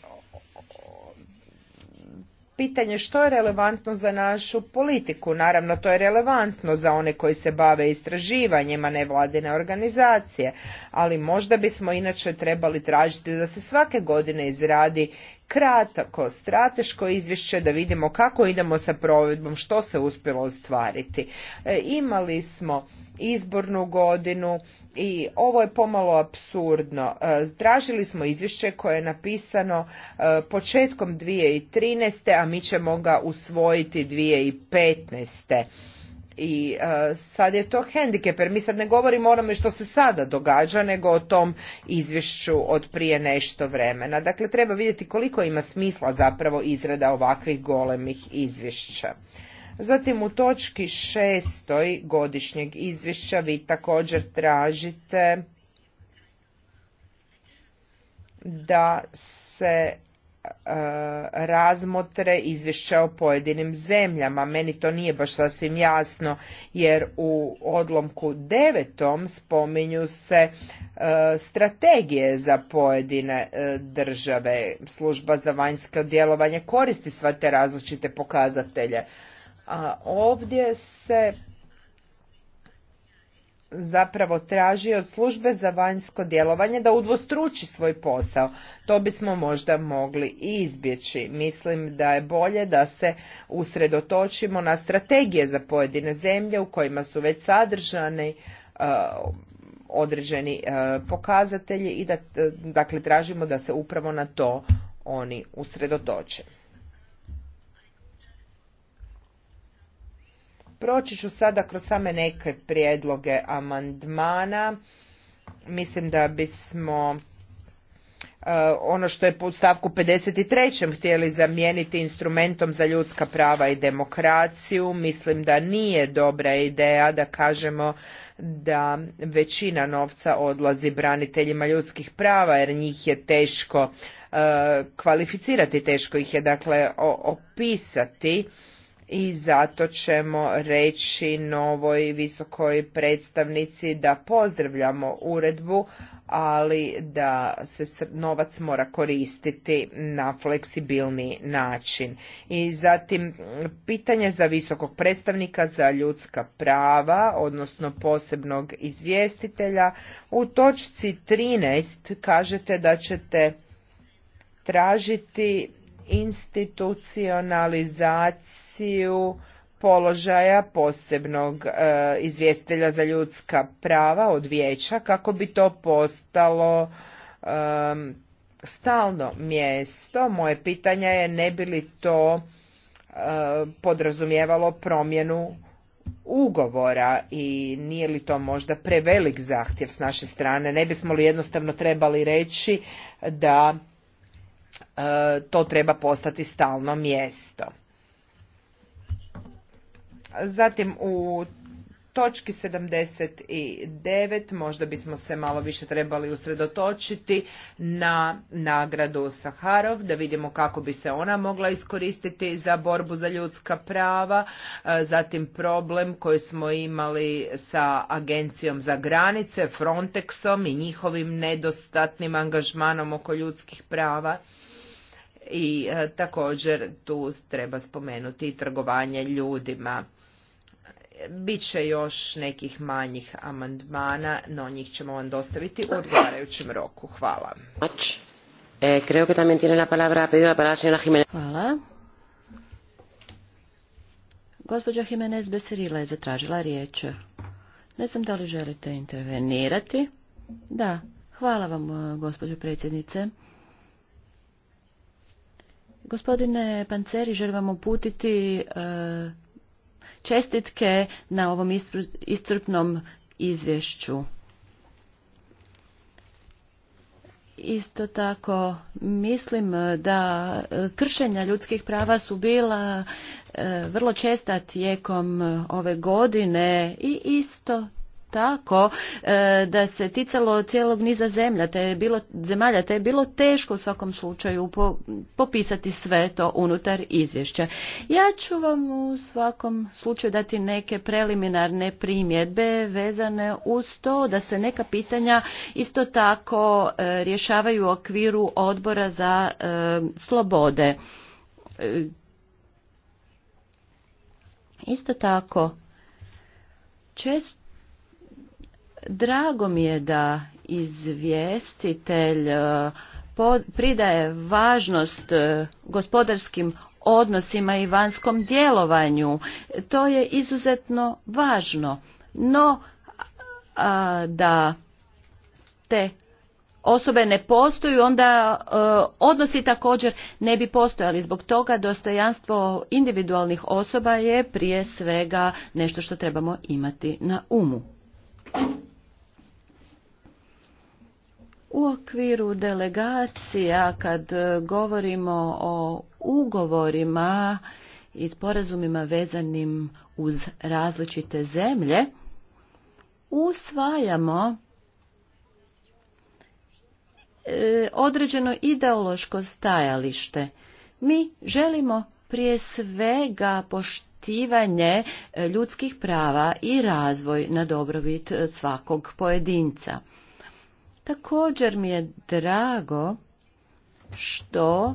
[SPEAKER 2] pitanje što je relevantno za našu politiku. Naravno, to je relevantno za one koji se bave istraživanjima nevladine organizacije, ali možda bismo inače trebali tražiti da se svake godine izradi kratko strateško izvješće da vidimo kako idemo sa provedbom, što se uspjelo ostvariti. E, imali smo izbornu godinu i ovo je pomalo absurdno. E, tražili smo izvješće koje je napisano e, početkom 2013. a mi ćemo ga usvojiti 2015 i e, sad je to hendikep jer mi sad ne govorimo o onome što se sada događa nego o tom izvješću od prije nešto vremena. Dakle, treba vidjeti koliko ima smisla zapravo izrada ovakvih golemih izvješća. Zatim u točki šestoj godišnjeg izvješća vi također tražite da se E, razmotre izvješća o pojedinim zemljama. Meni to nije baš sasvim jasno jer u odlomku devetom spominju se e, strategije za pojedine e, države. Služba za vanjsko djelovanje koristi sva te različite pokazatelje. A ovdje se zapravo traži od službe za vanjsko djelovanje da udvostruči svoj posao. To bismo možda mogli i izbjeći. Mislim da je bolje da se usredotočimo na strategije za pojedine zemlje u kojima su već sadržani e, određeni e, pokazatelji i da e, dakle tražimo da se upravo na to oni usredotoče. Proći ću sada kroz same neke prijedloge amandmana. Mislim da bismo e, ono što je u stavku 53. htjeli zamijeniti instrumentom za ljudska prava i demokraciju. Mislim da nije dobra ideja da kažemo da većina novca odlazi braniteljima ljudskih prava jer njih je teško e, kvalificirati, teško ih je dakle opisati i zato ćemo reći novoj visokoj predstavnici da pozdravljamo uredbu, ali da se novac mora koristiti na fleksibilni način. I zatim pitanje za visokog predstavnika za ljudska prava, odnosno posebnog izvjestitelja. U točci 13 kažete da ćete tražiti institucionalizaciju položaja posebnog e, izvjestitelja za ljudska prava od vijeća kako bi to postalo e, stalno mjesto. Moje pitanje je ne bi li to e, podrazumijevalo promjenu ugovora i nije li to možda prevelik zahtjev s naše strane? Ne bismo li jednostavno trebali reći da E, to treba postati stalno mjesto. Zatim u točki 79 možda bismo se malo više trebali usredotočiti na nagradu Saharov, da vidimo kako bi se ona mogla iskoristiti za borbu za ljudska prava, e, zatim problem koji smo imali sa agencijom za granice, Frontexom i njihovim nedostatnim angažmanom oko ljudskih prava i e, također tu treba spomenuti i trgovanje ljudima. Biće još nekih manjih amandmana, no njih ćemo vam dostaviti u odgovarajućem roku. Hvala.
[SPEAKER 3] Eh, hvala. Gospođa Jimenez Beserila je zatražila riječ.
[SPEAKER 4] Ne znam da li želite intervenirati. Da, hvala vam, gospođo predsjednice. Gospodine Panceri, želim vam uputiti e, čestitke na ovom iscrpnom izvješću. Isto tako mislim da kršenja ljudskih prava su bila e, vrlo česta tijekom ove godine i isto tako e, da se ticalo cijelog niza zemlja, te je bilo, zemalja, te je bilo teško u svakom slučaju popisati sve to unutar izvješća. Ja ću vam u svakom slučaju dati neke preliminarne primjedbe vezane uz to da se neka pitanja isto tako e, rješavaju u okviru odbora za e, slobode. isto tako, često Drago mi je da izvjestitelj e, pridaje važnost e, gospodarskim odnosima i vanjskom djelovanju. To je izuzetno važno, no da te osobe ne postoju, onda e, odnosi također ne bi postojali. Zbog toga dostojanstvo individualnih osoba je prije svega nešto što trebamo imati na umu. U okviru delegacija kad e, govorimo o ugovorima i sporazumima vezanim uz različite zemlje, usvajamo e, određeno ideološko stajalište. Mi želimo prije svega poštivanje e, ljudskih prava i razvoj na dobrobit svakog pojedinca. Također mi je drago što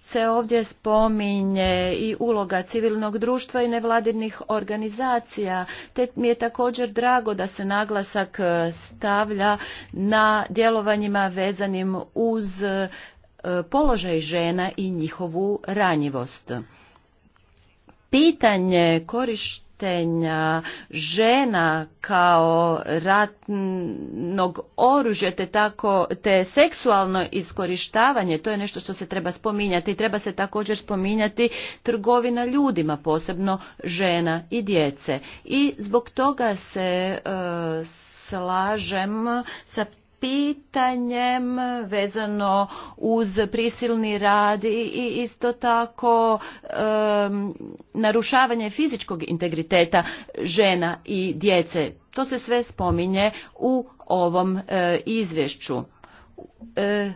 [SPEAKER 4] se ovdje spominje i uloga civilnog društva i nevladinih organizacija, te mi je također drago da se naglasak e, stavlja na djelovanjima vezanim uz e, položaj žena i njihovu ranjivost. Pitanje korištenja korištenja žena kao ratnog oružja te tako te seksualno iskorištavanje to je nešto što se treba spominjati i treba se također spominjati trgovina ljudima posebno žena i djece i zbog toga se e, slažem sa pitanjem vezano uz prisilni rad i isto tako narušavanje fizičkog integriteta žena i djece. To se sve spominje u ovom e, izvješću. E,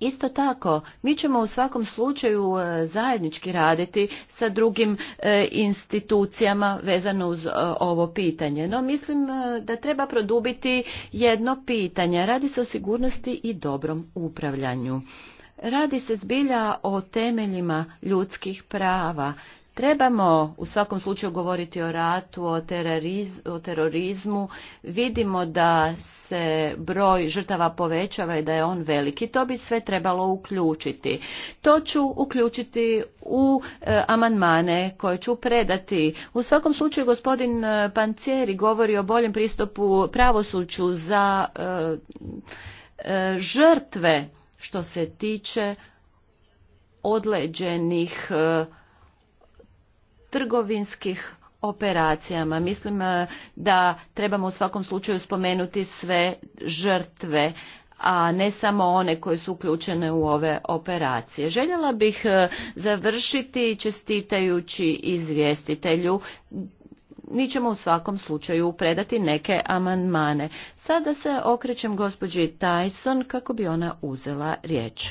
[SPEAKER 4] Isto tako, mi ćemo u svakom slučaju e, zajednički raditi sa drugim e, institucijama vezano uz e, ovo pitanje. No, mislim da treba produbiti jedno pitanje. Radi se o sigurnosti i dobrom upravljanju. Radi se zbilja o temeljima ljudskih prava Trebamo u svakom slučaju govoriti o ratu, o, terorizmu. Vidimo da se broj žrtava povećava i da je on veliki. To bi sve trebalo uključiti. To ću uključiti u e, amandmane koje ću predati. U svakom slučaju gospodin e, Pancieri govori o boljem pristupu pravosuđu za e, e, žrtve što se tiče odleđenih trgovinskih operacijama. Mislim e, da trebamo u svakom slučaju spomenuti sve žrtve a ne samo one koje su uključene u ove operacije. Željela bih e, završiti čestitajući izvjestitelju mi ćemo u svakom slučaju predati neke amandmane. Sada se okrećem gospođi Tyson kako bi ona uzela riječ.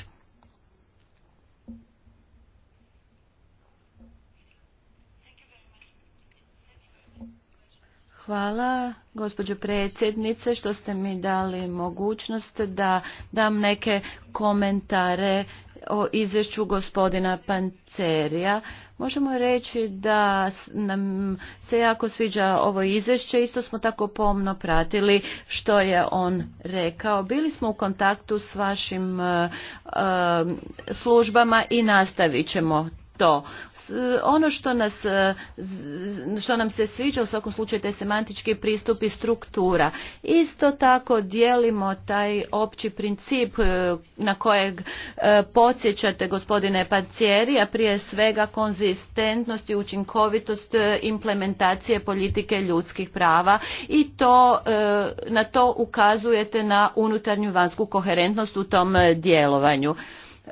[SPEAKER 4] Hvala, gospođo predsjednice, što ste mi dali mogućnost da dam neke komentare o izvješću gospodina Pancerija. Možemo reći da nam se jako sviđa ovo izvješće, isto smo tako pomno pratili što je on rekao. Bili smo u kontaktu s vašim eh, eh, službama i nastavit ćemo to. Ono što, nas, e, što nam se sviđa u svakom slučaju te semantički pristup i struktura. Isto tako dijelimo taj opći princip e, na kojeg e, podsjećate gospodine Pacijeri, a prije svega konzistentnost i učinkovitost implementacije politike ljudskih prava i to, na to ukazujete na unutarnju vanjsku koherentnost u tom djelovanju.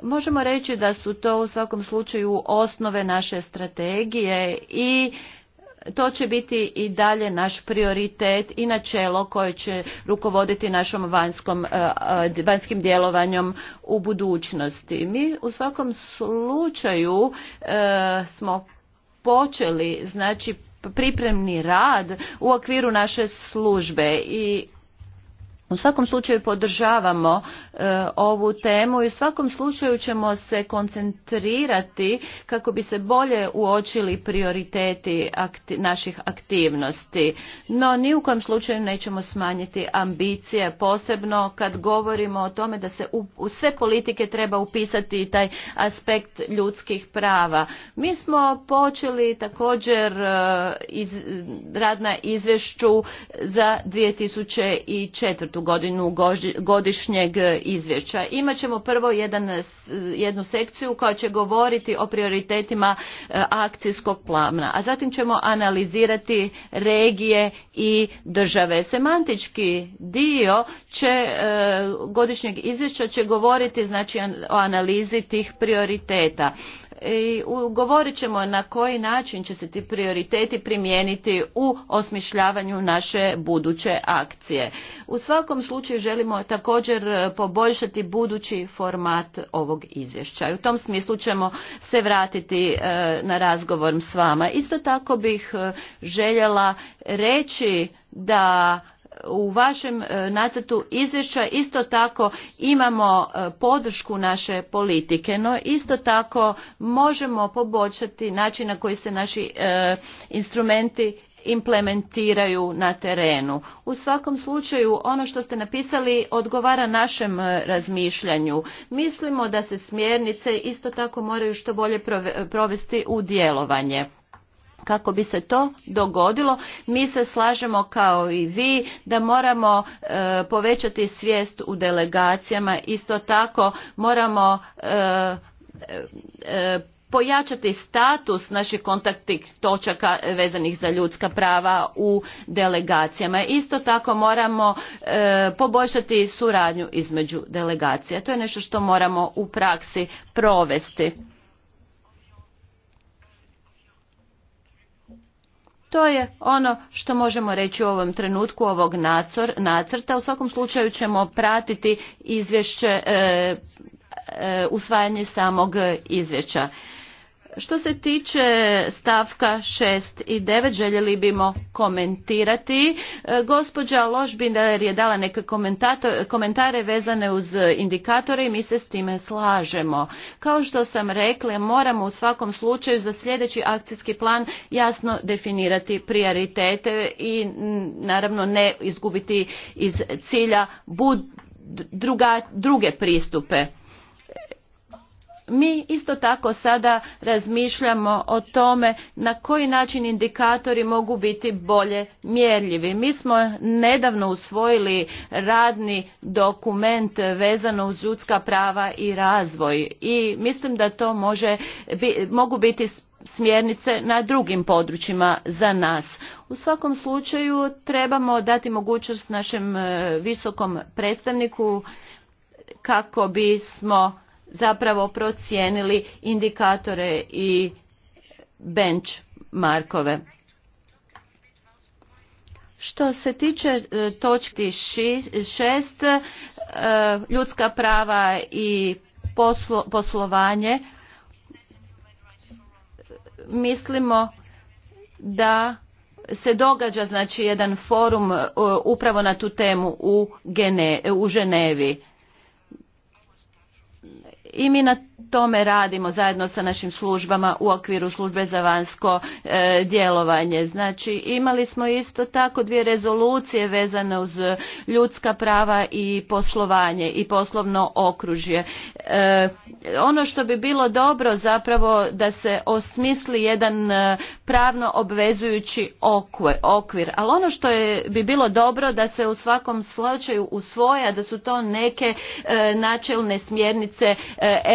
[SPEAKER 4] Možemo reći da su to u svakom slučaju osnove naše strategije i to će biti i dalje naš prioritet i načelo koje će rukovoditi našom vanjskom, e, e, vanjskim djelovanjem u budućnosti. Mi u svakom slučaju e, smo počeli znači pripremni rad u okviru naše službe i u svakom slučaju podržavamo e, ovu temu i u svakom slučaju ćemo se koncentrirati kako bi se bolje uočili prioriteti naših aktivnosti. No, ni u kojem slučaju nećemo smanjiti ambicije, posebno kad govorimo o tome da se u, sve politike treba upisati taj aspekt ljudskih prava. Mi smo počeli također e, iz, rad na izvješću za 2004 godinu godišnjeg e, izvješća. Imaćemo prvo jedan, jednu sekciju koja će govoriti o prioritetima e, akcijskog plana, a zatim ćemo analizirati regije i države. Semantički dio će e, godišnjeg izvješća će govoriti znači o analizi tih prioriteta i govorit ćemo na koji način će se ti prioriteti primijeniti u osmišljavanju naše buduće akcije. U svakom slučaju želimo također e, poboljšati budući format ovog izvješća. U tom smislu ćemo se vratiti e, na razgovor s vama. Isto tako bih e, željela reći da u vašem e, nacrtu izvješća isto tako imamo e, podršku naše politike, no isto tako možemo poboljšati način na koji se naši e, instrumenti implementiraju na terenu. U svakom slučaju ono što ste napisali odgovara našem razmišljanju. Mislimo da se smjernice isto tako moraju što bolje provesti u djelovanje kako bi se to dogodilo, mi se slažemo kao i vi da moramo e, povećati svijest u delegacijama, isto tako moramo e, e, pojačati status naših kontaktnih točaka vezanih za ljudska prava u delegacijama. Isto tako moramo poboljšati suradnju između delegacija. To je nešto što moramo u praksi provesti. to je ono što možemo reći u ovom trenutku ovog nacor, nacrta. U svakom slučaju ćemo pratiti izvješće, e, e, usvajanje samog izvješća. Što se tiče stavka 6 i 9, željeli bimo komentirati. E, gospođa Ložbinder je dala neke komentare vezane uz indikatore i mi se s time slažemo. Kao što sam rekla, moramo u svakom slučaju za sljedeći akcijski plan jasno definirati prioritete i naravno ne izgubiti iz cilja druge pristupe mi isto tako sada razmišljamo o tome na koji način indikatori mogu biti bolje mjerljivi. Mi smo nedavno usvojili radni dokument vezano uz ljudska prava i razvoj i mislim da to može, bi, mogu biti smjernice na drugim područjima za nas. U svakom slučaju trebamo dati mogućnost našem e, visokom predstavniku kako bismo zapravo procijenili indikatore i benchmarkove. Što se tiče e, točki šest, e, ljudska prava i poslovanje, mislimo da se događa znači jedan forum e, upravo na tu temu u, u Ženevi i na tome radimo zajedno sa našim službama u okviru službe za vanjsko e, djelovanje. Znači imali smo isto tako dvije rezolucije vezane uz ljudska prava i poslovanje i poslovno okružje. E, ono što bi bilo dobro zapravo da se osmisli jedan e, pravno obvezujući okvir, ali ono što je, bi bilo dobro da se u svakom slučaju usvoja da su to neke načelne smjernice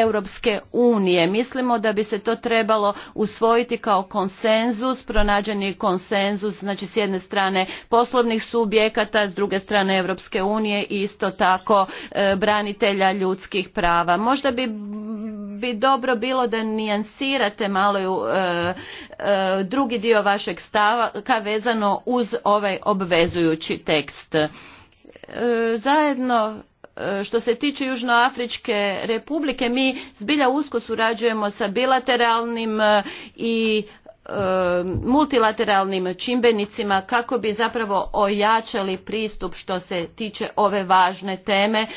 [SPEAKER 4] europske Europske unije. Mislimo da bi se to trebalo usvojiti kao konsenzus, pronađeni konsenzus, znači s jedne strane poslovnih subjekata, s druge strane Europske unije i isto tako e, branitelja ljudskih prava. Možda bi bi dobro bilo da nijansirate malo e, e, drugi dio vašeg stava ka vezano uz ovaj obvezujući tekst. zajedno E, što se tiče Južnoafričke republike, mi zbilja usko surađujemo sa bilateralnim e, i e, multilateralnim čimbenicima kako bi zapravo ojačali pristup što se tiče ove važne teme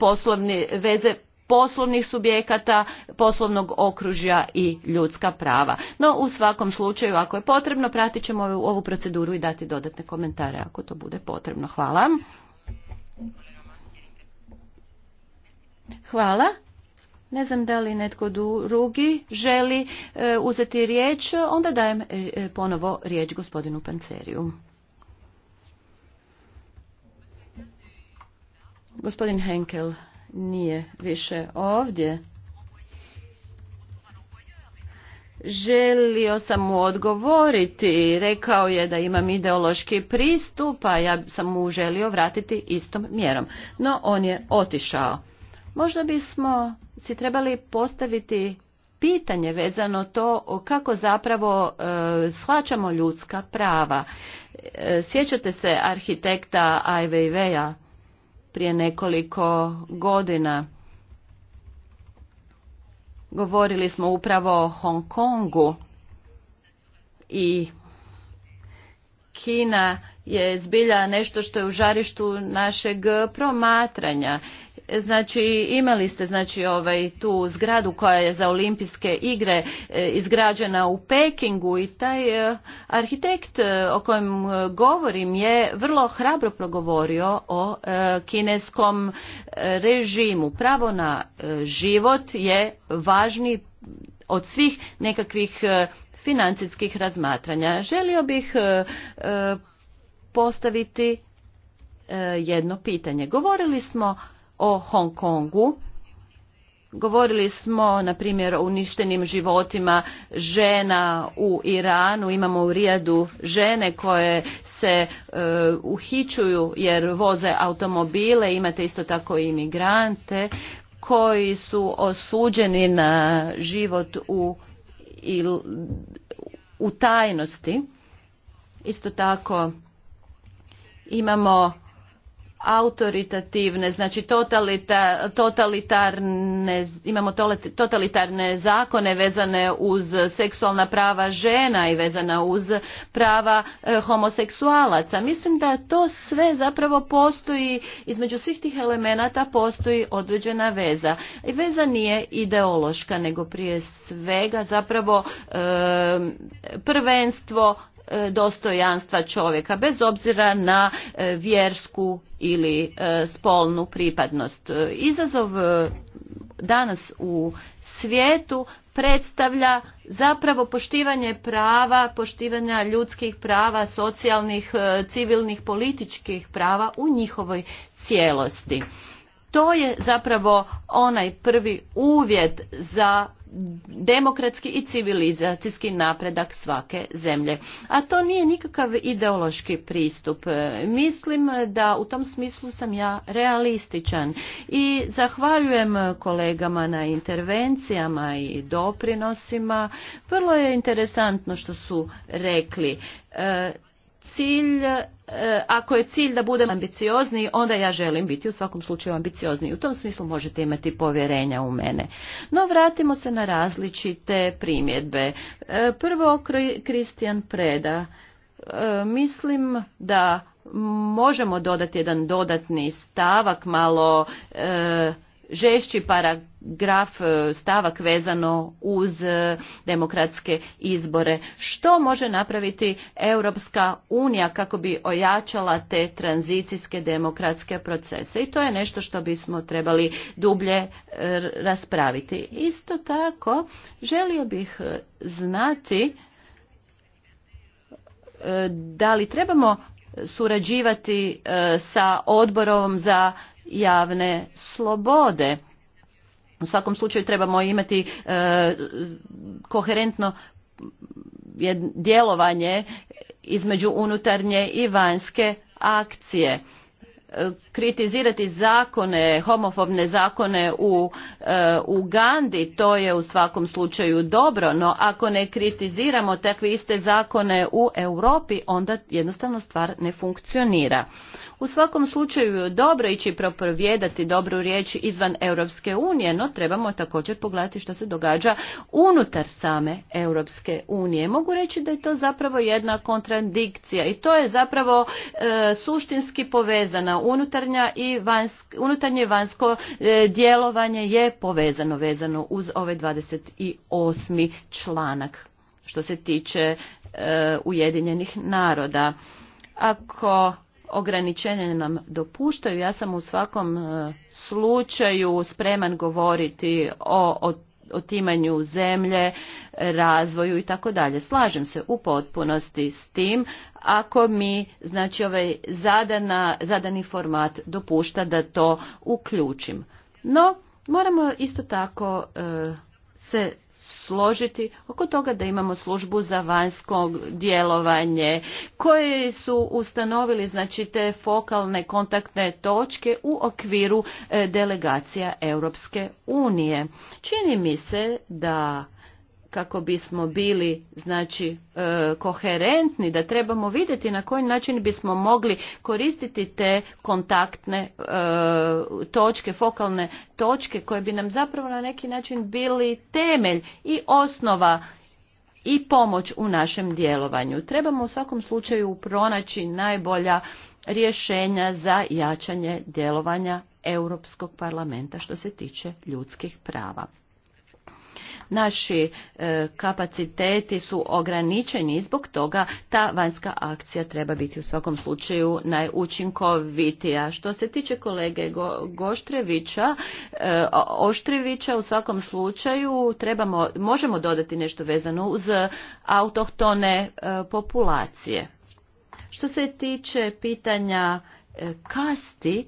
[SPEAKER 4] poslovne veze poslovnih subjekata, poslovnog okružja i ljudska prava. No, u svakom slučaju, ako je potrebno, pratit ćemo ovu proceduru i dati dodatne komentare ako to bude potrebno. Hvala. Hvala. Ne znam da li netko drugi želi e, uzeti riječ, onda dajem e, ponovo riječ gospodinu Panceriju. Gospodin Henkel nije više ovdje. Želio sam mu odgovoriti, rekao je da imam ideološki pristup, a ja sam mu želio vratiti istom mjerom. No, on je otišao. Možda bismo si trebali postaviti pitanje vezano to kako zapravo e, shvaćamo ljudska prava. E, sjećate se arhitekta Ai prije nekoliko godina. Govorili smo upravo o Hong Kongu i Kina je zbilja nešto što je u žarištu našeg promatranja Znači imali ste znači ovaj tu zgradu koja je za olimpijske igre e, izgrađena u Pekingu i taj e, arhitekt e, o kojem govorim je vrlo hrabro progovorio o kineskom režimu. Pravo na život je važni od svih nekakvih financijskih razmatranja. Želio bih postaviti jedno pitanje. Govorili smo o Hong Kongu. Govorili smo, na primjer, o uništenim životima žena u Iranu. Imamo u Rijadu žene koje se e, uhićuju jer voze automobile. Imate isto tako i imigrante koji su osuđeni na život u, il, u tajnosti. Isto tako imamo autoritativne, znači totalita, totalitarne, imamo totalitarne zakone vezane uz seksualna prava žena i vezana uz prava e, homoseksualaca. Mislim da to sve zapravo postoji, između svih tih elemenata postoji određena veza. I veza nije ideološka, nego prije svega zapravo e, prvenstvo E, dostojanstva čovjeka bez obzira na e, vjersku ili e, spolnu pripadnost. Izazov danas u svijetu predstavlja zapravo poštivanje prava, poštivanja ljudskih prava, socijalnih, civilnih, političkih prava u njihovoj cijelosti to je zapravo onaj prvi uvjet za demokratski i civilizacijski napredak svake zemlje. A to nije nikakav ideološki pristup. E, mislim da u tom smislu sam ja realističan i zahvaljujem kolegama na intervencijama i doprinosima. Vrlo je interesantno što su rekli. E, cilj, e, ako je cilj da budem ambiciozniji, onda ja želim biti u svakom slučaju ambiciozniji. U tom smislu možete imati povjerenja u mene. No vratimo se na različite primjedbe. E, prvo, Kristijan Preda. E, mislim da možemo dodati jedan dodatni stavak, malo žešći para, graf e, stavak vezano uz e, demokratske izbore. Što može napraviti Europska unija kako bi ojačala te tranzicijske demokratske procese? I to je nešto što bismo trebali dublje e, raspraviti. Isto tako, želio bih znati da li trebamo surađivati sa odborom za javne slobode u svakom slučaju trebamo imati e, koherentno djelovanje između unutarnje i vanjske akcije. E, kritizirati zakone, homofobne zakone u e, Gandi, Ugandi, to je u svakom slučaju dobro, no ako ne kritiziramo takve iste zakone u Europi, onda jednostavno stvar ne funkcionira. U svakom slučaju je dobro ići propovjedati dobru riječ izvan Europske unije, no trebamo također pogledati što se događa unutar same Europske unije. Mogu reći da je to zapravo jedna kontradikcija i to je zapravo e, suštinski povezana unutarnja i unutarnje i vanjsko e, djelovanje je povezano vezano uz ovaj 28. članak što se tiče e, Ujedinjenih naroda. Ako ograničenje nam dopuštaju. Ja sam u svakom e, slučaju spreman govoriti o, otimanju zemlje, razvoju i tako dalje. Slažem se u potpunosti s tim ako mi znači ovaj zadana, zadani format dopušta da to uključim. No, moramo isto tako e, se složiti oko toga da imamo službu za vanjsko djelovanje koje su ustanovili znači te fokalne kontaktne točke u okviru e, delegacija Europske unije. Čini mi se da kako bismo bili znači e, koherentni da trebamo vidjeti na koji način bismo mogli koristiti te kontaktne e, točke fokalne točke koje bi nam zapravo na neki način bili temelj i osnova i pomoć u našem djelovanju trebamo u svakom slučaju pronaći najbolja rješenja za jačanje djelovanja europskog parlamenta što se tiče ljudskih prava Naši e, kapaciteti su ograničeni i zbog toga ta vanjska akcija treba biti u svakom slučaju najučinkovitija. Što se tiče kolege Go, Goštrevića, e, Oštrevića u svakom slučaju trebamo, možemo dodati nešto vezano uz autohtone e, populacije. Što se tiče pitanja kasti,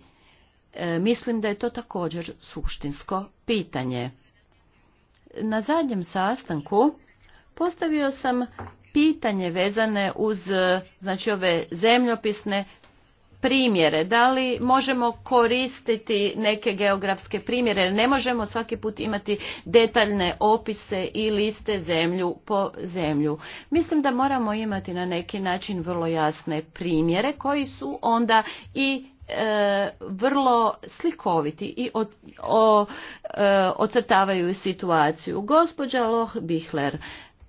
[SPEAKER 4] mislim da je to također suštinsko pitanje na zadnjem sastanku postavio sam pitanje vezane uz e, znači ove zemljopisne primjere da li možemo koristiti neke geografske primjere ne možemo svaki put imati detaljne opise i liste zemlju po zemlju mislim da moramo imati na neki način vrlo jasne primjere koji su onda i E, vrlo slikoviti i od, o, e, ocrtavaju situaciju. Gospođa Loh Bihler,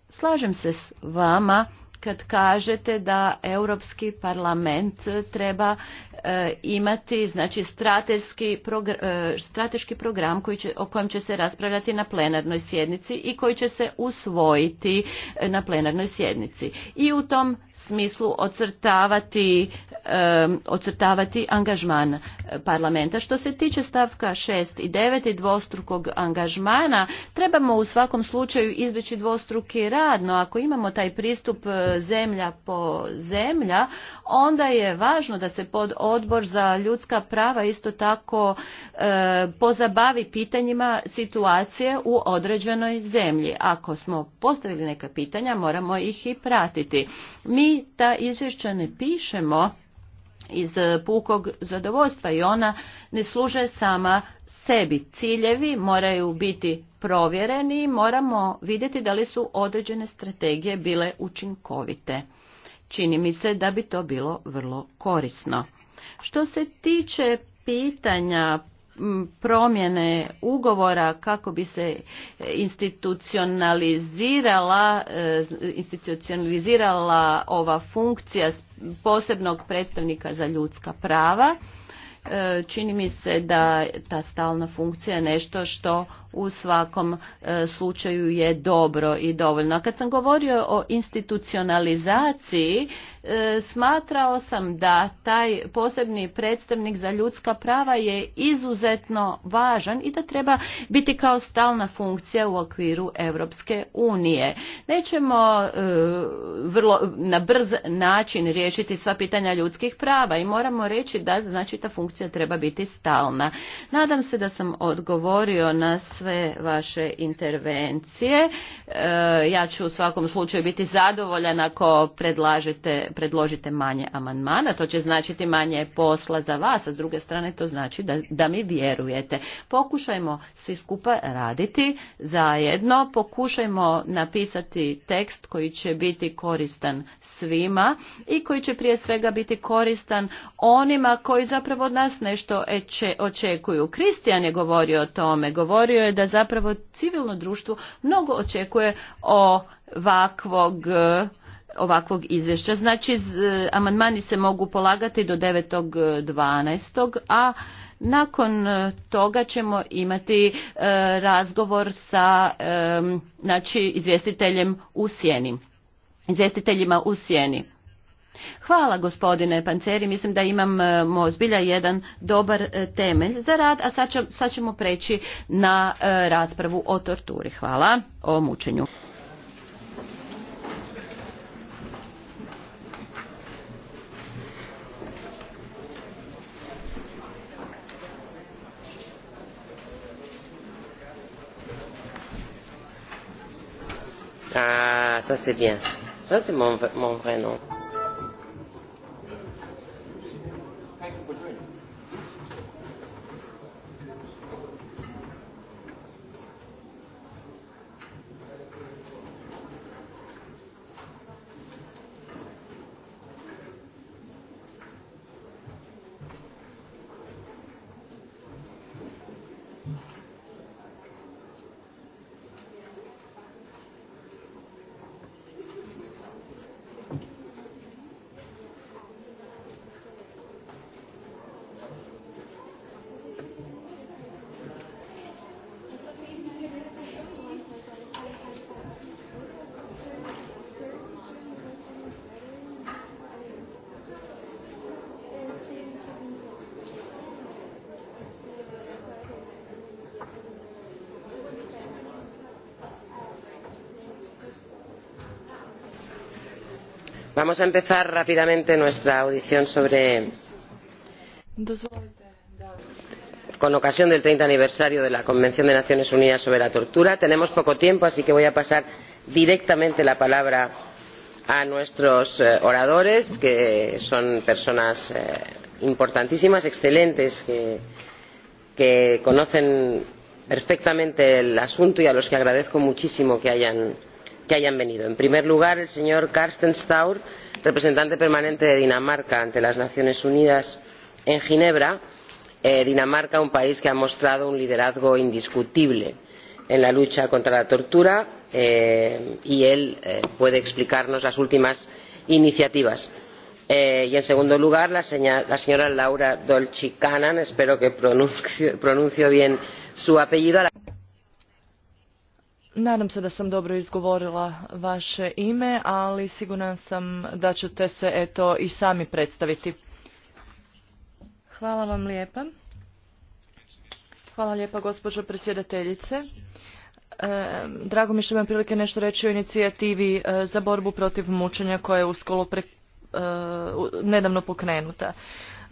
[SPEAKER 4] slažem se s vama kad kažete da Europski parlament treba e, imati znači strateški, e, strateški program koji će, o kojem će se raspravljati na plenarnoj sjednici i koji će se usvojiti e, na plenarnoj sjednici. I u tom smislu ocrtavati, ocrtavati angažman parlamenta. Što se tiče stavka 6 i 9 i dvostrukog angažmana, trebamo u svakom slučaju izbjeći dvostruki rad, no ako imamo taj pristup zemlja po zemlja, onda je važno da se pod odbor za ljudska prava isto tako e, pozabavi pitanjima situacije u određenoj zemlji. Ako smo postavili neka pitanja, moramo ih i pratiti. Mi ta izvješća ne pišemo iz pukog zadovoljstva i ona ne služe sama sebi. Ciljevi moraju biti provjereni, moramo vidjeti da li su određene strategije bile učinkovite. Čini mi se da bi to bilo vrlo korisno. Što se tiče pitanja promjene ugovora kako bi se institucionalizirala e, institucionalizirala ova funkcija posebnog predstavnika za ljudska prava e, čini mi se da ta stalna funkcija je nešto što u svakom e, slučaju je dobro i dovoljno. A kad sam govorio o institucionalizaciji, e, smatrao sam da taj posebni predstavnik za ljudska prava je izuzetno važan i da treba biti kao stalna funkcija u okviru Europske unije. Nećemo e, vrlo na brz način riješiti sva pitanja ljudskih prava i moramo reći da znači ta funkcija treba biti stalna. Nadam se da sam odgovorio na sve sve vaše intervencije. E, ja ću u svakom slučaju biti zadovoljan ako predlažete, predložite manje amandmana. To će značiti manje posla za vas, a s druge strane to znači da, da mi vjerujete. Pokušajmo svi skupa raditi zajedno, pokušajmo napisati tekst koji će biti koristan svima i koji će prije svega biti koristan onima koji zapravo od nas nešto očekuju. Kristijan je govorio o tome, govorio je da zapravo civilno društvo mnogo očekuje ovakvog e, ovakvog izvješća. Znači, e, amandmani se mogu polagati do 9.12. a nakon e, toga ćemo imati razgovor sa znači, izvjestiteljem u sjeni. Izvjestiteljima u sjeni. Hvala gospodine Panceri, mislim da imam e, mozbilja jedan dobar e, temelj za rad, a sad, ćemo preći na e, raspravu o torturi. Hvala, o mučenju.
[SPEAKER 3] Ah, ça c'est bien. Ça c'est mon, mon vrai nom. Vamos a empezar rápidamente nuestra audición sobre. Con ocasión del 30 aniversario de la Convención de Naciones Unidas sobre la tortura, tenemos poco tiempo, así que voy a pasar directamente la palabra a nuestros eh, oradores, que son personas eh, importantísimas, excelentes, que, que conocen perfectamente el asunto y a los que agradezco muchísimo que hayan que hayan venido en primer lugar el señor carsten staur representante permanente de dinamarca ante las naciones unidas en ginebra eh, dinamarca un país que ha mostrado un liderazgo indiscutible en la lucha contra la tortura eh, y él eh, puede explicarnos las últimas iniciativas. y en segundo lugar la, señora laura dolci espero que pronuncie bien su apellido a la
[SPEAKER 1] Nadam se da sam dobro izgovorila vaše ime, ali siguran sam da ćete se eto i sami predstaviti. Hvala vam lijepa. Hvala lijepa gospođo predsjedateljice. E, drago mi što imam prilike nešto reći o inicijativi e, za borbu protiv mučenja koja je uskolo skolu e, nedavno pokrenuta.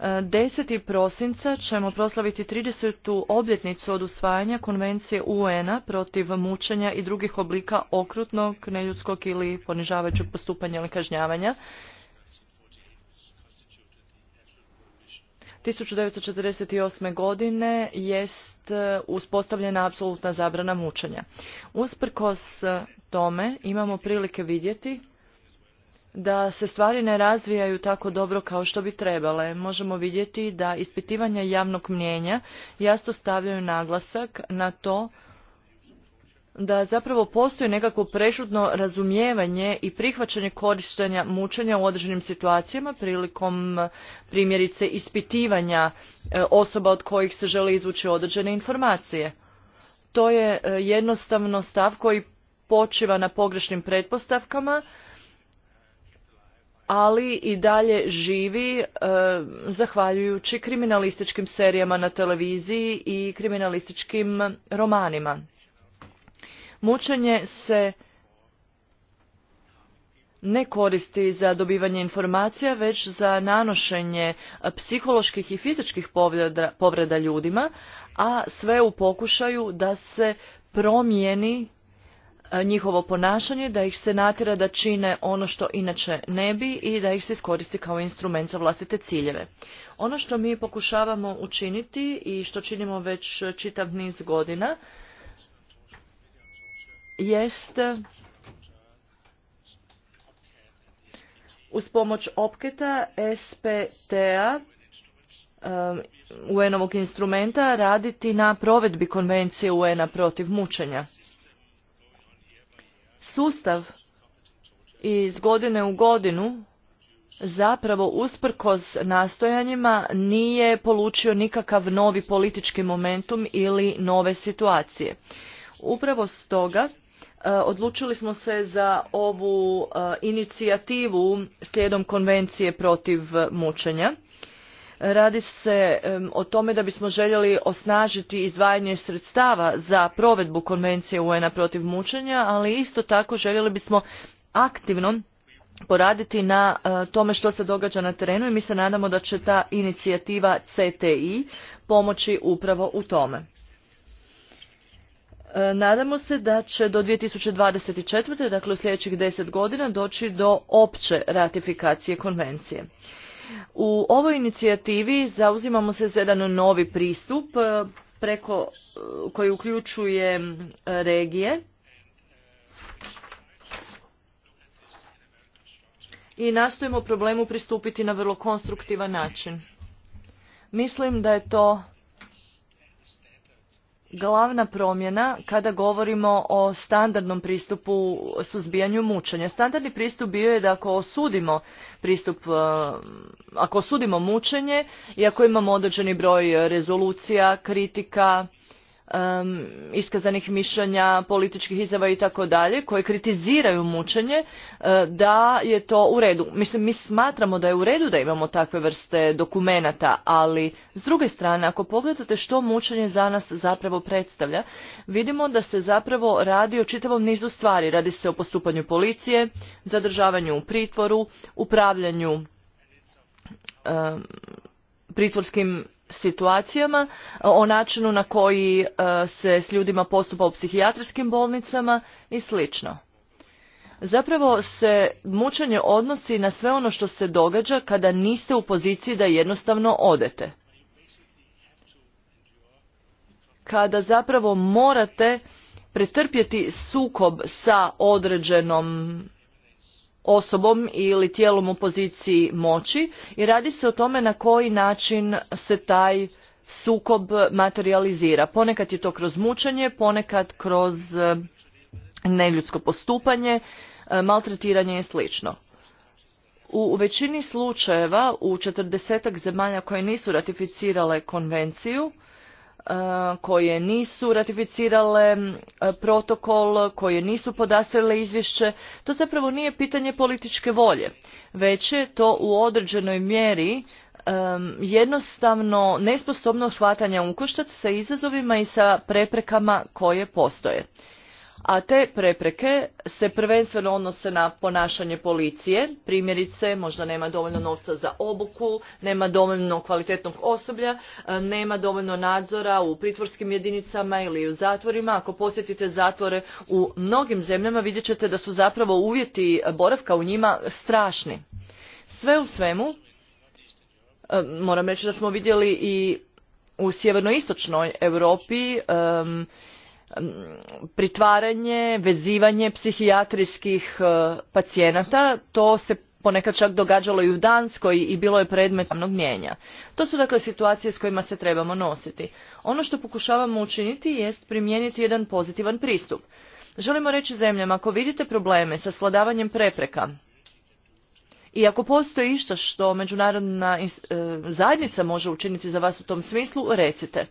[SPEAKER 1] 10. prosinca ćemo proslaviti 30. obljetnicu od usvajanja konvencije UN-a protiv mučenja i drugih oblika okrutnog, neljudskog ili ponižavajućeg postupanja ili kažnjavanja. 1948. godine jest e, uspostavljena apsolutna zabrana mučenja. Usprkos e, tome imamo prilike vidjeti da se stvari ne razvijaju tako dobro kao što bi trebale. Možemo vidjeti da ispitivanja javnog mnjenja jasno stavljaju naglasak na to da zapravo postoji nekako prešutno razumijevanje i prihvaćanje korištenja mučenja u određenim situacijama prilikom primjerice ispitivanja e, osoba od kojih se žele izvući određene informacije. To je e, jednostavno stav koji počiva na pogrešnim pretpostavkama ali i dalje živi e, zahvaljujući kriminalističkim serijama na televiziji i kriminalističkim romanima. Mučenje se ne koristi za dobivanje informacija, već za nanošenje psiholoških i fizičkih povreda, povreda ljudima, a sve u pokušaju da se promijeni E, njihovo ponašanje, da ih se natjera da čine ono što inače ne bi i da ih se iskoristi kao instrument za vlastite ciljeve. Ono što mi pokušavamo učiniti i što činimo već čitav niz godina jest uz pomoć opketa SPTA, UN-ovog instrumenta raditi na provedbi konvencije UN-a protiv mučenja. Sustav iz godine u godinu zapravo usprkos nastojanjima nije polučio nikakav novi politički momentum ili nove situacije. Upravo stoga e, odlučili smo se za ovu e, inicijativu slijedom konvencije protiv mučenja Radi se o tome da bismo željeli osnažiti izdvajanje sredstava za provedbu konvencije UN-a protiv mučenja, ali isto tako željeli bismo aktivno poraditi na e, tome što se događa na terenu i mi se nadamo da će ta inicijativa CTI pomoći upravo u tome. E, nadamo se da će do 2024. dakle u sljedećih 10 godina doći do opće ratifikacije konvencije. U ovoj inicijativi zauzimamo se za jedan novi pristup e, preko e, koji uključuje regije i nastojimo problemu pristupiti na vrlo konstruktivan način. Mislim da je to glavna promjena kada govorimo o standardnom pristupu suzbijanju mučenja. Standardni pristup bio je da ako osudimo pristup, e, ako osudimo mučenje i ako imamo određeni broj rezolucija, kritika, iskazanih mišljenja, političkih izjava i tako dalje, koje kritiziraju mučenje, e, da je to u redu. Mislim, mi smatramo da je u redu da imamo takve vrste dokumenata, ali s druge strane, ako pogledate što mučenje za nas zapravo predstavlja, vidimo da se zapravo radi o čitavom nizu stvari. Radi se o postupanju policije, zadržavanju u pritvoru, upravljanju pritvorskim situacijama, o načinu na koji e, se s ljudima postupa u psihijatrijskim bolnicama i sl. Zapravo se mučenje odnosi na sve ono što se događa kada niste u poziciji da jednostavno odete. Kada zapravo morate pretrpjeti sukob sa određenom osobom ili tijelom u poziciji moći i radi se o tome na koji način se taj sukob materializira. Ponekad je to kroz mučenje, ponekad kroz e, neljudsko postupanje, e, maltretiranje i slično. U većini slučajeva u četrdesetak zemalja koje nisu ratificirale konvenciju E, koje nisu ratificirale e, protokol, koje nisu podastrile izvješće, to zapravo nije pitanje političke volje, već je to u određenoj mjeri e, jednostavno nesposobno hvatanja ukoštac sa izazovima i sa preprekama koje postoje a te prepreke se prvenstveno odnose na ponašanje policije, primjerice možda nema dovoljno novca za obuku, nema dovoljno kvalitetnog osoblja, e, nema dovoljno nadzora u pritvorskim jedinicama ili u zatvorima. Ako posjetite zatvore u mnogim zemljama vidjet ćete da su zapravo uvjeti boravka u njima strašni. Sve u svemu, e, moram reći da smo vidjeli i u sjevernoistočnoj Europi e, pritvaranje, vezivanje psihijatrijskih e, pacijenata, to se ponekad čak događalo i u Danskoj i bilo je predmet javnog To su dakle situacije s kojima se trebamo nositi. Ono što pokušavamo učiniti jest primijeniti jedan pozitivan pristup. Želimo reći zemljama, ako vidite probleme sa sladavanjem prepreka, i ako postoji išta što međunarodna e, zajednica može učiniti za vas u tom smislu, recite.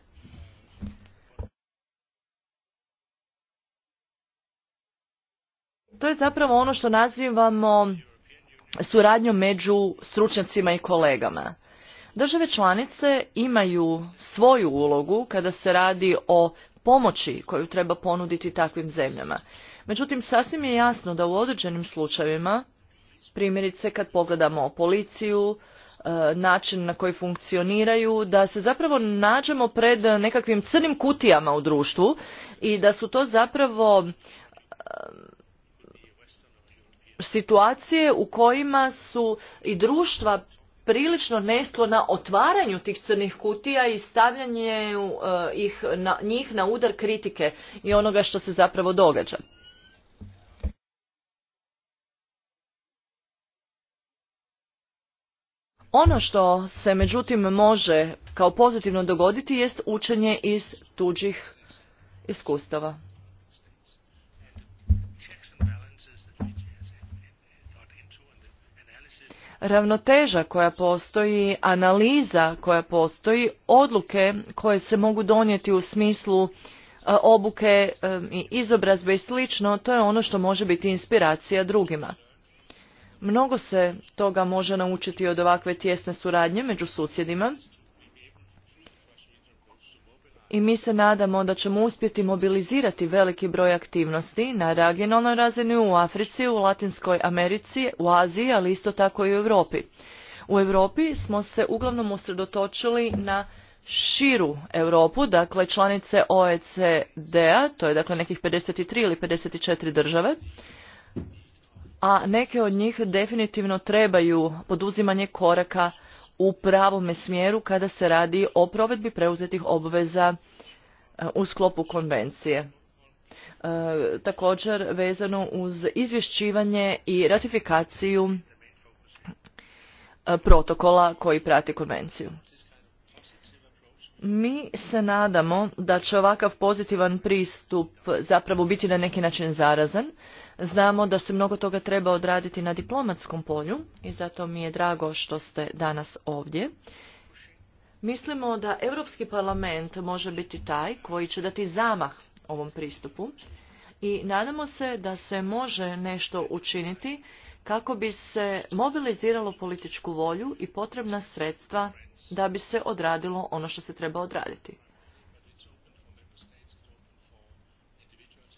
[SPEAKER 1] To je zapravo ono što nazivamo suradnjom među stručnjacima i kolegama. Države članice imaju svoju ulogu kada se radi o pomoći koju treba ponuditi takvim zemljama. Međutim, sasvim je jasno da u određenim slučajevima, primjerice kad pogledamo policiju, e, način na koji funkcioniraju, da se zapravo nađemo pred nekakvim crnim kutijama u društvu i da su to zapravo situacije u kojima su i društva prilično na otvaranju tih crnih kutija i stavljanje eh, ih na, njih na udar kritike i onoga što se zapravo događa. Ono što se međutim može kao pozitivno dogoditi jest učenje iz tuđih iskustava. ravnoteža koja postoji, analiza koja postoji, odluke koje se mogu donijeti u smislu e, obuke e, i izobrazbe i slično, to je ono što može biti inspiracija drugima. Mnogo se toga može naučiti od ovakve tjesne suradnje među susjedima i mi se nadamo da ćemo uspjeti mobilizirati veliki broj aktivnosti na regionalnoj razini u Africi, u Latinskoj Americi, u Aziji, ali isto tako i u Europi. U Europi smo se uglavnom usredotočili na širu Europu, dakle članice OECD-a, to je dakle nekih 53 ili 54 države, a neke od njih definitivno trebaju poduzimanje koraka u pravome smjeru kada se radi o provedbi preuzetih obveza e, u sklopu konvencije. E, također vezano uz izvješćivanje i ratifikaciju e, protokola koji prati konvenciju. Mi se nadamo da će ovakav pozitivan pristup zapravo biti na neki način zarazan Znamo da se mnogo toga treba odraditi na diplomatskom polju i zato mi je drago što ste danas ovdje. Mislimo da Europski parlament može biti taj koji će dati zamah ovom pristupu i nadamo se da se može nešto učiniti kako bi se mobiliziralo političku volju i potrebna sredstva da bi se odradilo ono što se treba odraditi.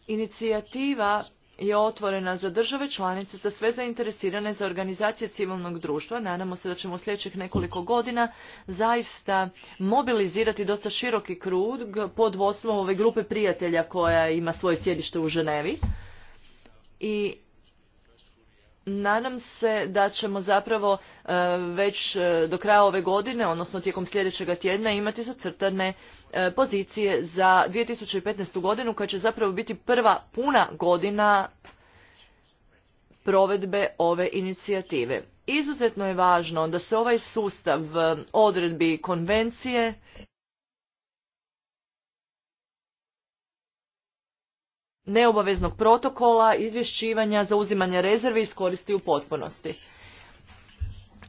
[SPEAKER 1] Inicijativa je otvorena za države članice, za sve zainteresirane, za organizacije civilnog društva. Nadamo se da ćemo u sljedećih nekoliko godina zaista mobilizirati dosta široki krug pod vodstvom ove grupe prijatelja koja ima svoje sjedište u Ženevi. I Nadam se da ćemo zapravo e, već e, do kraja ove godine, odnosno tijekom sljedećega tjedna, imati zacrtane e, pozicije za 2015. godinu, koja će zapravo biti prva puna godina provedbe ove inicijative. Izuzetno je važno da se ovaj sustav odredbi konvencije neobaveznog protokola, izvješćivanja, zauzimanja rezervi iskoristi u potpunosti.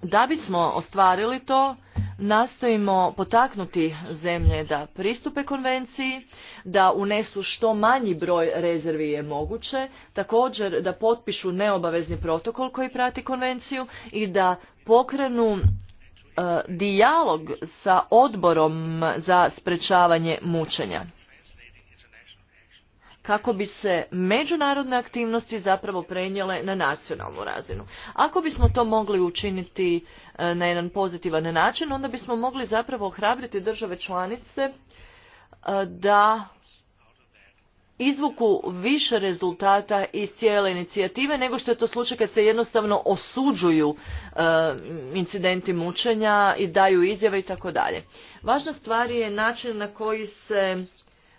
[SPEAKER 1] Da bismo ostvarili to, nastojimo potaknuti zemlje da pristupe konvenciji, da unesu što manji broj rezervi je moguće, također da potpišu neobavezni protokol koji prati konvenciju i da pokrenu e, dijalog sa odborom za sprečavanje mučenja kako bi se međunarodne aktivnosti zapravo prenijele na nacionalnu razinu. Ako bismo to mogli učiniti e, na jedan pozitivan način, onda bismo mogli zapravo ohrabriti države članice e, da izvuku više rezultata iz cijele inicijative nego što je to slučaj kad se jednostavno osuđuju e, incidenti mučenja i daju izjave i tako dalje. Važna stvar je način na koji se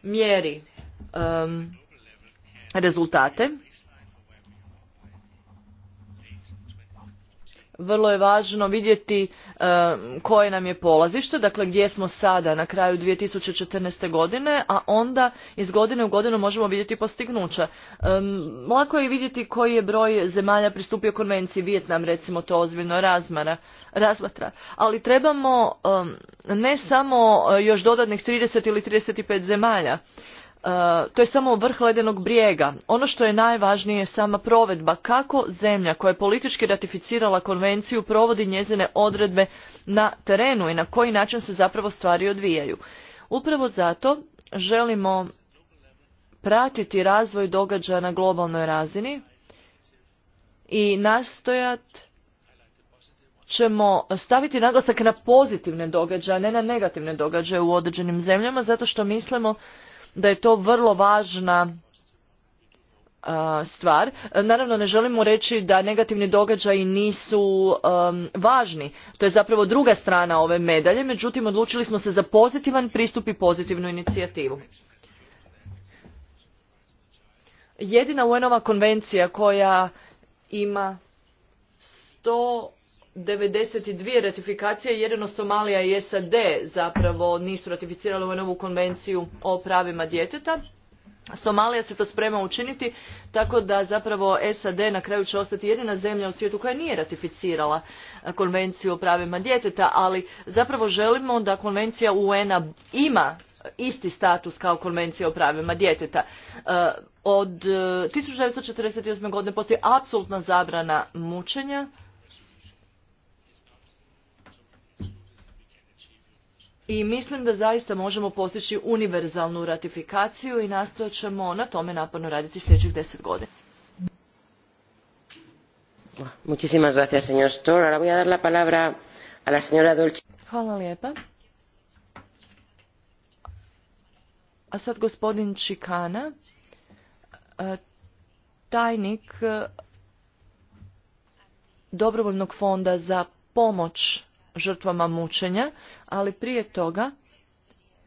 [SPEAKER 1] mjeri Um, rezultate. Vrlo je važno vidjeti um, koje nam je polazište, dakle gdje smo sada na kraju 2014. godine, a onda iz godine u godinu možemo vidjeti postignuća. Um, lako je vidjeti koji je broj zemalja pristupio konvenciji, Vijetnam recimo to ozbiljno razmara, razmatra, ali trebamo ne samo uh, još dodatnih 30 ili 35 zemalja, E, to je samo vrh ledenog brijega. Ono što je najvažnije je sama provedba. Kako zemlja koja je politički ratificirala konvenciju provodi njezine odredbe na terenu i na koji način se zapravo stvari odvijaju. Upravo zato želimo pratiti razvoj događaja na globalnoj razini i nastojat ćemo staviti naglasak na pozitivne događaje, ne na negativne događaje u određenim zemljama, zato što mislimo da je to vrlo važna stvar. Naravno ne želimo reći da negativni događaji nisu um, važni. To je zapravo druga strana ove medalje, međutim odlučili smo se za pozitivan pristup i pozitivnu inicijativu. Jedina UNova konvencija koja ima 92 ratifikacije, jedino Somalija i SAD zapravo nisu ratificirale ovu novu konvenciju o pravima djeteta. Somalija se to sprema učiniti, tako da zapravo SAD na kraju će ostati jedina zemlja u svijetu koja nije ratificirala konvenciju o pravima djeteta, ali zapravo želimo da konvencija UN-a ima isti status kao konvencija o pravima djeteta. E, od 1948. E, godine postoji apsolutna zabrana mučenja, i mislim da zaista možemo postići univerzalnu ratifikaciju i nastojat ćemo na tome naporno raditi sljedećih deset godina. Hvala lijepa. A sad gospodin Čikana, tajnik dobrovoljnog fonda za pomoć žrtvama mučenja, ali prije toga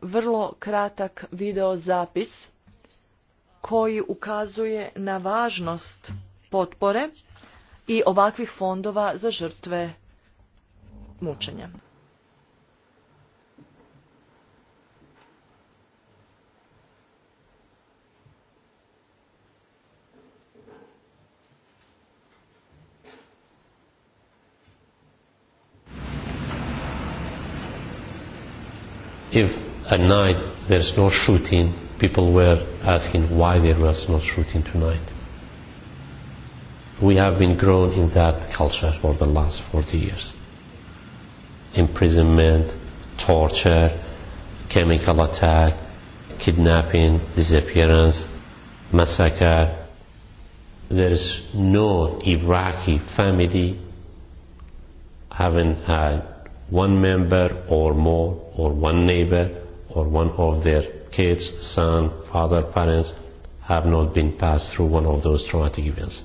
[SPEAKER 1] vrlo kratak video zapis koji ukazuje na važnost potpore i ovakvih fondova za žrtve mučenja.
[SPEAKER 5] if at night there's no shooting, people were asking why there was no shooting tonight. We have been grown in that culture for the last 40 years. Imprisonment, torture, chemical attack, kidnapping, disappearance, massacre. There is no Iraqi family having had one member or more or one neighbor or one of their kids, son, father, parents have not been passed through one of those traumatic events.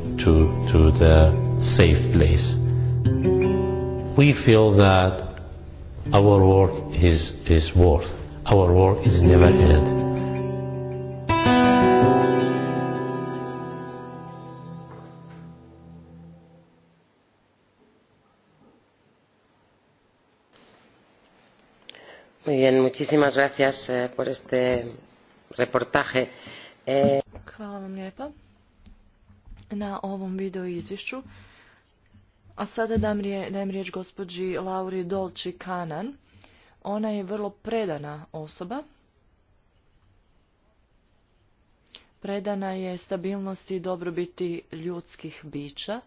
[SPEAKER 5] to, to the safe place. We feel that our work is, is worth. Our work is never ended
[SPEAKER 3] Muy bien, muchísimas gracias eh, por este reportaje.
[SPEAKER 7] Eh...
[SPEAKER 1] Hvala vam lijepa na ovom video izvješću. A sada dajem riječ gospođi Lauri Dolci Kanan. Ona je vrlo predana osoba. Predana je stabilnosti i dobrobiti ljudskih bića,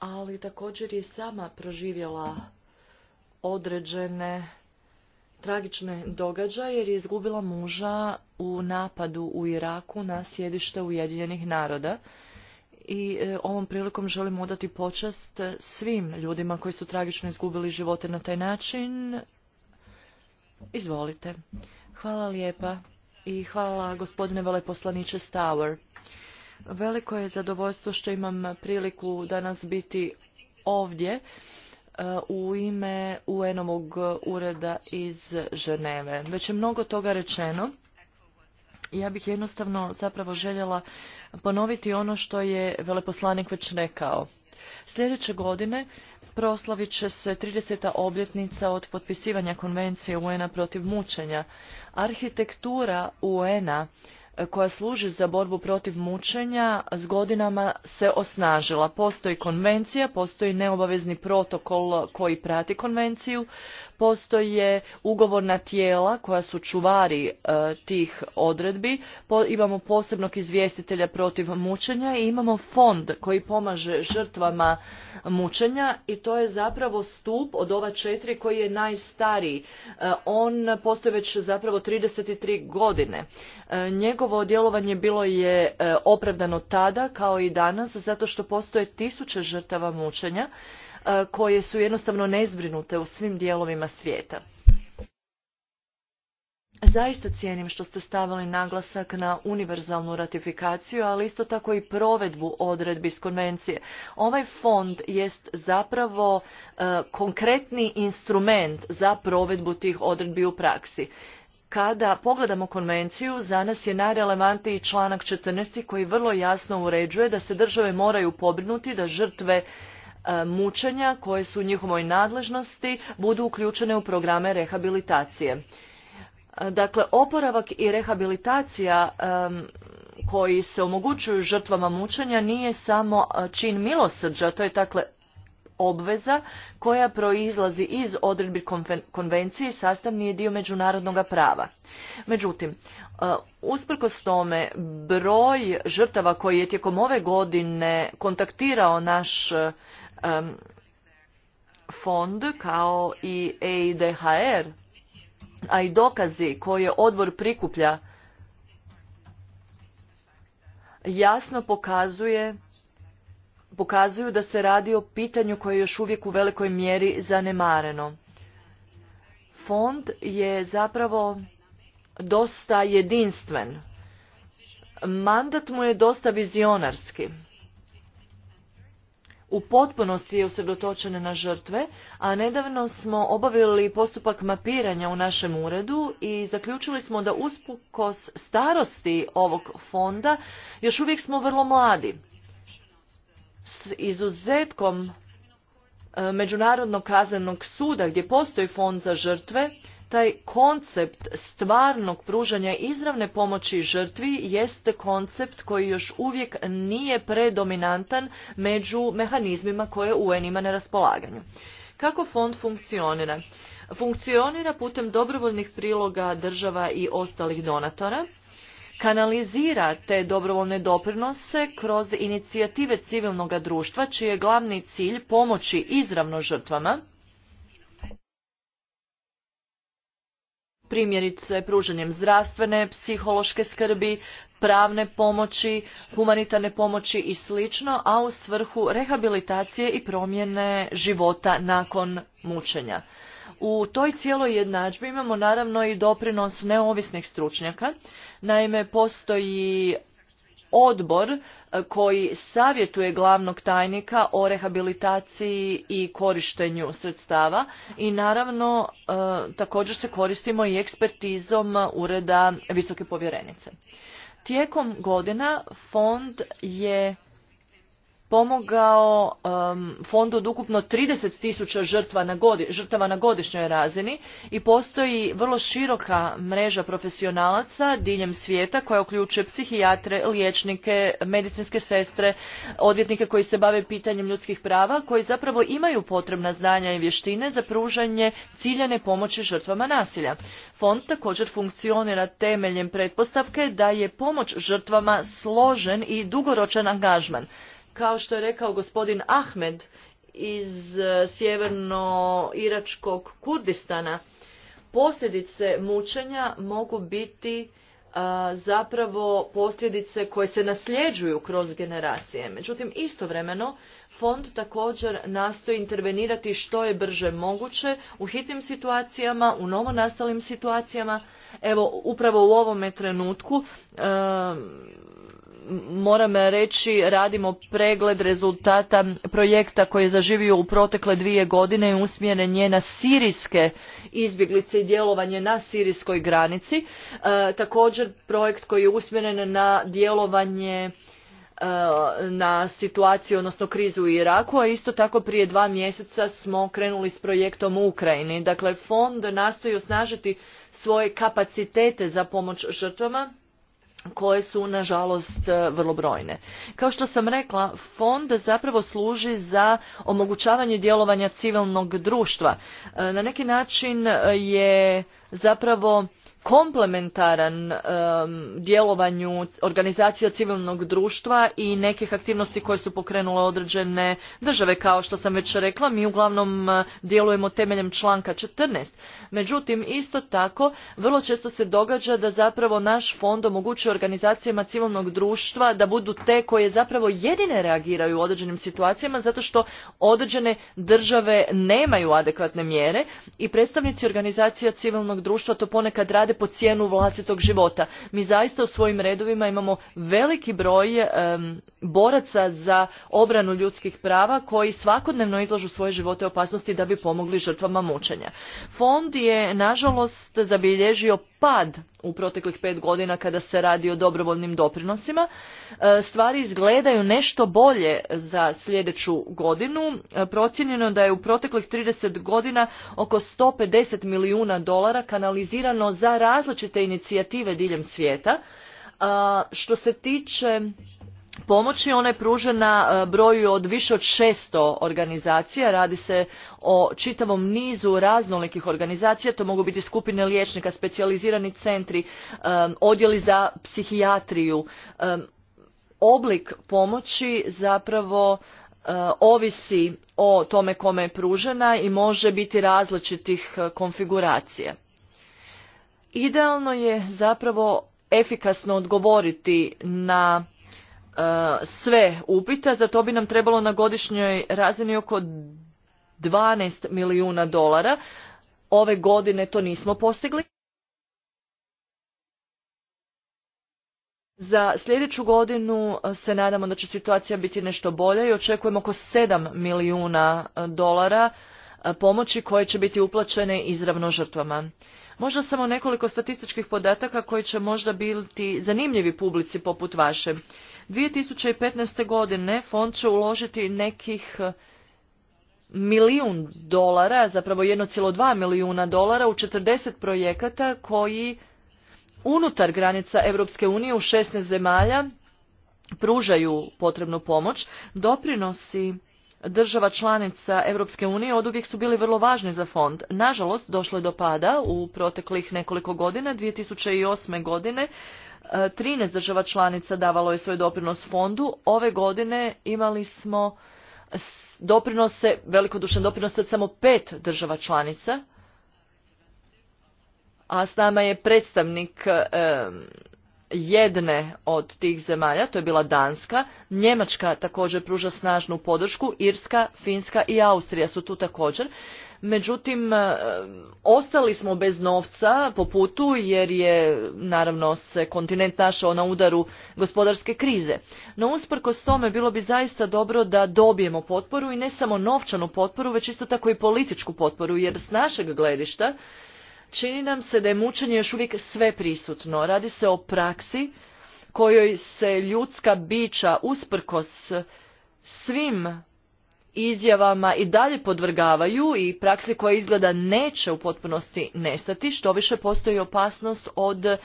[SPEAKER 1] ali također je sama proživjela određene tragične događaje jer je izgubila muža u napadu u Iraku na sjedište Ujedinjenih naroda i e, ovom prilikom želim odati počast svim ljudima koji su tragično izgubili živote na taj način. Izvolite. Hvala lijepa i hvala gospodine veleposlaniče Stauer. Veliko je zadovoljstvo što imam priliku danas biti ovdje e, u ime UN-ovog ureda iz Ženeve. Već je mnogo toga rečeno ja bih jednostavno zapravo željela ponoviti ono što je veleposlanik već rekao. Sljedeće godine proslavit će se 30. obljetnica od potpisivanja konvencije UN-a protiv mučenja. Arhitektura UN-a e, koja služi za borbu protiv mučenja s godinama se osnažila. Postoji konvencija, postoji neobavezni protokol koji prati konvenciju, postoje ugovorna tijela koja su čuvari e, tih odredbi, imamo posebnog izvjestitelja protiv mučenja i imamo fond koji pomaže žrtvama mučenja i to je zapravo stup od ova četiri koji je najstariji. E, on postoji već zapravo 33 godine. E, njegovo djelovanje bilo je opravdano tada kao i danas zato što postoje tisuće žrtava mučenja E, koje su jednostavno nezbrinute u svim dijelovima svijeta. Zaista cijenim što ste stavili naglasak na univerzalnu ratifikaciju, ali isto tako i provedbu odredbi iz konvencije. Ovaj fond jest zapravo e, konkretni instrument za provedbu tih odredbi u praksi. Kada pogledamo konvenciju, za nas je najrelevantniji članak 14. koji vrlo jasno uređuje da se države moraju pobrinuti da žrtve E, mučenja koje su u njihovoj nadležnosti budu uključene u programe rehabilitacije. E, dakle, oporavak i rehabilitacija e, koji se omogućuju žrtvama mučenja nije samo čin milosrđa, to je dakle obveza koja proizlazi iz odredbi konvencije i sastavni je dio međunarodnog prava. Međutim, usprkos tome broj žrtava koji je tijekom ove godine kontaktirao naš fond kao i EIDHR, a i dokazi koje odbor prikuplja jasno pokazuje pokazuju da se radi o pitanju koje je još uvijek u velikoj mjeri zanemareno. Fond je zapravo dosta jedinstven. Mandat mu je dosta vizionarski u potpunosti je usredotočene na žrtve, a nedavno smo obavili postupak mapiranja u našem uredu i zaključili smo da uspukos starosti ovog fonda još uvijek smo vrlo mladi. S izuzetkom e, Međunarodnog kaznenog suda gdje postoji fond za žrtve, taj koncept stvarnog pružanja izravne pomoći žrtvi jeste koncept koji još uvijek nije predominantan među mehanizmima koje UN ima na raspolaganju. Kako fond funkcionira? Funkcionira putem dobrovoljnih priloga država i ostalih donatora, kanalizira te dobrovoljne doprinose kroz inicijative civilnog društva, čiji je glavni cilj pomoći izravno žrtvama, primjerice pružanjem zdravstvene, psihološke skrbi, pravne pomoći, humanitarne pomoći i sl. a u svrhu rehabilitacije i promjene života nakon mučenja. U toj cijeloj jednadžbi imamo naravno i doprinos neovisnih stručnjaka. Naime, postoji odbor koji savjetuje glavnog tajnika o rehabilitaciji i korištenju sredstava i naravno e, također se koristimo i ekspertizom ureda visoke povjerenice. Tijekom godina fond je pomogao fondu od ukupno 30 tisuća žrtava na godišnjoj razini i postoji vrlo široka mreža profesionalaca diljem svijeta koja uključuje psihijatre, liječnike, medicinske sestre, odvjetnike koji se bave pitanjem ljudskih prava, koji zapravo imaju potrebna znanja i vještine za pružanje ciljane pomoći žrtvama nasilja. Fond također funkcionira temeljem pretpostavke da je pomoć žrtvama složen i dugoročan angažman kao što je rekao gospodin Ahmed iz e, sjeverno-iračkog Kurdistana, posljedice mučenja mogu biti e, zapravo posljedice koje se nasljeđuju kroz generacije. Međutim, istovremeno fond također nastoji intervenirati što je brže moguće u hitnim situacijama, u novonastalim situacijama. Evo, upravo u ovome trenutku e, moram reći radimo pregled rezultata projekta koji je zaživio u protekle dvije godine i usmjeren je na sirijske izbjeglice i djelovanje na sirijskoj granici. E, također projekt koji je usmjeren na djelovanje e, na situaciju, odnosno krizu u Iraku, a isto tako prije dva mjeseca smo krenuli s projektom u Ukrajini. Dakle, fond nastoji osnažiti svoje kapacitete za pomoć žrtvama koje su nažalost e, vrlo brojne. Kao što sam rekla, fond zapravo služi za omogućavanje djelovanja civilnog društva. E, na neki način e, je zapravo komplementaran djelovanju organizacija civilnog društva i nekih aktivnosti koje su pokrenule određene države. Kao što sam već rekla, mi uglavnom djelujemo temeljem članka 14. Međutim, isto tako, vrlo često se događa da zapravo naš fond omogućuje organizacijama civilnog društva da budu te koje zapravo jedine reagiraju u određenim situacijama zato što određene države nemaju adekvatne mjere i predstavnici organizacija civilnog društva to ponekad rade po cijenu vlastitog života. Mi zaista u svojim redovima imamo veliki broj boraca za obranu ljudskih prava koji svakodnevno izlažu svoje živote opasnosti da bi pomogli žrtvama mučenja. Fond je nažalost zabilježio pad u proteklih pet godina kada se radi o dobrovoljnim doprinosima. E, stvari izgledaju nešto bolje za sljedeću godinu. E, procijenjeno da je u proteklih 30 godina oko 150 milijuna dolara kanalizirano za različite inicijative diljem svijeta. Što se tiče pomoći. Ona je pružena e, broju od više od 600 organizacija. Radi se o čitavom nizu raznolikih organizacija. To mogu biti skupine liječnika, specijalizirani centri, e, odjeli za psihijatriju. E, oblik pomoći zapravo ovisi o tome kome je pružena i može biti različitih konfiguracija. Idealno je zapravo efikasno odgovoriti na E, sve upita, za to bi nam trebalo na godišnjoj razini oko 12 milijuna dolara. Ove godine to nismo postigli. Za sljedeću godinu e, se nadamo da će situacija biti nešto bolja i očekujemo oko 7 milijuna e, dolara pomoći koje će biti uplaćene izravno žrtvama. Možda samo nekoliko statističkih podataka koji će možda biti zanimljivi publici poput vaše. 2015. godine fond će uložiti nekih e, milijun dolara, zapravo 1,2 milijuna dolara u 40 projekata koji unutar granica Europske unije u 16 zemalja pružaju potrebnu pomoć. Doprinosi država članica Europske unije od uvijek su bili vrlo važni za fond. Nažalost, došlo je do pada u proteklih nekoliko godina, 2008. godine 13 država članica davalo je svoj doprinos fondu. Ove godine imali smo doprinose, velikodušne doprinose od samo pet država članica. A s nama je predstavnik jedne od tih zemalja, to je bila Danska, Njemačka također pruža snažnu podršku, Irska, Finska i Austrija su tu također. Međutim, e, ostali smo bez novca po putu jer je, naravno, se kontinent našao na udaru gospodarske krize. No, usprkos tome, bilo bi zaista dobro da dobijemo potporu i ne samo novčanu potporu, već isto tako i političku potporu, jer s našeg gledišta Čini nam se da je mučenje još uvijek sve prisutno. Radi se o praksi kojoj se ljudska bića usprkos svim izjavama i dalje podvrgavaju i praksi koja izgleda neće u potpunosti nestati, što više postoji opasnost od e,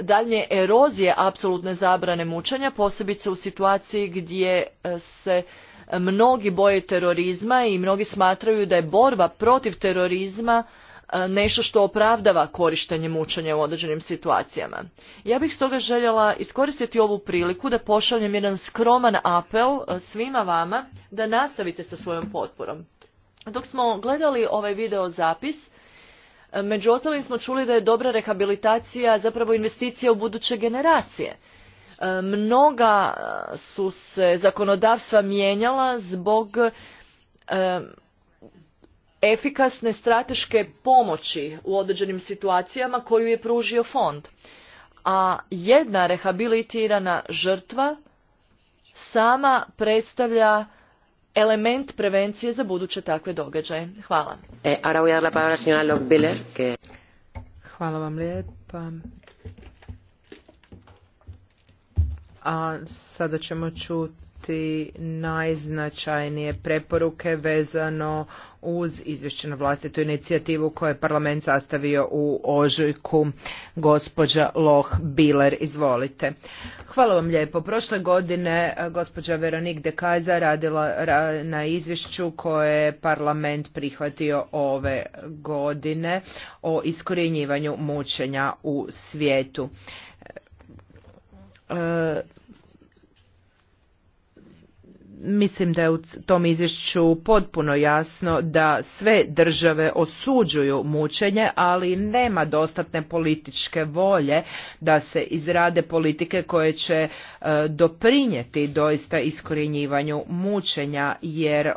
[SPEAKER 1] daljnje erozije apsolutne zabrane mučenja, posebice u situaciji gdje e, se mnogi boje terorizma i mnogi smatraju da je borba protiv terorizma E, nešto što opravdava korištenje mučenja u određenim situacijama. Ja bih stoga željela iskoristiti ovu priliku da pošaljem jedan skroman apel e, svima vama da nastavite sa svojom potporom. Dok smo gledali ovaj video zapis, e, među ostalim smo čuli da je dobra rehabilitacija zapravo investicija u buduće generacije. Mnoga su se zakonodavstva mijenjala zbog efikasne strateške pomoći u određenim situacijama koju je pružio fond. A jedna rehabilitirana žrtva sama predstavlja element prevencije za buduće takve događaje. Hvala.
[SPEAKER 2] Hvala vam lijepa. A sada ćemo čuti dati najznačajnije preporuke vezano uz izvješće na vlastitu inicijativu koje je parlament sastavio u ožujku. Gospođa Loh Biler, izvolite. Hvala vam lijepo. Prošle godine eh, gospođa Veronik de Kajza radila na izvješću koje je parlament prihvatio ove godine o iskorjenjivanju mučenja u svijetu. Eh, Mislim da je u tom izvješću potpuno jasno da sve države osuđuju mučenje, ali nema dostatne političke volje da se izrade politike koje će doprinjeti doprinijeti doista iskorjenjivanju mučenja, jer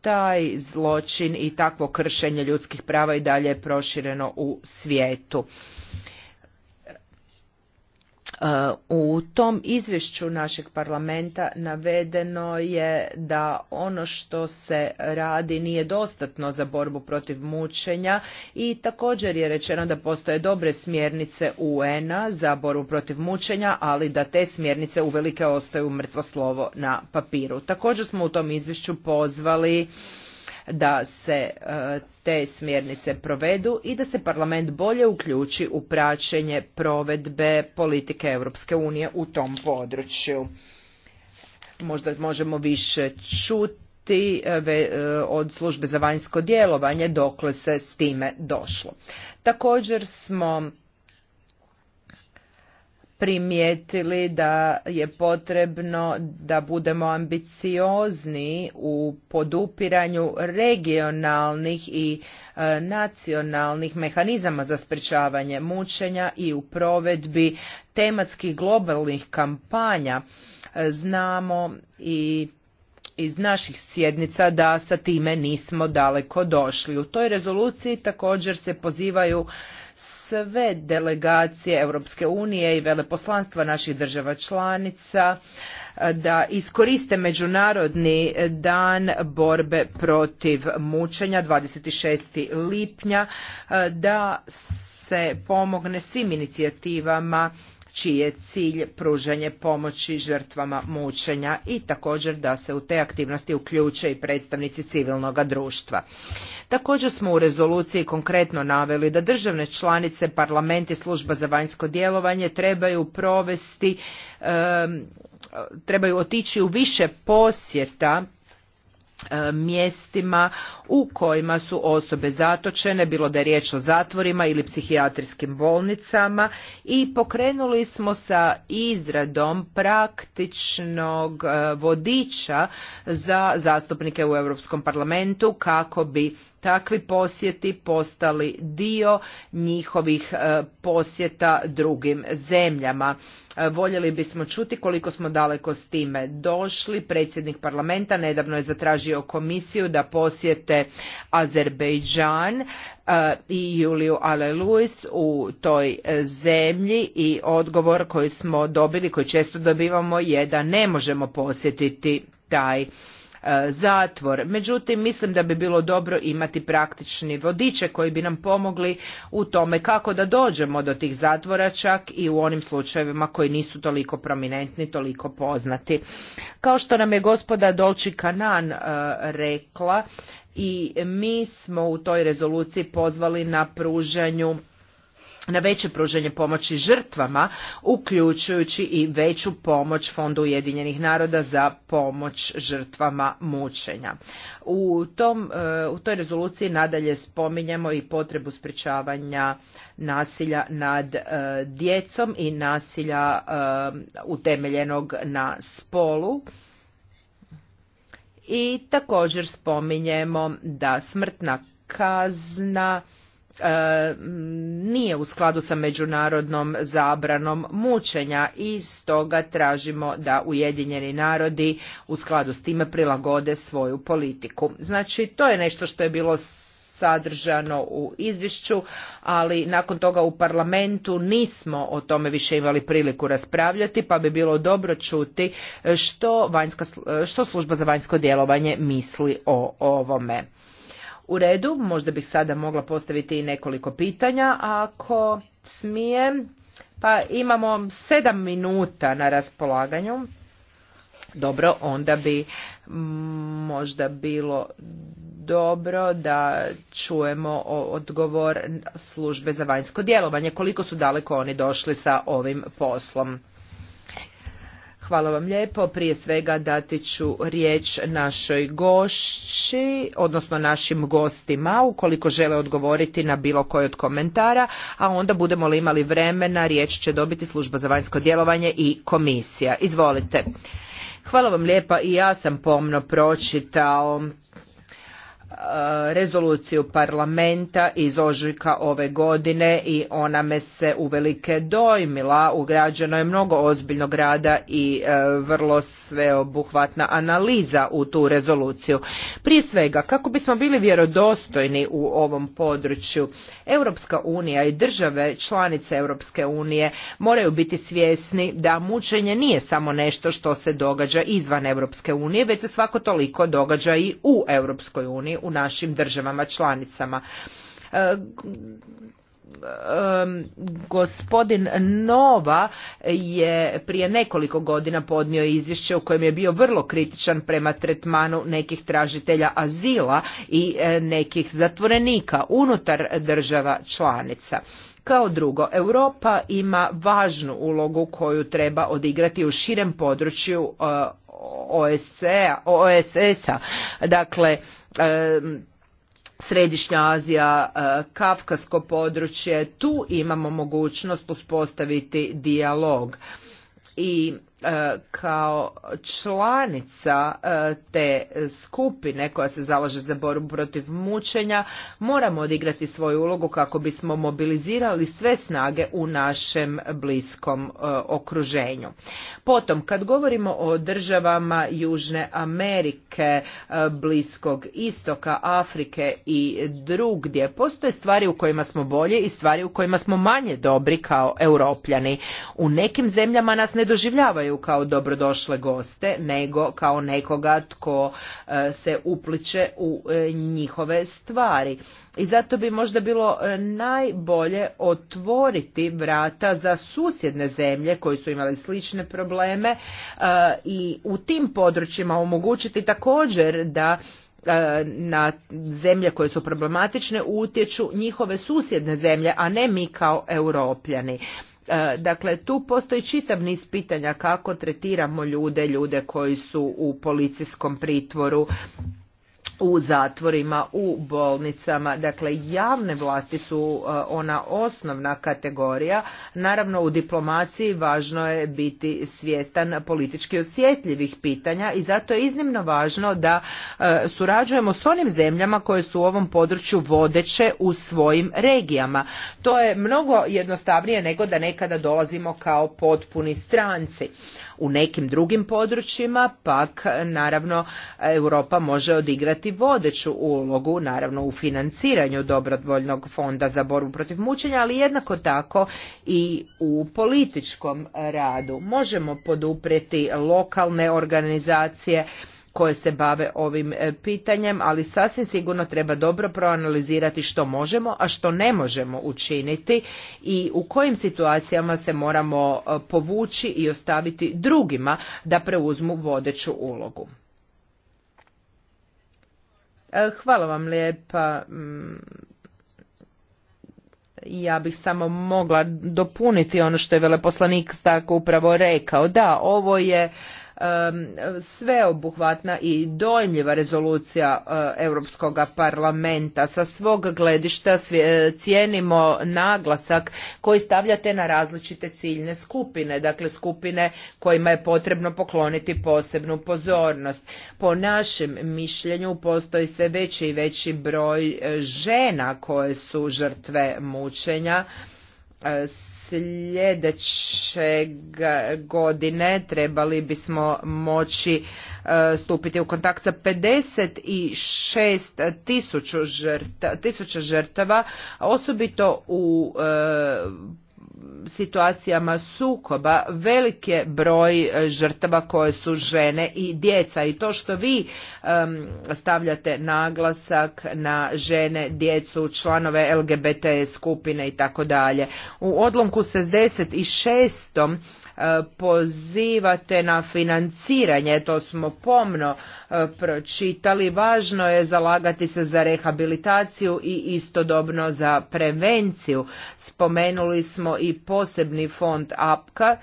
[SPEAKER 2] taj zločin i takvo kršenje ljudskih prava i dalje je prošireno u svijetu. U tom izvješću našeg parlamenta navedeno je da ono što se radi nije dostatno za borbu protiv mučenja i također je rečeno da postoje dobre smjernice UN-a za borbu protiv mučenja, ali da te smjernice uvelike ostaju mrtvo slovo na papiru. Također smo u tom izvješću pozvali da se e, te smjernice provedu i da se parlament bolje uključi u praćenje provedbe politike Europske unije u tom području. Možda možemo više čuti e, e, od službe za vanjsko djelovanje dokle se s time došlo. Također smo primijetili da je potrebno da budemo ambiciozni u podupiranju regionalnih i e, nacionalnih mehanizama za sprečavanje mučenja i u provedbi tematskih globalnih kampanja e, znamo i iz naših sjednica da sa time nismo daleko došli. U toj rezoluciji također se pozivaju sve delegacije Europske unije i veleposlanstva naših država članica eh, da iskoriste Međunarodni dan borbe protiv mučenja 26. lipnja eh, da se pomogne svim inicijativama čiji je cilj pružanje pomoći žrtvama mučenja i također da se u te aktivnosti uključe i predstavnici civilnog društva. Također smo u rezoluciji konkretno naveli da državne članice, parlament i služba za vanjsko djelovanje trebaju provesti trebaju otići u više posjeta E, mjestima u kojima su osobe zatočene, bilo da je riječ o zatvorima ili psihijatrijskim bolnicama i pokrenuli smo sa izradom praktičnog e, vodiča za zastupnike u Europskom parlamentu kako bi takvi posjeti postali dio njihovih e, posjeta drugim zemljama. E, voljeli bismo čuti koliko smo daleko s time došli. Predsjednik parlamenta nedavno je zatražio komisiju da posjete Azerbejdžan e, i Juliju Aleluis u toj zemlji i odgovor koji smo dobili, koji često dobivamo je da ne možemo posjetiti taj E, zatvor. Međutim, mislim da bi bilo dobro imati praktični vodiče koji bi nam pomogli u tome kako da dođemo do tih zatvora čak i u onim slučajevima koji nisu toliko prominentni, toliko poznati. Kao što nam je gospoda Dolči Kanan e, rekla i mi smo u toj rezoluciji pozvali na pružanju na veće pruženje pomoći žrtvama, uključujući i veću pomoć Fondu Ujedinjenih naroda za pomoć žrtvama mučenja. U, tom, e, u toj rezoluciji nadalje spominjemo i potrebu sprječavanja nasilja nad e, djecom i nasilja e, utemeljenog na spolu. I također spominjemo da smrtna kazna E, nije u skladu sa međunarodnom zabranom mučenja i stoga tražimo da Ujedinjeni narodi u skladu s time prilagode svoju politiku. Znači to je nešto što je bilo sadržano u izvješću, ali nakon toga u parlamentu nismo o tome više imali priliku raspravljati, pa bi bilo dobro čuti što, vanjska, što služba za vanjsko djelovanje misli o ovome. U redu, možda bih sada mogla postaviti i nekoliko pitanja, ako smijem. Pa imamo sedam minuta na raspolaganju. Dobro, onda bi možda bilo dobro da čujemo odgovor službe za vanjsko djelovanje, koliko su daleko oni došli sa ovim poslom. Hvala vam lijepo. Prije svega dati ću riječ našoj gošći, odnosno našim gostima, ukoliko žele odgovoriti na bilo koji od komentara, a onda budemo li imali vremena, riječ će dobiti služba za vanjsko djelovanje i komisija. Izvolite. Hvala vam lijepa i ja sam pomno pročitao E, rezoluciju parlamenta iz ožujka ove godine i ona me se uvelike dojmila. Ugrađeno je mnogo ozbiljnog rada i e, vrlo sveobuhvatna analiza u tu rezoluciju. Prije svega, kako bismo bili vjerodostojni u ovom području, Europska unija i države članice Europske unije moraju biti svjesni da mučenje nije samo nešto što se događa izvan Europske unije, već se svako toliko događa i u Europskoj uniji u našim državama članicama. gospodin Nova je prije nekoliko godina podnio izvješće u kojem je bio vrlo kritičan prema tretmanu nekih tražitelja azila i nekih zatvorenika unutar država članica. Kao drugo, Europa ima važnu ulogu koju treba odigrati u širem području OSS-a. dakle, Središnja Azija, e, Kafkasko područje, tu imamo mogućnost uspostaviti dijalog i E, kao članica e, te skupine koja se zalaže za borbu protiv mučenja moramo odigrati svoju ulogu kako bismo mobilizirali sve snage u našem bliskom e, okruženju. Potom kad govorimo o državama Južne Amerike, Bliskog istoka, Afrike i drugdje, postoje stvari u kojima smo bolje i stvari u kojima smo manje dobri kao europljani. U nekim zemljama nas ne doživljavaju doživljavaju kao dobrodošle goste, nego kao nekoga tko e, se upliče u e, njihove stvari. I zato bi možda bilo e, najbolje otvoriti vrata za susjedne zemlje koji su imali slične probleme i u tim područjima omogućiti također da na zemlje koje su problematične utječu njihove susjedne zemlje, a ne mi kao europljani. E, dakle, tu postoji čitav niz pitanja kako tretiramo ljude, ljude koji su u policijskom pritvoru, u zatvorima, u bolnicama. Dakle, javne vlasti su e, ona osnovna kategorija. Naravno, u diplomaciji važno je biti svjestan politički osjetljivih pitanja i zato je iznimno važno da e, surađujemo s onim zemljama koje su u ovom području vodeće u svojim regijama. To je mnogo jednostavnije nego da nekada dolazimo kao potpuni stranci. U nekim drugim područjima pak naravno Europa može odigrati vodeću ulogu naravno u financiranju dobrovoljnog fonda za borbu protiv mučenja, ali jednako tako i u političkom radu. Možemo poduprijeti lokalne organizacije koje se bave ovim e, pitanjem, ali sasvim sigurno treba dobro proanalizirati što možemo, a što ne možemo učiniti i u kojim situacijama se moramo e, povući i ostaviti drugima da preuzmu vodeću ulogu. E, hvala vam lijepa. Mm, ja bih samo mogla dopuniti ono što je veleposlanik tako upravo rekao. Da, ovo je sveobuhvatna i dojmljiva rezolucija eh, Europskog parlamenta. Sa svog gledišta eh, cijenimo naglasak koji stavljate na različite ciljne skupine, dakle skupine kojima je potrebno pokloniti posebnu pozornost. Po našem mišljenju postoji sve veći i veći broj eh, žena koje su žrtve mučenja sljedeće godine trebali bismo moći e, stupiti u kontakt sa 56 tisuća žrtava, osobito u e, situacijama sukoba velike broj e, žrtava koje su žene i djeca i to što vi stavljate naglasak na žene, djecu, članove LGBT skupine i tako dalje. U odlomku 66 pozivate na financiranje, to smo pomno e, pročitali, važno je zalagati se za rehabilitaciju i istodobno za prevenciju. Spomenuli smo i posebni fond APKA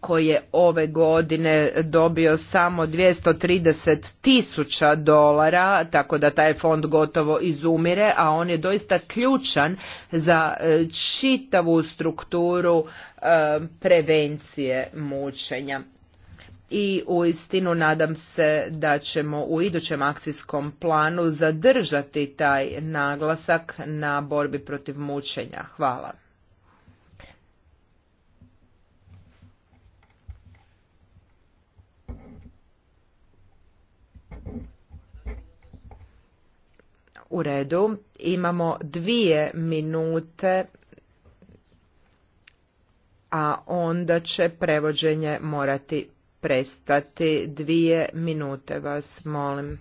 [SPEAKER 2] koji je ove godine dobio samo 230 tisuća dolara, tako da taj fond gotovo izumire, a on je doista ključan za e, čitavu strukturu e, prevencije mučenja i uistinu nadam se da ćemo u idućem akcijskom planu zadržati taj naglasak na borbi protiv mučenja. Hvala. U redu, imamo dvije minute, a onda će prevođenje morati prestati. Dvije minute vas molim.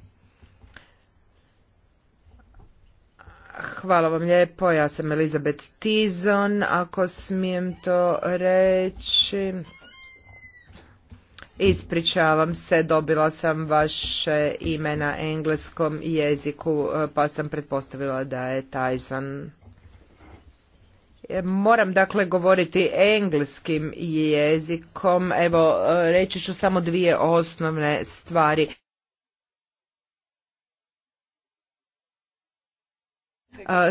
[SPEAKER 2] Hvala vam lijepo, ja sam Elizabeth Tizon, ako smijem to reći. Ispričavam se, dobila sam vaše ime na engleskom jeziku, e, pa sam pretpostavila da je Tajzan. E, moram dakle govoriti engleskim jezikom, evo e, reći ću samo dvije osnovne stvari.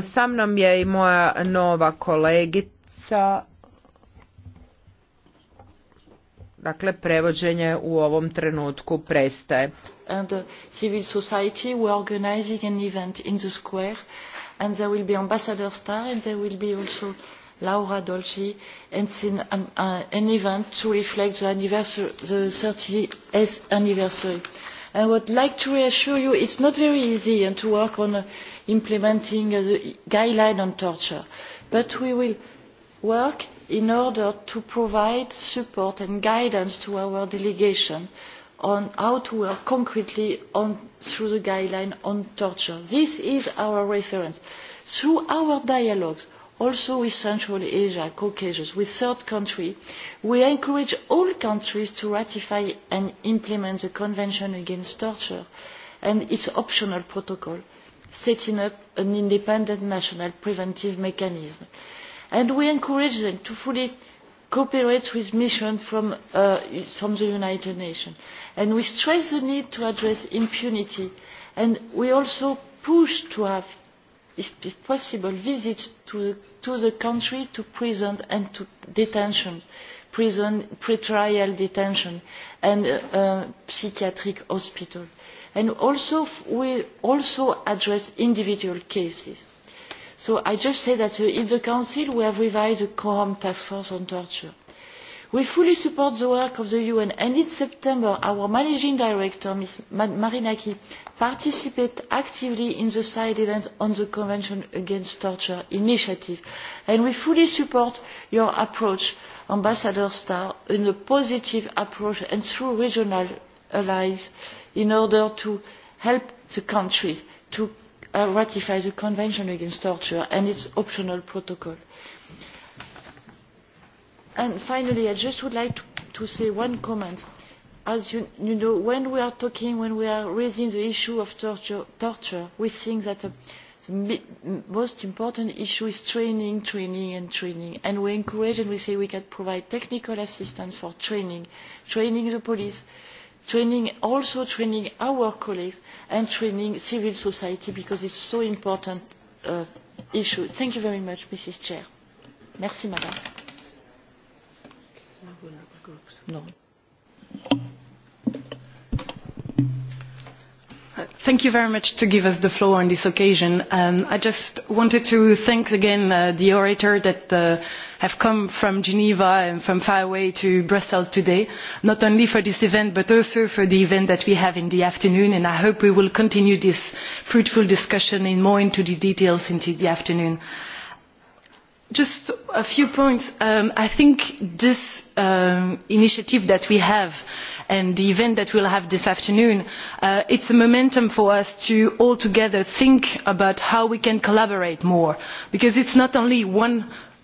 [SPEAKER 2] Sa mnom je i moja nova kolegica Dakle,
[SPEAKER 8] prevođenje u ovom trenutku prestaje. And the civil society were organizing an event in the square and there will be Ambassador Star and there will be also Laura Dolci and in, um, uh, an event to reflect the, anniversary, the 30th anniversary. I would like to reassure you it's not very easy and uh, to work on uh, implementing the guideline on torture. But we will work in order to provide support and guidance to our delegation on how to work concretely on, through the guideline on torture. This is our reference. Through our dialogues, also with Central Asia, Caucasus, with third countries, we encourage all countries to ratify and implement the Convention Against Torture and its optional protocol, setting up an independent national preventive mechanism and we encourage them to fully cooperate with missions uh, from, the united nations and we stress the need to address impunity and we also push to have if possible visits to the, country to prisons and to detention prison pre trial detention and uh, psychiatric hospital. we also address individual cases So I just say that uh, in the Council we have revised the Quorum Task Force on Torture. We fully support the work of the UN and in September our Managing Director, Ms Marinaki, participated actively in the side event on the Convention Against Torture initiative and we fully support your approach, Ambassador Starr, in a positive approach and through regional allies in order to help the countries to Uh, ratify the Convention Against Torture and its optional protocol. finally, I just would like to, say one comment. As you, know, when we are talking, when we are raising the issue of torture, we think that uh, the most important issue is training, training and training. And we encourage and we say we can provide technical assistance for training, training the police, training also training our colleagues and training civil society because it is so important uh, issue. Thank you very much, Mrs. Chair. Merci, Madame.
[SPEAKER 6] Uh, thank you very much to give us the floor on this occasion. Um, I just wanted to thank again uh, the orator that the have come from geneva and from far away to brussels today not only for this event but also for the event that we have in the afternoon and i hope we will continue this fruitful discussion in more into the details into the afternoon. just a few points um, i think this um, initiative that we have and the event that we will have this afternoon uh, is a momentum for us to all together think about how we can collaborate more because it is not only one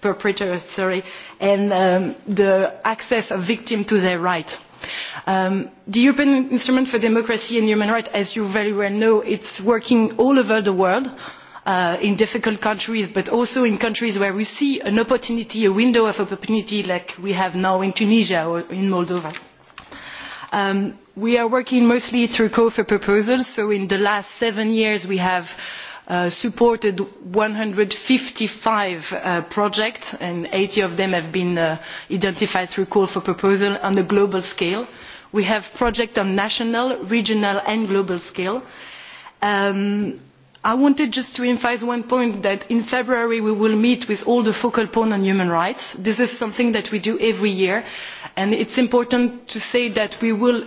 [SPEAKER 6] perpetrator and um, the access of victims to their rights. Um, the European Instrument for Democracy and Human Rights, as you very well know, is working all over the world. Uh, in difficult countries but also in countries where we see an opportunity a window of opportunity like we have now in tunisia or in moldova. Um, we are working mostly through call for proposals so in the last seven years we have Uh, supported one hundred and fifty five uh, projects and eighty of them have been uh, identified through call for proposal on a global scale. we have projects on national regional and global scale. Um, i wanted just to emphasise one point that in february we will meet with all the focal points on human rights. this is something that we do every year and it is important to say that we will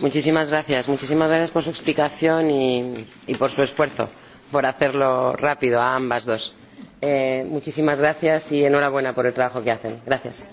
[SPEAKER 3] Muchísimas gracias. Muchísimas gracias por su explicación y, y por su esfuerzo por hacerlo rápido a ambas dos. Eh, muchísimas gracias y enhorabuena por el trabajo que hacen. Gracias.